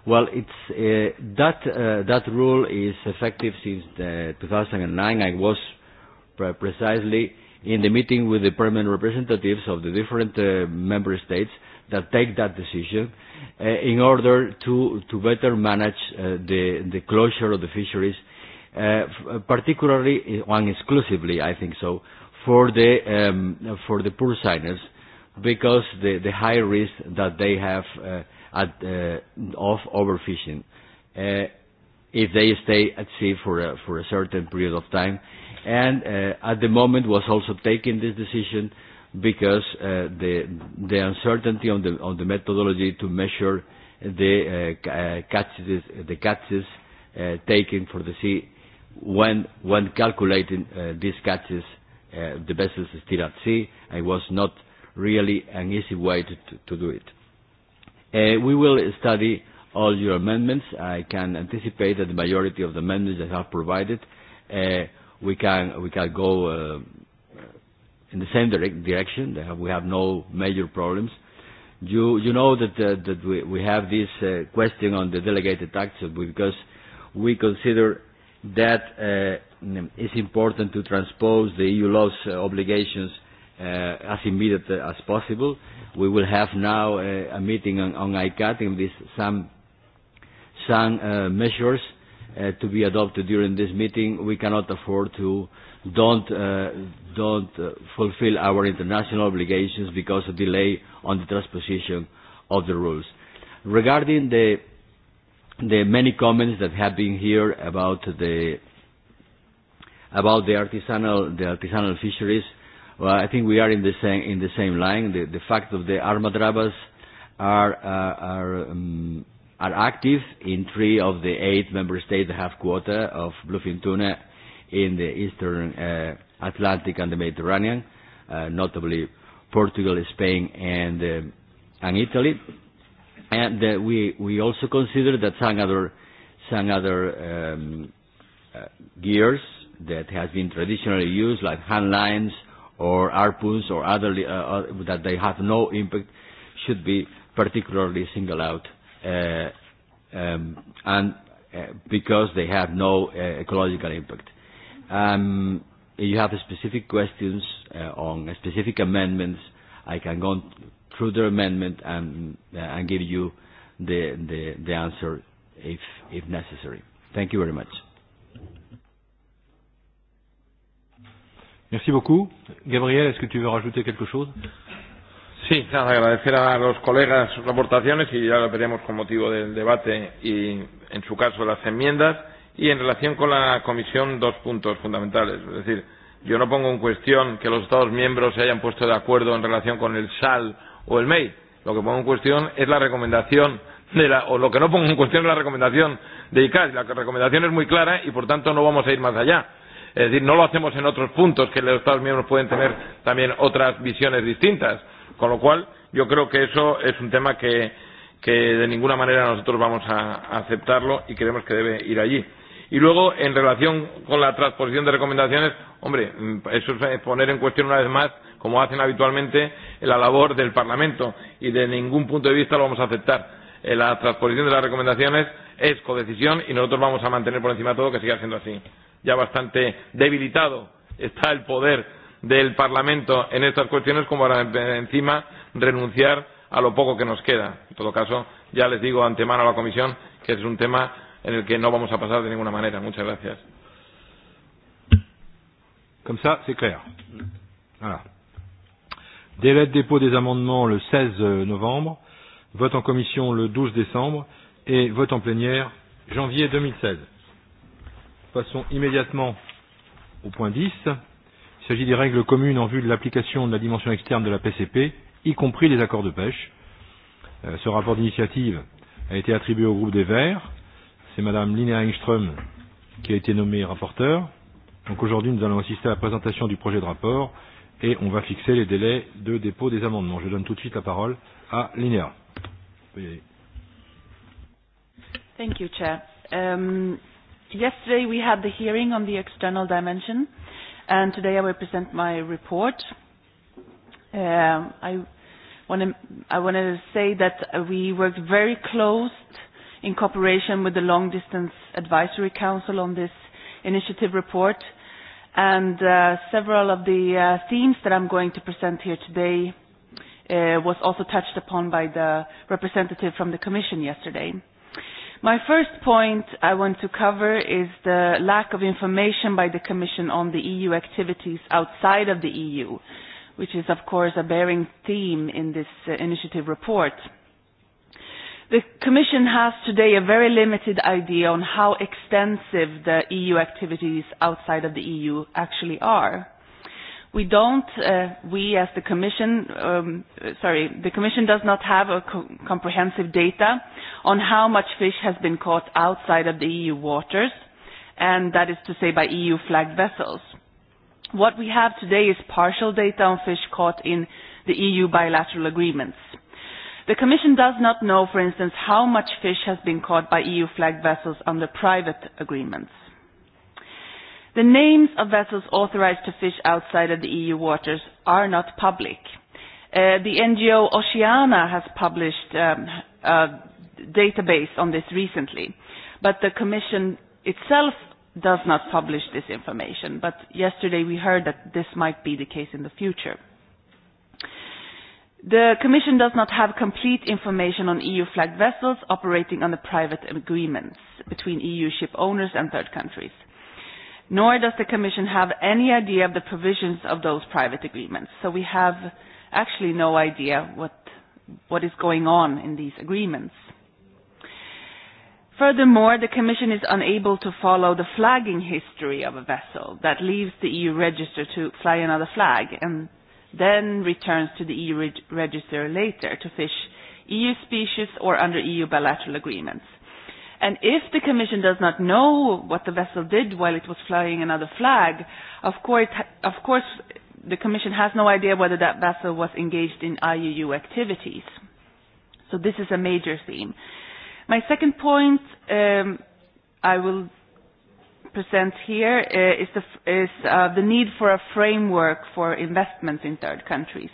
Well, it's uh, that uh, that rule is effective since uh, 2009. I was pre precisely in the meeting with the permanent representatives of the different uh, member states that take that decision uh, in order to to better manage uh, the the closure of the fisheries, uh, particularly uh, and exclusively, I think so, for the um, for the poor signers, because the the high risk that they have. Uh, at, uh, of overfishing. Uh, if they stay at sea for a, for a certain period of time. And uh, at the moment was also taking this decision because uh, the, the uncertainty on the, on the methodology to measure the uh, uh catches, the catches uh, taken for the sea when, when calculating uh, these catches, uh, the vessels still at sea, it was not really an easy way to, to, to do it. Uh, we will study all your amendments. I can anticipate that the majority of the amendments that are provided, uh, we can we can go uh, in the same direction. We have no major problems. You you know that uh, that we, we have this uh, question on the delegated acts because we consider that uh, it's important to transpose the EU law's uh, obligations uh, as immediate as possible. We will have now a, uh, a meeting on, on ICAT and this, some, some uh, measures uh, to be adopted during this meeting. We cannot afford to don't, uh, don't uh, fulfill our international obligations because of delay on the transposition of the rules. Regarding the, the many comments that have been here about the about the artisanal the artisanal fisheries, Well, I think we are in the same in the same line. The, the fact of the Armadrabas are uh, are um, are active in three of the eight member states that have quota of bluefin tuna in the eastern uh, Atlantic and the Mediterranean, uh, notably Portugal, Spain, and uh, and Italy. And uh, we we also consider that some other some other um, uh, gears that has been traditionally used, like hand lines or ARPUs or other uh, uh, that they have no impact should be particularly singled out uh, um, and uh, because they have no uh, ecological impact. Um, if you have specific questions uh, on specific amendments, I can go through the amendment and, uh, and give you the, the, the answer if, if necessary. Thank you very much. Merci beaucoup. Gabriel, est-ce que tu veux rajouter quelque chose Sí, nada, agradecer a los colegas sus aportaciones y ya lo veremos con motivo del debate y, en su caso, las enmiendas. Y en relación con la Comisión, dos puntos fundamentales. Es decir, yo no pongo en cuestión que los Estados miembros se hayan puesto de acuerdo en relación con el SAL o el MEI. Lo que pongo en cuestión es la recomendación de la, o lo que no pongo en cuestión es la recomendación de ICAS. La recomendación es muy clara y, por tanto, no vamos a ir más allá Es decir, no lo hacemos en otros puntos que los Estados miembros pueden tener también otras visiones distintas. Con lo cual, yo creo que eso es un tema que, que de ninguna manera nosotros vamos a aceptarlo y creemos que debe ir allí. Y luego, en relación con la transposición de recomendaciones, hombre, mm, eso es eh, poner en cuestión una vez más, como hacen habitualmente, la labor del Parlamento y de ningún punto de vista lo vamos a aceptar. Eh, la transposición de las recomendaciones es codecisión y nosotros vamos a mantener por encima de todo que siga siendo así ya bastante debilitado está el poder del Parlamento en estas cuestiones como para eh, encima renunciar a lo poco que nos queda. En todo caso, ya les digo antemano a la Comisión que es un tema en el que no vamos a pasar de ninguna manera. Muchas gracias. Comme ça, c'est clair. Voilà. Délai de dépôt des amendements le 16 euh, novembre, vote en commission le 12 décembre et vote en plénière janvier 2016 passons immédiatement au point 10. Il s'agit des règles communes en vue de l'application de la dimension externe de la PCP, y compris les accords de pêche. Euh, ce rapport d'initiative a été attribué au groupe des Verts. C'est Madame Linnea Engström qui a été nommée rapporteure. Donc aujourd'hui, nous allons assister à la présentation du projet de rapport et on va fixer les délais de dépôt des amendements. Je donne tout de suite la parole à Linnea. Thank you, Chair. Um, Yesterday we had the hearing on the external dimension, and today I will present my report. Uh, I want to I say that we worked very close in cooperation with the Long Distance Advisory Council on this initiative report, and uh, several of the uh, themes that I'm going to present here today uh, was also touched upon by the representative from the Commission yesterday. My first point I want to cover is the lack of information by the Commission on the EU activities outside of the EU, which is of course a bearing theme in this uh, initiative report. The Commission has today a very limited idea on how extensive the EU activities outside of the EU actually are. We don't, uh, we as the Commission, um, sorry, the Commission does not have a co comprehensive data on how much fish has been caught outside of the EU waters, and that is to say by EU flagged vessels. What we have today is partial data on fish caught in the EU bilateral agreements. The Commission does not know, for instance, how much fish has been caught by EU flagged vessels under private agreements. The names of vessels authorized to fish outside of the EU waters are not public. Uh, the NGO Oceana has published um, a database on this recently, but the Commission itself does not publish this information. But yesterday we heard that this might be the case in the future. The Commission does not have complete information on EU-flagged vessels operating under private agreements between EU ship owners and third countries nor does the Commission have any idea of the provisions of those private agreements. So we have actually no idea what, what is going on in these agreements. Furthermore, the Commission is unable to follow the flagging history of a vessel that leaves the EU register to fly another flag and then returns to the EU reg register later to fish EU species or under EU bilateral agreements. And if the Commission does not know what the vessel did while it was flying another flag, of course, of course the Commission has no idea whether that vessel was engaged in IUU activities. So this is a major theme. My second point um, I will present here uh, is, the, is uh, the need for a framework for investments in third countries.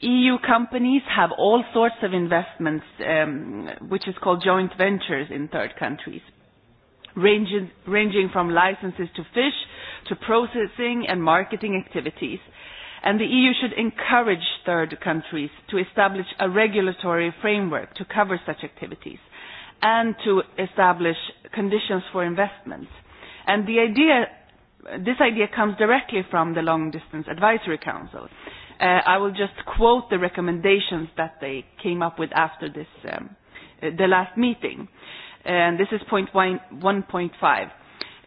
EU companies have all sorts of investments, um, which is called joint ventures in third countries, ranging, ranging from licenses to fish to processing and marketing activities. And the EU should encourage third countries to establish a regulatory framework to cover such activities and to establish conditions for investments. And the idea, this idea comes directly from the Long Distance Advisory Council Uh, I will just quote the recommendations that they came up with after this, um, uh, the last meeting. And this is point 1.5.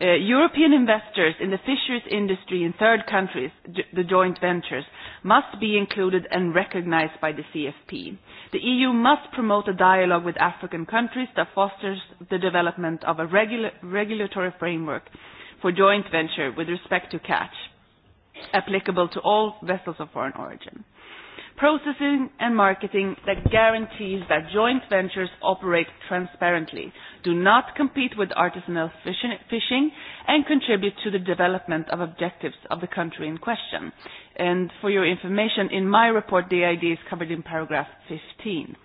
Uh, European investors in the fisheries industry in third countries, the joint ventures, must be included and recognized by the CFP. The EU must promote a dialogue with African countries that fosters the development of a regula regulatory framework for joint venture with respect to catch applicable to all vessels of foreign origin. Processing and marketing that guarantees that joint ventures operate transparently, do not compete with artisanal fishing, and contribute to the development of objectives of the country in question. And for your information, in my report, the idea is covered in paragraph 15.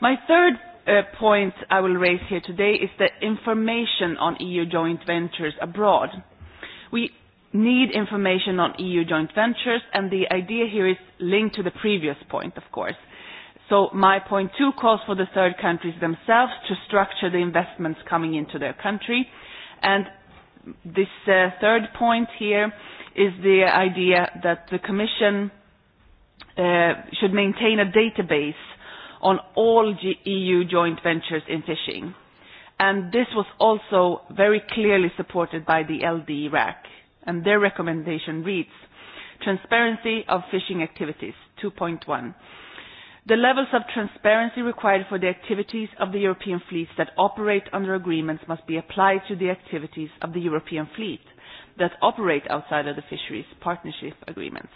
My third uh, point I will raise here today is the information on EU joint ventures abroad. We need information on EU joint ventures, and the idea here is linked to the previous point, of course. So my point two calls for the third countries themselves to structure the investments coming into their country. And this uh, third point here is the idea that the Commission uh, should maintain a database on all G EU joint ventures in fishing. And this was also very clearly supported by the LD RAC and their recommendation reads, transparency of fishing activities, 2.1. The levels of transparency required for the activities of the European fleets that operate under agreements must be applied to the activities of the European fleet that operate outside of the fisheries partnership agreements.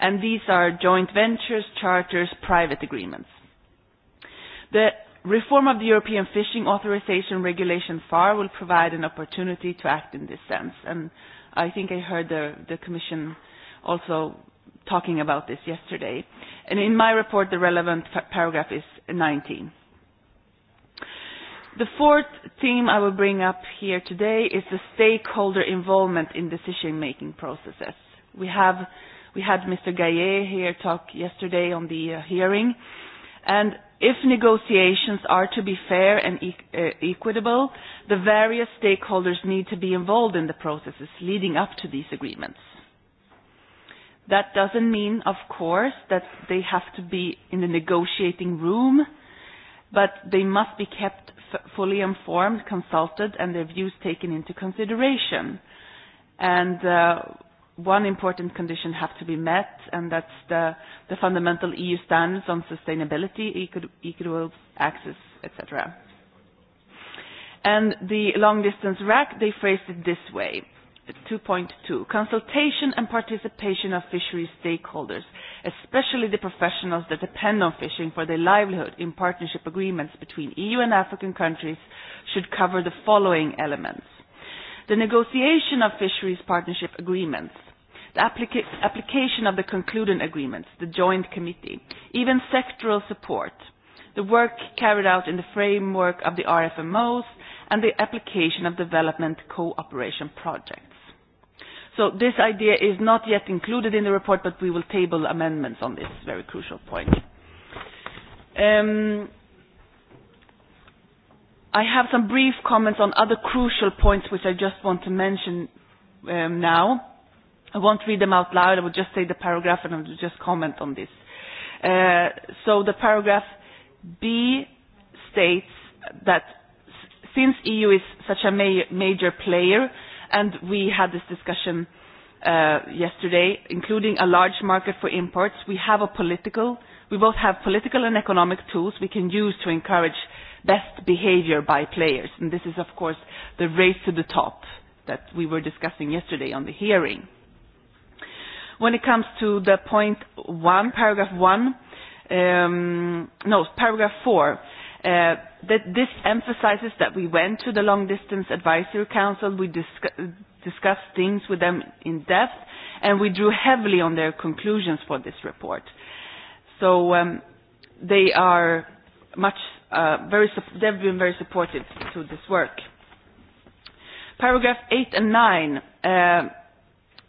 And these are joint ventures, charters, private agreements. The reform of the European Fishing Authorization Regulation FAR will provide an opportunity to act in this sense. And I think I heard the, the Commission also talking about this yesterday. And in my report, the relevant paragraph is 19. The fourth theme I will bring up here today is the stakeholder involvement in decision-making processes. We have we had Mr. Gaillet here talk yesterday on the uh, hearing, and if negotiations are to be fair and e uh, equitable, the various stakeholders need to be involved in the processes leading up to these agreements. That doesn't mean, of course, that they have to be in the negotiating room, but they must be kept f fully informed, consulted, and their views taken into consideration. And uh, one important condition have to be met, and that's the, the fundamental EU standards on sustainability, equitable access, etc. And the long-distance RAC, they phrased it this way. 2.2, consultation and participation of fishery stakeholders, especially the professionals that depend on fishing for their livelihood in partnership agreements between EU and African countries should cover the following elements. The negotiation of fisheries partnership agreements the applica application of the concluding agreements, the joint committee, even sectoral support, the work carried out in the framework of the RFMOs, and the application of development cooperation projects. So this idea is not yet included in the report, but we will table amendments on this very crucial point. Um, I have some brief comments on other crucial points which I just want to mention um, now. I won't read them out loud. I will just say the paragraph and I will just comment on this. Uh, so the paragraph B states that since EU is such a ma major player, and we had this discussion uh, yesterday, including a large market for imports, we have a political, we both have political and economic tools we can use to encourage best behavior by players. And this is, of course, the race to the top that we were discussing yesterday on the hearing. When it comes to the point one, paragraph one, um, no, paragraph four, uh, that this emphasizes that we went to the Long Distance Advisory Council, we discu discussed things with them in depth, and we drew heavily on their conclusions for this report. So um, they are much, uh, very, they've been very supportive to this work. Paragraph 8 and 9, uh,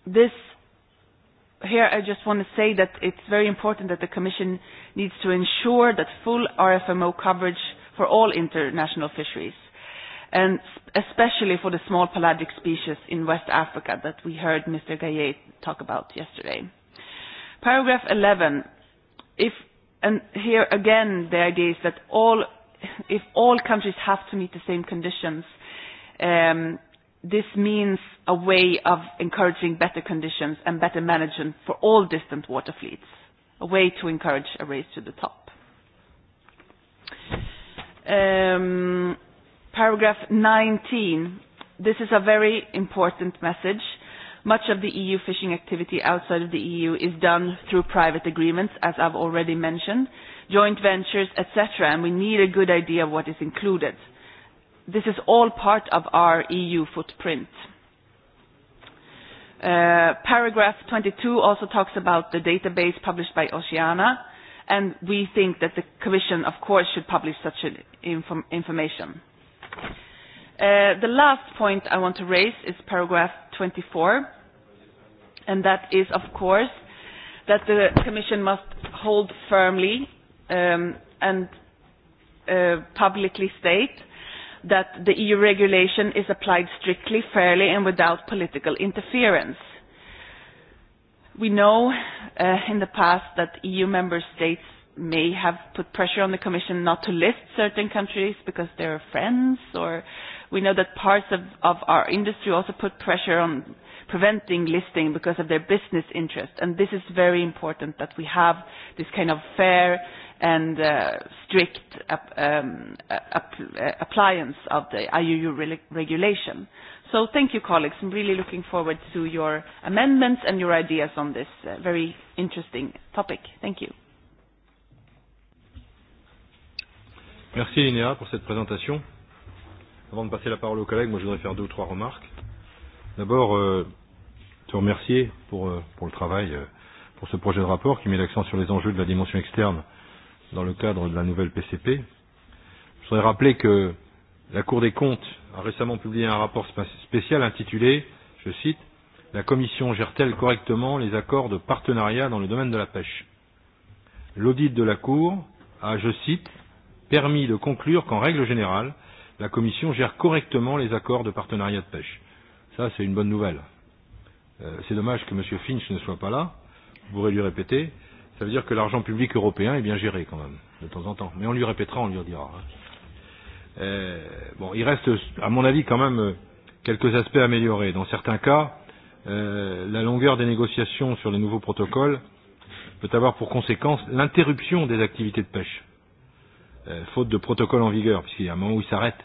this here I just want to say that it's very important that the Commission needs to ensure that full RFMO coverage for all international fisheries, and especially for the small pelagic species in West Africa that we heard Mr. Gaillet talk about yesterday. Paragraph 11, if, and here again the idea is that all, if all countries have to meet the same conditions, um, this means a way of encouraging better conditions and better management for all distant water fleets, a way to encourage a race to the top. Um, paragraph 19. This is a very important message. Much of the EU fishing activity outside of the EU is done through private agreements, as I've already mentioned, joint ventures, etc., and we need a good idea of what is included. This is all part of our EU footprint. Uh, paragraph 22 also talks about the database published by Oceana, and we think that the Commission, of course, should publish such an inform information. Uh, the last point I want to raise is paragraph 24, and that is, of course, that the Commission must hold firmly um, and uh, publicly state that the EU regulation is applied strictly, fairly and without political interference. We know uh, in the past that EU member states may have put pressure on the Commission not to list certain countries because they are friends, or we know that parts of, of our industry also put pressure on preventing listing because of their business interest. And this is very important that we have this kind of fair and uh, strict ap um, ap uh, appliance of the IUU re regulation. So thank you, colleagues. I'm really looking forward to your amendments and your ideas on this uh, very interesting topic. Thank you. Merci, Linéa, pour cette présentation. Avant de passer la parole aux collègues, moi, je voudrais faire deux ou trois remarques. D'abord, euh, te remercier pour, euh, pour le travail, euh, pour ce projet de rapport qui met l'accent sur les enjeux de la dimension externe euh, dans le cadre de la nouvelle PCP. Je voudrais rappeler que la Cour des comptes a récemment publié un rapport spécial intitulé, je cite, La Commission gère-t-elle correctement les accords de partenariat dans le domaine de la pêche L'audit de la Cour a, je cite, permis de conclure qu'en règle générale, la Commission gère correctement les accords de partenariat de pêche. Ça, c'est une bonne nouvelle. Euh, c'est dommage que M. Finch ne soit pas là. Vous pourrez lui répéter. Euh, Ça veut dire que l'argent public européen est bien géré quand même, de temps en temps. Mais on lui répétera, on lui redira. Hein. Euh, bon, il reste, à mon avis, quand même quelques aspects améliorés. Dans certains cas, euh, la longueur des négociations sur les nouveaux protocoles peut avoir pour conséquence l'interruption des activités de pêche, euh, faute de protocole en vigueur, puisqu'il y a un moment où il s'arrête.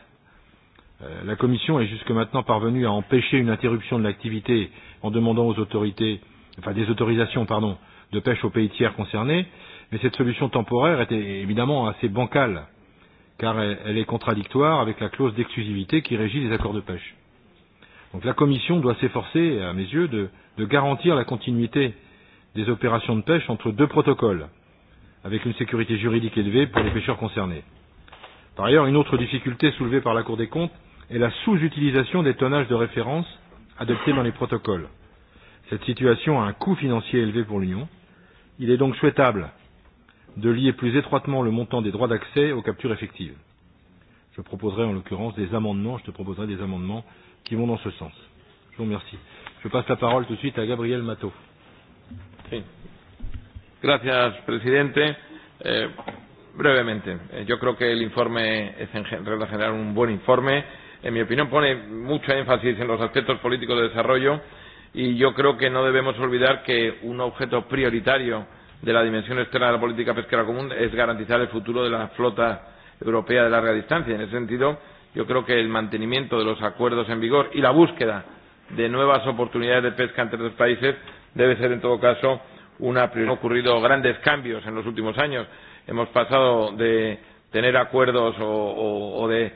Euh, la Commission est jusque maintenant parvenue à empêcher une interruption de l'activité en demandant aux autorités, enfin des autorisations, pardon, euh, de pêche aux pays tiers concernés, mais cette solution temporaire était évidemment assez bancale, car elle, elle est contradictoire avec la clause d'exclusivité qui régit les accords de pêche. Donc la Commission doit s'efforcer, à mes yeux, de, de garantir la continuité des opérations de pêche entre deux protocoles, avec une sécurité juridique élevée pour les pêcheurs concernés. Par ailleurs, une autre difficulté soulevée par la Cour des comptes est la sous-utilisation des tonnages de référence adoptés dans les protocoles. Cette situation a un coût financier élevé pour l'Union Il est donc souhaitable de lier plus étroitement le montant des droits d'accès aux captures effectives. Je proposerai en l'occurrence des amendements, je te proposerai des amendements qui vont dans ce sens. Je vous remercie. Je passe la parole tout de suite à Gabriel Matteau. Sí. Gracias, presidente. Eh, brevemente, eh, yo creo que el informe es en regla general un buen informe. En mi opinión pone mucho énfasis en los aspectos políticos de desarrollo y yo creo que no debemos olvidar que un objeto prioritario de la dimensión externa de la política pesquera común es garantizar el futuro de la flota europea de larga distancia. En ese sentido, yo creo que el mantenimiento de los acuerdos en vigor y la búsqueda de nuevas oportunidades de pesca entre los países debe ser, en todo caso, una prioridad. Han ocurrido grandes cambios en los últimos años. Hemos pasado de tener acuerdos o, o, o de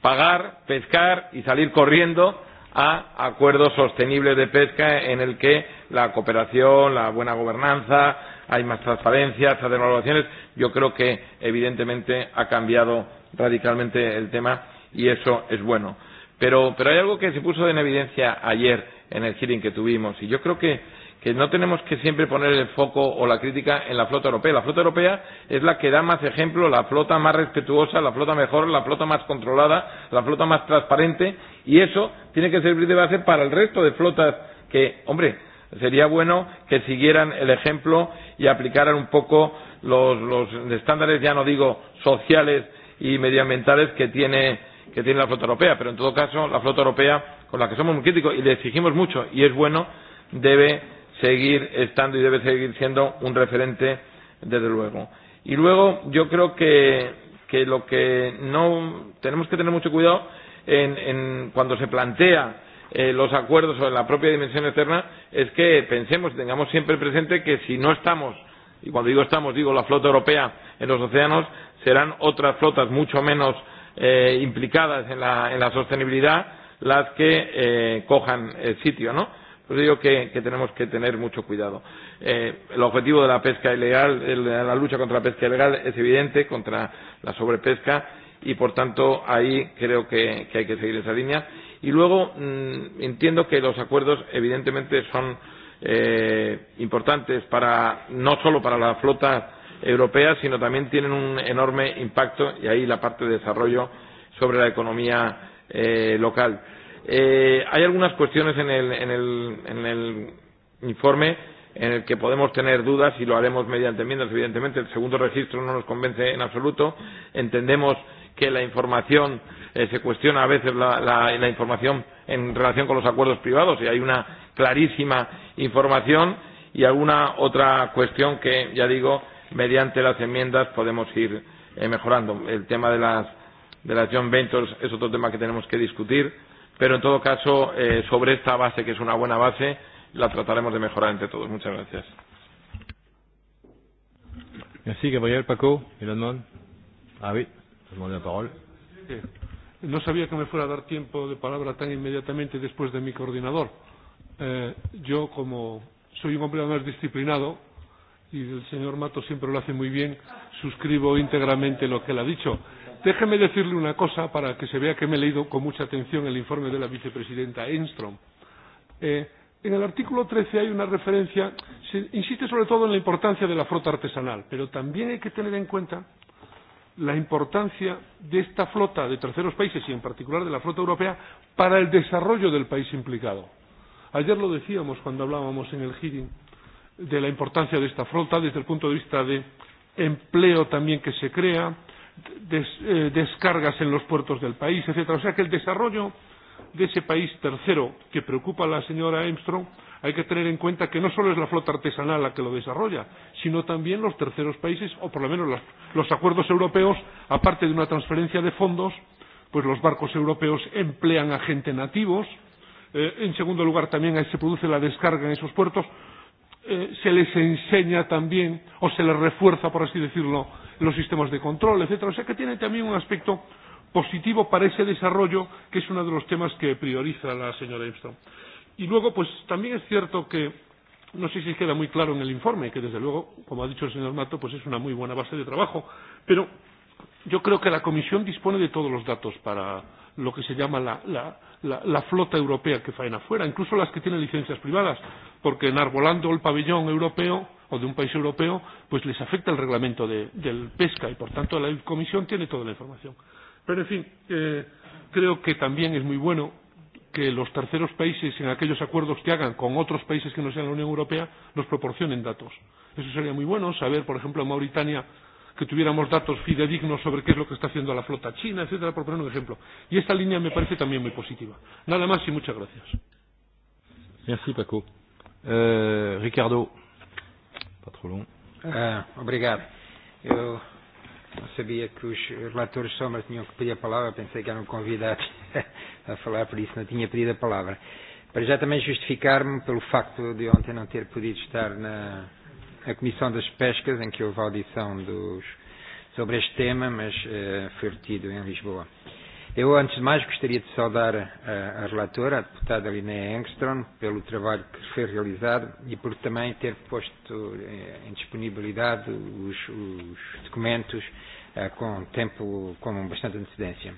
pagar, pescar y salir corriendo a acuerdos sostenibles de pesca en el que la cooperación, la buena gobernanza, hay más transparencia, estas devaluaciones. Yo creo que evidentemente ha cambiado radicalmente el tema y eso es bueno. Pero, pero hay algo que se puso en evidencia ayer en el hearing que tuvimos y yo creo que eh, que no tenemos que siempre poner el foco o la crítica en la flota europea. La flota europea es la que da más ejemplo, la flota más respetuosa, la flota mejor, la flota más controlada, la flota más transparente y eso tiene que servir de base para el resto de flotas que, hombre, sería bueno que siguieran el ejemplo y aplicaran un poco los, los estándares, ya no digo sociales y medioambientales que tiene, que tiene la flota europea, pero en todo caso la flota europea con la que somos muy críticos y le exigimos mucho y es bueno debe seguir estando y debe seguir siendo un referente, desde luego. Y luego yo creo que, que lo que no tenemos que tener mucho cuidado en, en cuando se plantea eh, los acuerdos sobre la propia dimensión externa es que pensemos, tengamos siempre presente que si no estamos, y cuando digo estamos, digo la flota europea en los océanos, serán otras flotas mucho menos eh, implicadas en la, en la sostenibilidad las que eh, cojan el eh, sitio, ¿no? Por eso digo que, que tenemos que tener mucho cuidado. Eh, el objetivo de la pesca ilegal, el, la lucha contra la pesca ilegal es evidente, contra la sobrepesca, y por tanto ahí creo que, que hay que seguir esa línea. Y luego mmm, entiendo que los acuerdos evidentemente son eh, importantes para, no solo para la flota europea, sino también tienen un enorme impacto, y ahí la parte de desarrollo sobre la economía eh, local Eh, hay algunas cuestiones en el, en, el, en el informe en el que podemos tener dudas y lo haremos mediante enmiendas, evidentemente. El segundo registro no nos convence en absoluto. Entendemos que la información eh, se cuestiona a veces la, la, la información en relación con los acuerdos privados y hay una clarísima información y alguna otra cuestión que, ya digo, mediante las enmiendas podemos ir eh, mejorando. El tema de las, de las John ventures es otro tema que tenemos que discutir Pero en todo caso, eh, sobre esta base, que es una buena base, la trataremos de mejorar entre todos. Muchas gracias. Merci Gabriel, Paco, Elanman. Ah oui, je demande la parole. No sabía que me fuera a dar tiempo de palabra tan inmediatamente después de mi coordinador. Eh, yo, como soy un hombre más disciplinado, y el señor Mato siempre lo hace muy bien, suscribo íntegramente lo que él ha dicho. Déjeme decirle una cosa para que se vea que me he leído con mucha atención el informe de la vicepresidenta Enstrom. Eh, en el artículo 13 hay una referencia, se insiste sobre todo en la importancia de la flota artesanal, pero también hay que tener en cuenta la importancia de esta flota de terceros países y en particular de la flota europea para el desarrollo del país implicado. Ayer lo decíamos cuando hablábamos en el hearing de la importancia de esta flota desde el punto de vista de empleo también que se crea, des, eh, descargas en los puertos del país, etcétera. O sea que el desarrollo de ese país tercero que preocupa a la señora Armstrong, hay que tener en cuenta que no solo es la flota artesanal la que lo desarrolla, sino también los terceros países, o por lo menos los, los acuerdos europeos, aparte de una transferencia de fondos, pues los barcos europeos emplean a gente nativos. Eh, en segundo lugar, también ahí se produce la descarga en esos puertos. Eh, se les enseña también, o se les refuerza, por así decirlo, los sistemas de control, etcétera. O sea que tiene también un aspecto positivo para ese desarrollo, que es uno de los temas que prioriza la señora Armstrong. Y luego, pues también es cierto que no sé si queda muy claro en el informe, que desde luego, como ha dicho el señor Mato, pues es una muy buena base de trabajo, pero yo creo que la Comisión dispone de todos los datos para lo que se llama la, la, la, la flota europea que faena afuera, incluso las que tienen licencias privadas, porque enarbolando el pabellón europeo o de un país europeo, pues les afecta el reglamento de, del pesca y, por tanto, la Comisión tiene toda la información. Pero, en fin, eh, creo que también es muy bueno que los terceros países, en aquellos acuerdos que hagan con otros países que no sean la Unión Europea, nos proporcionen datos. Eso sería muy bueno, saber, por ejemplo, en Mauritania, que tuviéramos datos fidedignos sobre qué es lo que está haciendo la flota china, etcétera, por poner un ejemplo. Y esta línea me parece también muy positiva. Nada más y muchas gracias. Merci Paco. Euh, Ricardo. Pas trop long. Ah, obrigado. Eu não sabia que os relatores sombra tinham que pedir a palavra, pensei que eram um convidados a falar, por isso não tinha pedido a palavra. Para já também justificar-me pelo facto de ontem não ter podido estar na, na Comissão das Pescas, em que houve audição dos, sobre este tema, mas uh, eh, foi retido em Lisboa. Uh, eu, antes de mais, gostaria de saudar a, a relatora, a deputada Linnea Engström, pelo trabalho que foi realizado e por também ter posto eh, em disponibilidade os, os documentos a, eh, com tempo, com bastante antecedência.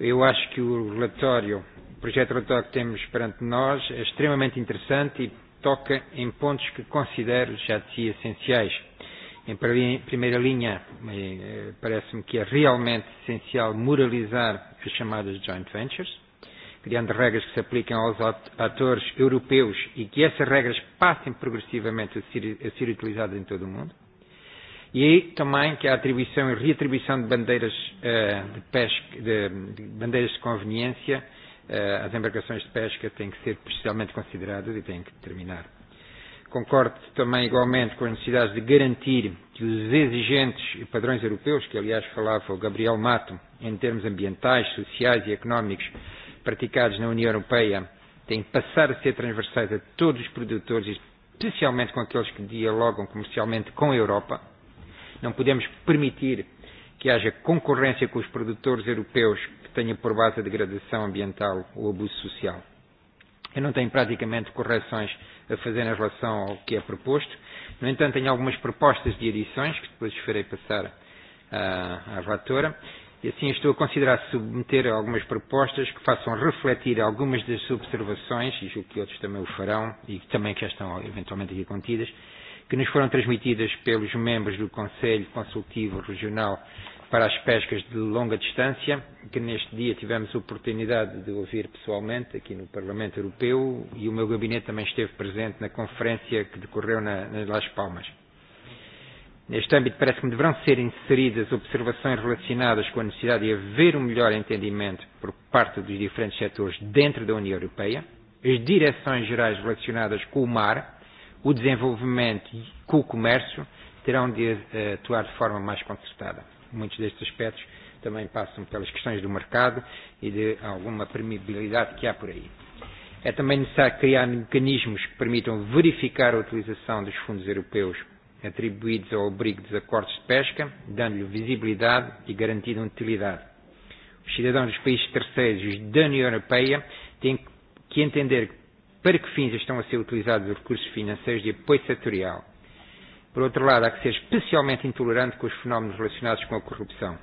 Eu acho que o relatório, o projeto de relatório que temos perante nós é extremamente interessante e toca em pontos que considero já de si essenciais Em primeira linha, eh, parece-me que é realmente essencial moralizar as chamadas joint ventures, criando regras que se apliquem aos atores europeus e que essas regras passem progressivamente a ser, a ser utilizadas em todo o mundo. E aí também que a atribuição e reatribuição de bandeiras eh, de pesca, de, de bandeiras de conveniência, eh, às embarcações de pesca tem que ser especialmente consideradas e tem que terminar concordo também igualmente com a necessidade de garantir que os exigentes padrões europeus, que aliás falava o Gabriel Mato, em termos ambientais, sociais e económicos praticados na União Europeia, têm de passar a ser transversais a todos os produtores, especialmente com aqueles que dialogam comercialmente com a Europa. Não podemos permitir que haja concorrência com os produtores europeus que tenha por base a degradação ambiental ou abuso social. Eu não tenho praticamente correções a fazer em relação ao que é proposto. No entanto, tenho algumas propostas de adições que depois farei passar à, ah, à relatora. E assim estou a considerar submeter algumas propostas que façam refletir algumas das observações, e julgo que outros também o farão, e que também que já estão eventualmente aqui contidas, que nos foram transmitidas pelos membros do Conselho Consultivo Regional para as pescas de longa distância, que neste dia tivemos oportunidade de ouvir pessoalmente aqui no Parlamento Europeu e o meu gabinete também esteve presente na conferência que decorreu na, nas Las Palmas. Neste âmbito, parece que deverão ser inseridas observações relacionadas com a necessidade de haver um melhor entendimento por parte dos diferentes setores dentro da União Europeia, as direções gerais relacionadas com o mar, o desenvolvimento e com o comércio terão de eh, atuar de forma mais concertada muitos destes aspectos também passam pelas questões do mercado e de alguma permeabilidade que há por aí. É também necessário criar mecanismos que permitam verificar a utilização dos fundos europeus atribuídos ao abrigo dos acordos de pesca, dando-lhe visibilidade e garantindo utilidade. Os cidadãos dos países terceiros e da União Europeia têm que entender para que fins estão a ser utilizados os recursos financeiros de apoio setorial Por outro lado, há que ser especialmente intolerante com os fenómenos relacionados com a corrupção.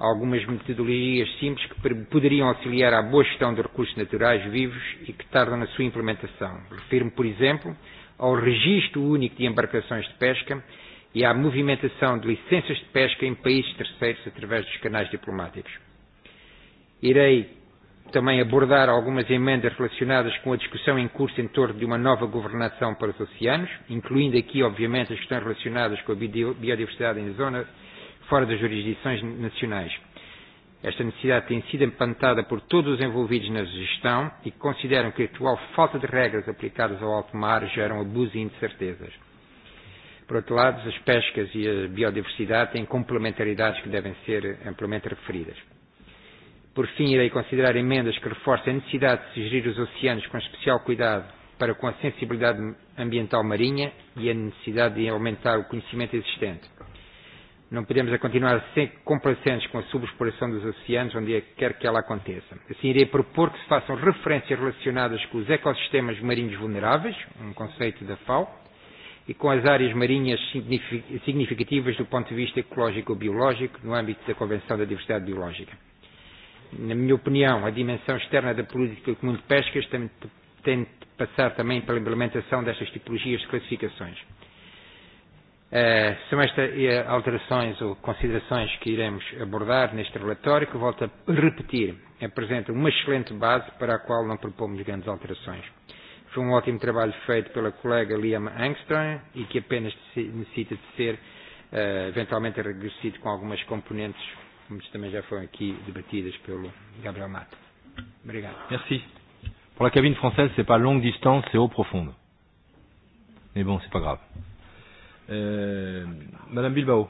Há algumas metodologias simples que poderiam auxiliar à boa gestão de recursos naturais vivos e que tardam na sua implementação. Refiro-me, por exemplo, ao registro único de embarcações de pesca e à movimentação de licenças de pesca em países terceiros através dos canais diplomáticos. Irei também abordar algumas emendas relacionadas com a discussão em curso em torno de uma nova governação para os oceanos, incluindo aqui, obviamente, as questões relacionadas com a biodiversidade em zona fora das jurisdições nacionais. Esta necessidade tem sido empantada por todos os envolvidos na gestão e consideram que a atual falta de regras aplicadas ao alto mar geram abuso e incertezas. Por outro lado, as pescas e a biodiversidade têm complementaridades que devem ser amplamente referidas. Por fim, irei considerar emendas que reforcem a necessidade de se gerir os oceanos com especial cuidado para com a sensibilidade ambiental marinha e a necessidade de aumentar o conhecimento existente. Não podemos continuar sem complacentes com a subexploração dos oceanos, onde quer que ela aconteça. Assim, irei propor que se façam referências relacionadas com os ecossistemas marinhos vulneráveis, um conceito da FAO, e com as áreas marinhas significativas do ponto de vista ecológico-biológico, no âmbito da Convenção da Diversidade Biológica na minha opinião, a dimensão externa da política comum de pescas tem, tem de passar também pela implementação destas tipologias de classificações. Uh, são estas eh, alterações ou considerações que iremos abordar neste relatório, que volto a repetir, apresenta uma excelente base para a qual não propomos grandes alterações. Foi um ótimo trabalho feito pela colega Liam Angstrom e que apenas necessita de ser uh, eventualmente regressido com algumas componentes como também já foram aqui debatidas pelo Gabriel Mato. Obrigado. Merci. Pour la cabine française, c'est pas longue distance, c'est eau profonde. Mais bon, c'est pas grave. Euh, Madame Bilbao.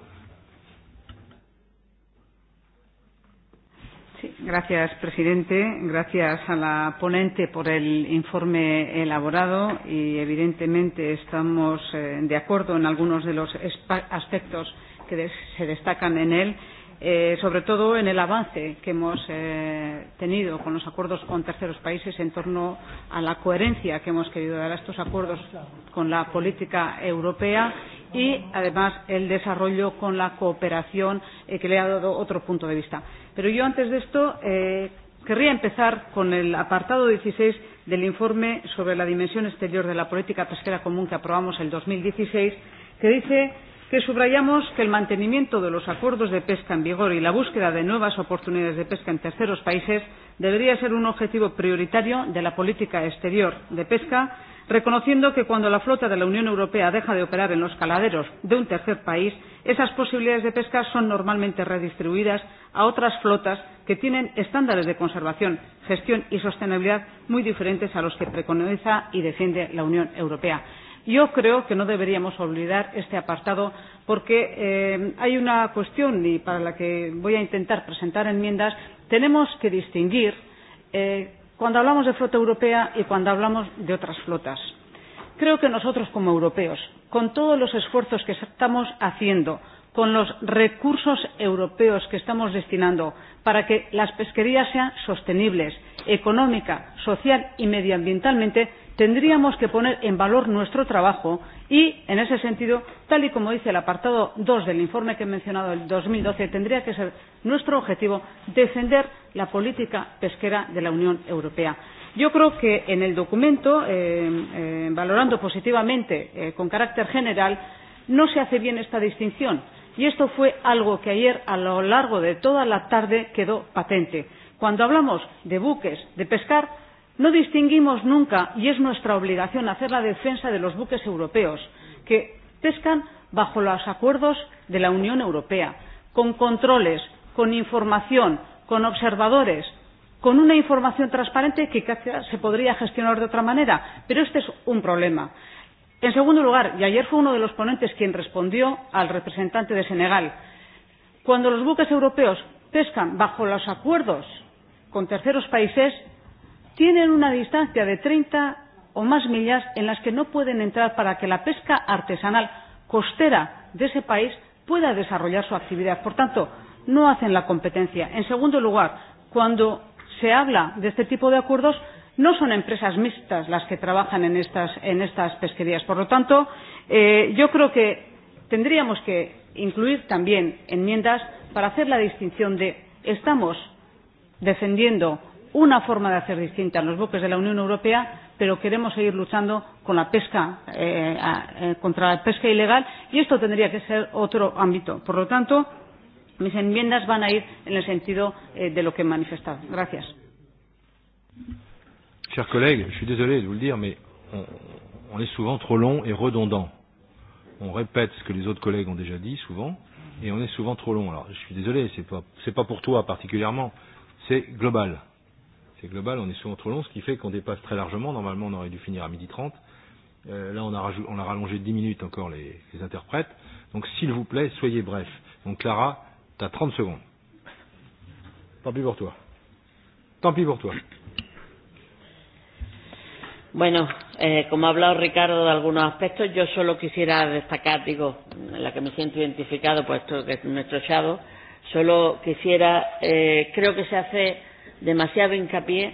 Sí, gracias, presidente. Gracias a la ponente por el informe elaborado y, evidentemente, estamos eh, de acuerdo en algunos de los aspectos que des se destacan en él eh, sobre todo en el avance que hemos eh, tenido con los acuerdos con terceros países en torno a la coherencia que hemos querido dar a estos acuerdos con la política europea y, además, el desarrollo con la cooperación, eh, que le ha dado otro punto de vista. Pero yo, antes de esto, eh, querría empezar con el apartado 16 del informe sobre la dimensión exterior de la política pesquera común que aprobamos en 2016, que dice que subrayamos que el mantenimiento de los acuerdos de pesca en vigor y la búsqueda de nuevas oportunidades de pesca en terceros países debería ser un objetivo prioritario de la política exterior de pesca, reconociendo que cuando la flota de la Unión Europea deja de operar en los caladeros de un tercer país, esas posibilidades de pesca son normalmente redistribuidas a otras flotas que tienen estándares de conservación, gestión y sostenibilidad muy diferentes a los que preconiza y defiende la Unión Europea. Yo creo que no deberíamos olvidar este apartado porque eh, hay una cuestión y para la que voy a intentar presentar enmiendas. Tenemos que distinguir eh, cuando hablamos de flota europea y cuando hablamos de otras flotas. Creo que nosotros como europeos, con todos los esfuerzos que estamos haciendo, con los recursos europeos que estamos destinando para que las pesquerías sean sostenibles, económica, social y medioambientalmente, tendríamos que poner en valor nuestro trabajo y, en ese sentido, tal y como dice el apartado 2 del informe que he mencionado del 2012, tendría que ser nuestro objetivo defender la política pesquera de la Unión Europea. Yo creo que en el documento, eh, eh, valorando positivamente eh, con carácter general, no se hace bien esta distinción. Y esto fue algo que ayer, a lo largo de toda la tarde, quedó patente. Cuando hablamos de buques, de pescar, No distinguimos nunca, y es nuestra obligación, hacer la defensa de los buques europeos que pescan bajo los acuerdos de la Unión Europea, con controles, con información, con observadores, con una información transparente que quizás se podría gestionar de otra manera, pero este es un problema. En segundo lugar, y ayer fue uno de los ponentes quien respondió al representante de Senegal, cuando los buques europeos pescan bajo los acuerdos con terceros países, tienen una distancia de 30 o más millas en las que no pueden entrar para que la pesca artesanal costera de ese país pueda desarrollar su actividad. Por tanto, no hacen la competencia. En segundo lugar, cuando se habla de este tipo de acuerdos, no son empresas mixtas las que trabajan en estas, en estas pesquerías. Por lo tanto, eh, yo creo que tendríamos que incluir también enmiendas para hacer la distinción de estamos defendiendo una forma de hacer distinta a los buques de la Unión Europea, pero queremos seguir luchando con la pesca, eh, a, eh, contra la pesca ilegal y esto tendría que ser otro ámbito. Por lo tanto, mis enmiendas van a ir en el sentido eh, de lo que he manifestado. Gracias. Chers collègues, je suis désolé de vous le dire, mais on, on est souvent trop long et redondant. On répète ce que les autres collègues ont déjà dit souvent, et on est souvent trop long. Alors, je suis désolé, ce n'est pas, pas pour toi particulièrement, c'est global c'est global, on est souvent trop long, ce qui fait qu'on dépasse très largement. Normalement, on aurait dû finir à 12h30. Euh, là, on a, rajout, on a rallongé de 10 minutes encore les, les interprètes. Donc, s'il vous plaît, soyez bref. Donc, Clara, tu as 30 secondes. Tant pis pour toi. Tant pis pour toi. Bueno, eh, como ha hablado Ricardo de algunos aspectos, yo solo quisiera destacar, digo, en la que me siento identificado, puesto que es nuestro chavo, solo quisiera, eh, creo que se hace demasiado hincapié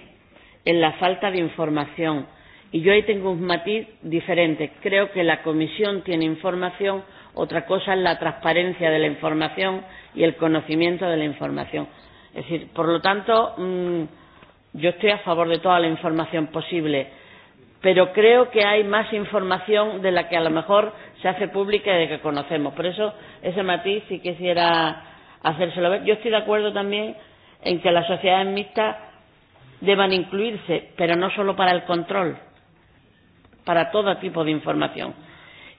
en la falta de información. Y yo ahí tengo un matiz diferente. Creo que la Comisión tiene información, otra cosa es la transparencia de la información y el conocimiento de la información. Es decir, por lo tanto, mmm, yo estoy a favor de toda la información posible, pero creo que hay más información de la que a lo mejor se hace pública y de que conocemos. Por eso, ese matiz sí quisiera hacérselo ver. Yo estoy de acuerdo también en que las sociedades mixtas deban incluirse, pero no solo para el control, para todo tipo de información.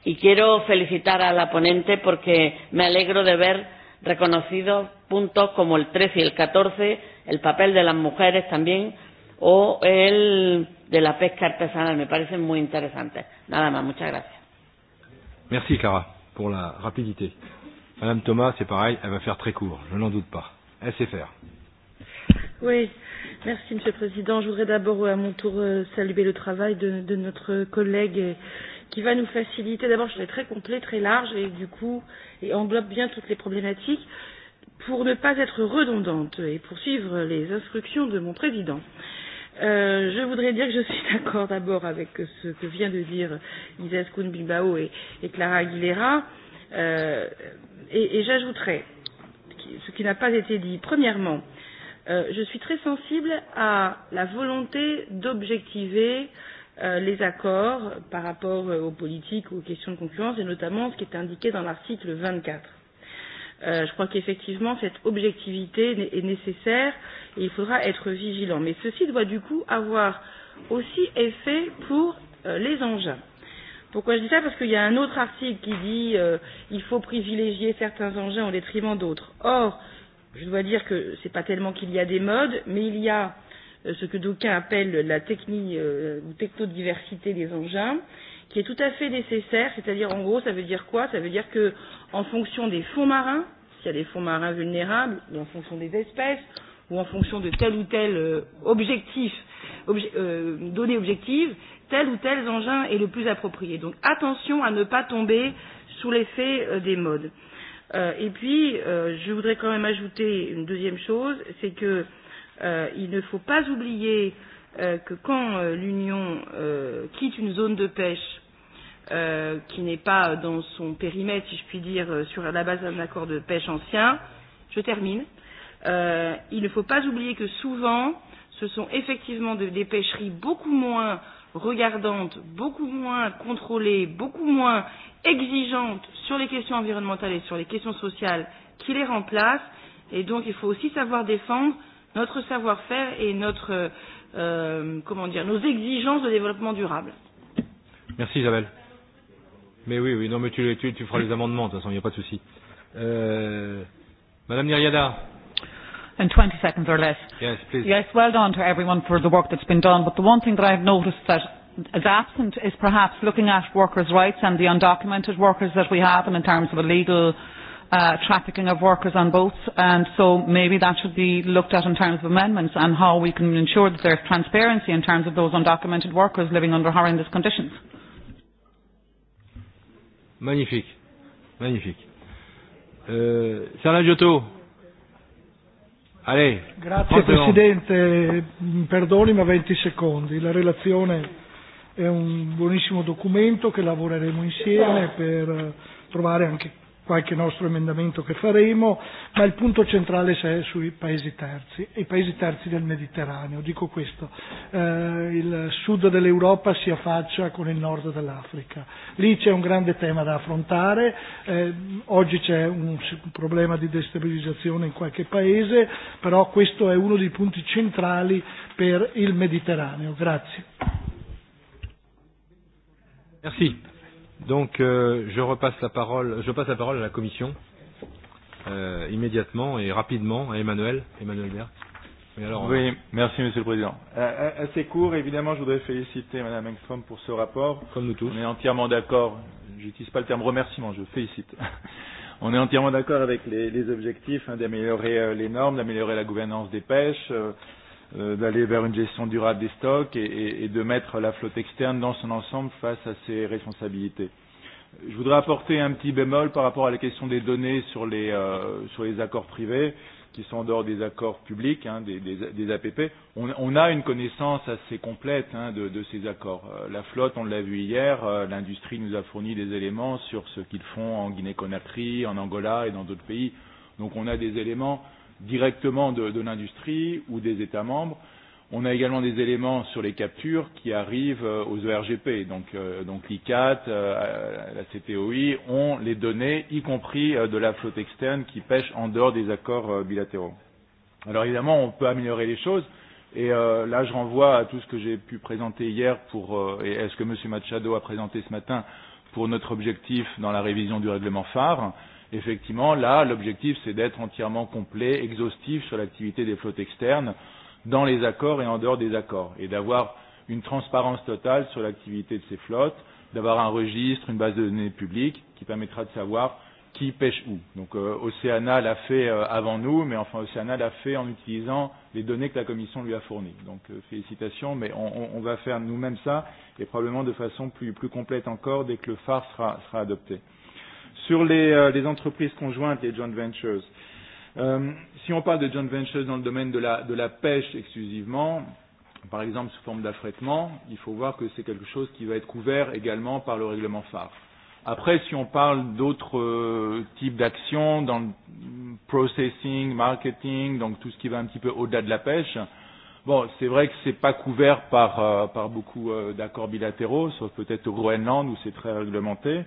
Y quiero felicitar a la ponente porque me alegro de ver reconocidos puntos como el 13 y el 14, el papel de las mujeres también, o el de la pesca artesanal. Me parecen muy interesantes. Nada más, muchas gracias. Merci Cara, por la rapidité. Madame Thomas, c'est pareil, elle va faire très court, je n'en doute pas. Elle sait faire. Oui, merci Monsieur le Président. Je voudrais d'abord euh, à mon tour euh, saluer le travail de, de notre collègue euh, qui va nous faciliter. D'abord, je l'ai très complet, très large et du coup, et englobe bien toutes les problématiques pour ne pas être redondante et poursuivre les instructions de mon président. Euh, je voudrais dire que je suis d'accord d'abord avec ce que vient de dire Isaac Koun-Bilbao et, et Clara Aguilera. Euh, et et j'ajouterai ce qui n'a pas été dit. Premièrement, euh, Euh, je suis très sensible à la volonté d'objectiver euh, les accords par rapport euh, aux politiques, ou aux questions de concurrence et notamment ce qui est indiqué dans l'article 24. Euh, je crois qu'effectivement cette objectivité est nécessaire et il faudra être vigilant. Mais ceci doit du coup avoir aussi effet pour euh, les engins. Pourquoi je dis ça Parce qu'il y a un autre article qui dit euh, il faut privilégier certains engins au détriment d'autres. Or, euh, je dois dire que ce n'est pas tellement qu'il y a des modes, mais il y a euh, ce que d'aucuns appellent la technique euh, ou technodiversité des engins, qui est tout à fait nécessaire, c'est-à-dire en gros, ça veut dire quoi Ça veut dire que en fonction des fonds marins, s'il y a des fonds marins vulnérables, ou en fonction des espèces, ou en fonction de tel ou tel euh, objectif, obje, euh, données objectives, tel ou tel engin est le plus approprié. Donc attention à ne pas tomber sous l'effet euh, des modes. Euh, Euh, et puis, euh, je voudrais quand même ajouter une deuxième chose, c'est que euh, il ne faut pas oublier euh, que quand euh, l'Union euh, quitte une zone de pêche euh, qui n'est pas dans son périmètre, si je puis dire, euh, sur la base d'un accord de pêche ancien, je termine, euh, il ne faut pas oublier que souvent, ce sont effectivement de, des pêcheries beaucoup moins regardantes, beaucoup moins contrôlées, beaucoup moins exigeantes sur les questions environnementales et sur les questions sociales qui les remplacent. Et donc, il faut aussi savoir défendre notre savoir-faire et notre, euh, euh comment dire, nos exigences de développement durable. Merci Isabelle. Mais oui, oui, non, mais tu, tu, tu feras les amendements, de toute façon, il n'y a pas de souci. Euh, Madame Niriada. In 20 seconds or less. Yes, please. Yes, well done to everyone for the work that's been done. But the one thing that I've noticed that is absent is perhaps looking at workers' rights and the undocumented workers that we have and in terms of illegal uh, trafficking of workers on boats. And so maybe that should be looked at in terms of amendments and how we can ensure that there's transparency in terms of those undocumented workers living under horrendous conditions. Magnifique. Magnifique. Euh, Sarah Giotto. Allez. Grazie Presidente, perdoni ma 20 secondi. La relazione È un buonissimo documento che lavoreremo insieme per eh, trovare anche qualche nostro emendamento che faremo, ma il punto centrale è sui paesi terzi, i paesi terzi del Mediterraneo. Dico questo, eh, il sud dell'Europa si affaccia con il nord dell'Africa. Lì c'è un grande tema da affrontare, eh, oggi c'è un, un problema di destabilizzazione in qualche paese, però questo è uno dei punti centrali per il Mediterraneo. Grazie. Merci. Donc, euh, je repasse la parole, je passe la parole à la Commission euh, immédiatement et rapidement à Emmanuel, Emmanuel Bert. alors, oui, euh, merci Monsieur le Président. Euh, euh, assez court, évidemment, je voudrais féliciter Madame Engstrom pour ce rapport. Comme nous tous. On est entièrement d'accord. J'utilise pas le terme remerciement, je félicite. on est entièrement d'accord avec les, les objectifs hein, d'améliorer euh, les normes, d'améliorer la gouvernance des pêches. Euh, Euh, d'aller vers une gestion durable des stocks et, et, et de mettre la flotte externe dans son ensemble face à ses responsabilités. Je voudrais apporter un petit bémol par rapport à la question des données sur les, euh, sur les accords privés qui sont en dehors des accords publics, hein, des, des, des APP. On, on a une connaissance assez complète hein, de, de ces accords. Euh, la flotte, on l'a vu hier, euh, l'industrie nous a fourni des éléments sur ce qu'ils font en Guinée-Conakry, en Angola et dans d'autres pays. Donc on a des éléments euh, directement de, de l'industrie ou des États membres. On a également des éléments sur les captures qui arrivent euh, aux ERGP. Donc, euh, donc l'ICAT, euh, la CTOI ont les données, y compris euh, de la flotte externe qui pêche en dehors des accords euh, bilatéraux. Alors évidemment, on peut améliorer les choses. Et euh, là, je renvoie à tout ce que j'ai pu présenter hier pour, euh, et est ce que M. Machado a présenté ce matin pour notre objectif dans la révision du règlement phare. Euh, Effectivement, là, l'objectif, c'est d'être entièrement complet, exhaustif sur l'activité des flottes externes dans les accords et en dehors des accords, et d'avoir une transparence totale sur l'activité de ces flottes, d'avoir un registre, une base de données publique qui permettra de savoir qui pêche où. Donc euh, Océana l'a fait euh, avant nous, mais enfin Océana l'a fait en utilisant les données que la Commission lui a fournies. Donc euh, félicitations, mais on, on, on va faire nous-mêmes ça, et probablement de façon plus, plus complète encore dès que le phare sera, sera adopté. Euh, Sur les, euh, les entreprises conjointes, les joint ventures, euh, si on parle de joint ventures dans le domaine de la, de la pêche exclusivement, par exemple sous forme d'affrètement, il faut voir que c'est quelque chose qui va être couvert également par le règlement phare. Après, si on parle d'autres euh, types d'actions dans le processing, marketing, donc tout ce qui va un petit peu au-delà de la pêche, bon, c'est vrai que ce n'est pas couvert par, euh, par beaucoup euh, d'accords bilatéraux, sauf peut-être au Groenland où c'est très réglementé. Euh,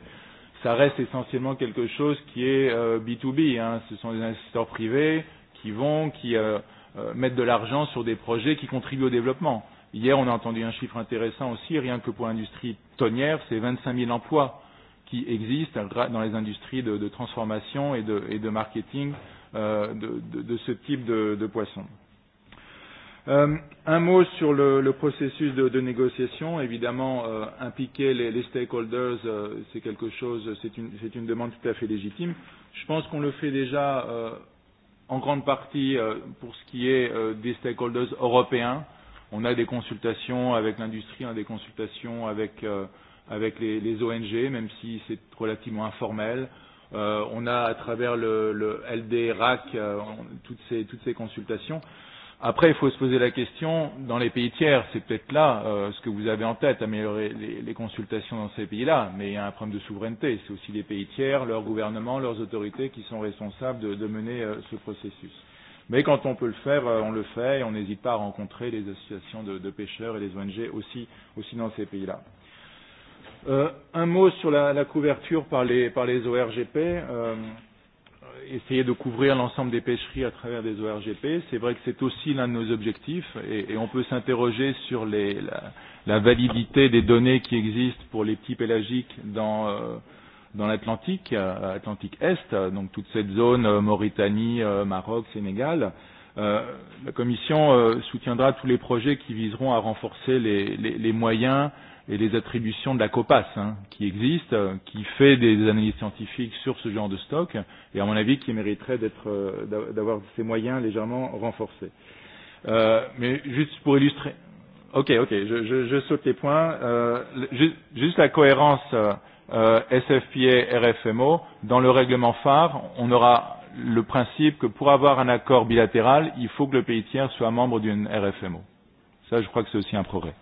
ça reste essentiellement quelque chose qui est euh, B2B. Hein. Ce sont des investisseurs privés qui vont, qui euh, euh, mettent de l'argent sur des projets qui contribuent au développement. Hier, on a entendu un chiffre intéressant aussi, rien que pour l'industrie tonnière, c'est 25 000 emplois qui existent dans les industries de, de transformation et de, et de marketing euh, de, de, de ce type de, de poissons. Euh, un mot sur le, le processus de, de négociation. Évidemment, euh, impliquer les, les stakeholders, euh, c'est quelque chose, c'est une, une demande tout à fait légitime. Je pense qu'on le fait déjà euh, en grande partie euh, pour ce qui est euh, des stakeholders européens. On a des consultations avec l'industrie, on a des consultations avec, euh, avec les, les ONG, même si c'est relativement informel. Euh, on a à travers le, le LDRAC euh, toutes, ces, toutes ces consultations. Euh, Après, il faut se poser la question dans les pays tiers, c'est peut-être là euh, ce que vous avez en tête, améliorer les, les consultations dans ces pays-là, mais il y a un problème de souveraineté, c'est aussi les pays tiers, leurs gouvernements, leurs autorités qui sont responsables de, de mener euh, ce processus. Mais quand on peut le faire, euh, on le fait et on n'hésite pas à rencontrer les associations de, de pêcheurs et les ONG aussi, aussi dans ces pays-là. Euh, un mot sur la, la couverture par les, par les ORGP. Euh, Euh, essayer de couvrir l'ensemble des pêcheries à travers des ORGP. C'est vrai que c'est aussi l'un de nos objectifs et, et on peut s'interroger sur les, la, la validité des données qui existent pour les petits pélagiques dans, euh, dans l'Atlantique, euh, Atlantique Est, donc toute cette zone euh, Mauritanie, euh, Maroc, Sénégal. Euh, la Commission euh, soutiendra tous les projets qui viseront à renforcer les, les, les moyens euh, et les attributions de la COPAS hein, qui existe, euh, qui fait des analyses scientifiques sur ce genre de stock et à mon avis qui mériterait d'être euh, d'a-, d'avoir ses moyens légèrement renforcés. Euh, mais juste pour illustrer, ok, ok, je, je, je saute les points. Euh, juste, juste la cohérence euh, euh SFPA RFMO dans le règlement phare, on aura le principe que pour avoir un accord bilatéral, il faut que le pays tiers soit membre d'une RFMO. Ça, je crois que c'est aussi un progrès.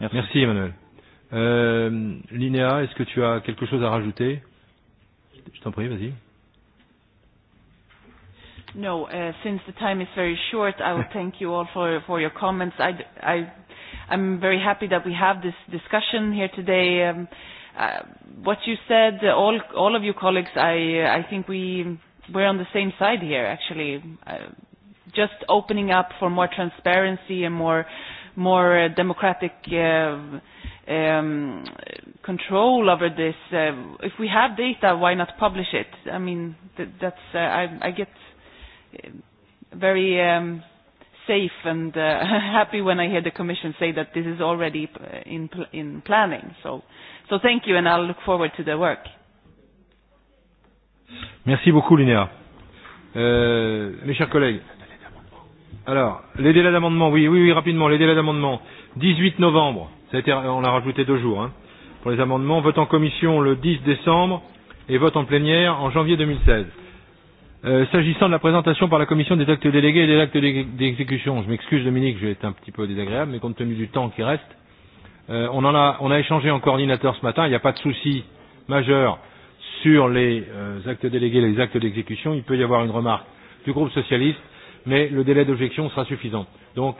Merci, Merci Emmanuel. Euh, Linéa, est-ce que tu as quelque chose à rajouter Je t'en prie, vas-y. No, uh, since the time is very short, I will thank you all for, for your comments. I, I, I'm very happy that we have this discussion here today. Um, uh, what you said, all, all of you colleagues, I, I think we, we're on the same side here, actually. Uh, just opening up for more transparency and more, more uh, democratic uh, um, control over this. Uh, if we have data, why not publish it? I mean, th that's uh, I, I get uh, very um, safe and uh, happy when I hear the Commission say that this is already uh, in pl in planning. So, so thank you, and I'll look forward to the work. Merci beaucoup, Linéa. Euh, mes chers collègues. Alors, les délais d'amendement, oui, oui, oui, rapidement, les délais d'amendement. 18 novembre, Ça a été, on l'a rajouté deux jours. Hein. Pour les amendements, vote en commission le 10 décembre et vote en plénière en janvier 2016. Euh, S'agissant de la présentation par la Commission des actes délégués et des actes d'exécution, je m'excuse Dominique, je vais être un petit peu désagréable, mais compte tenu du temps qui reste, euh, on, en a, on a échangé en coordinateur ce matin, il n'y a pas de souci majeur sur les euh, actes délégués et les actes d'exécution. Il peut y avoir une remarque du groupe socialiste, mais le délai d'objection sera suffisant. Donc,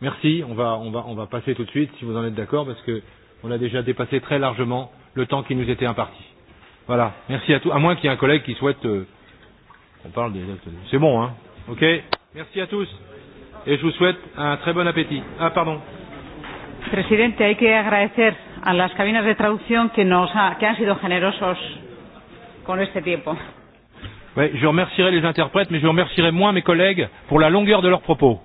Merci. On va, on va, on va passer tout de suite, si vous en êtes d'accord, parce qu'on a déjà dépassé très largement le temps qui nous était imparti. Voilà. Merci à tous. À moins qu'il y ait un collègue qui souhaite. Euh, on parle des. C'est bon, hein Ok. Merci à tous. Et je vous souhaite un très bon appétit. Ah, pardon. Presidente, hay que agradecer a las cabinas de traducción que, nos ha, que han sido generosos con este tiempo. Ouais, je remercierai les interprètes, mais je remercierai moins mes collègues pour la longueur de leurs propos.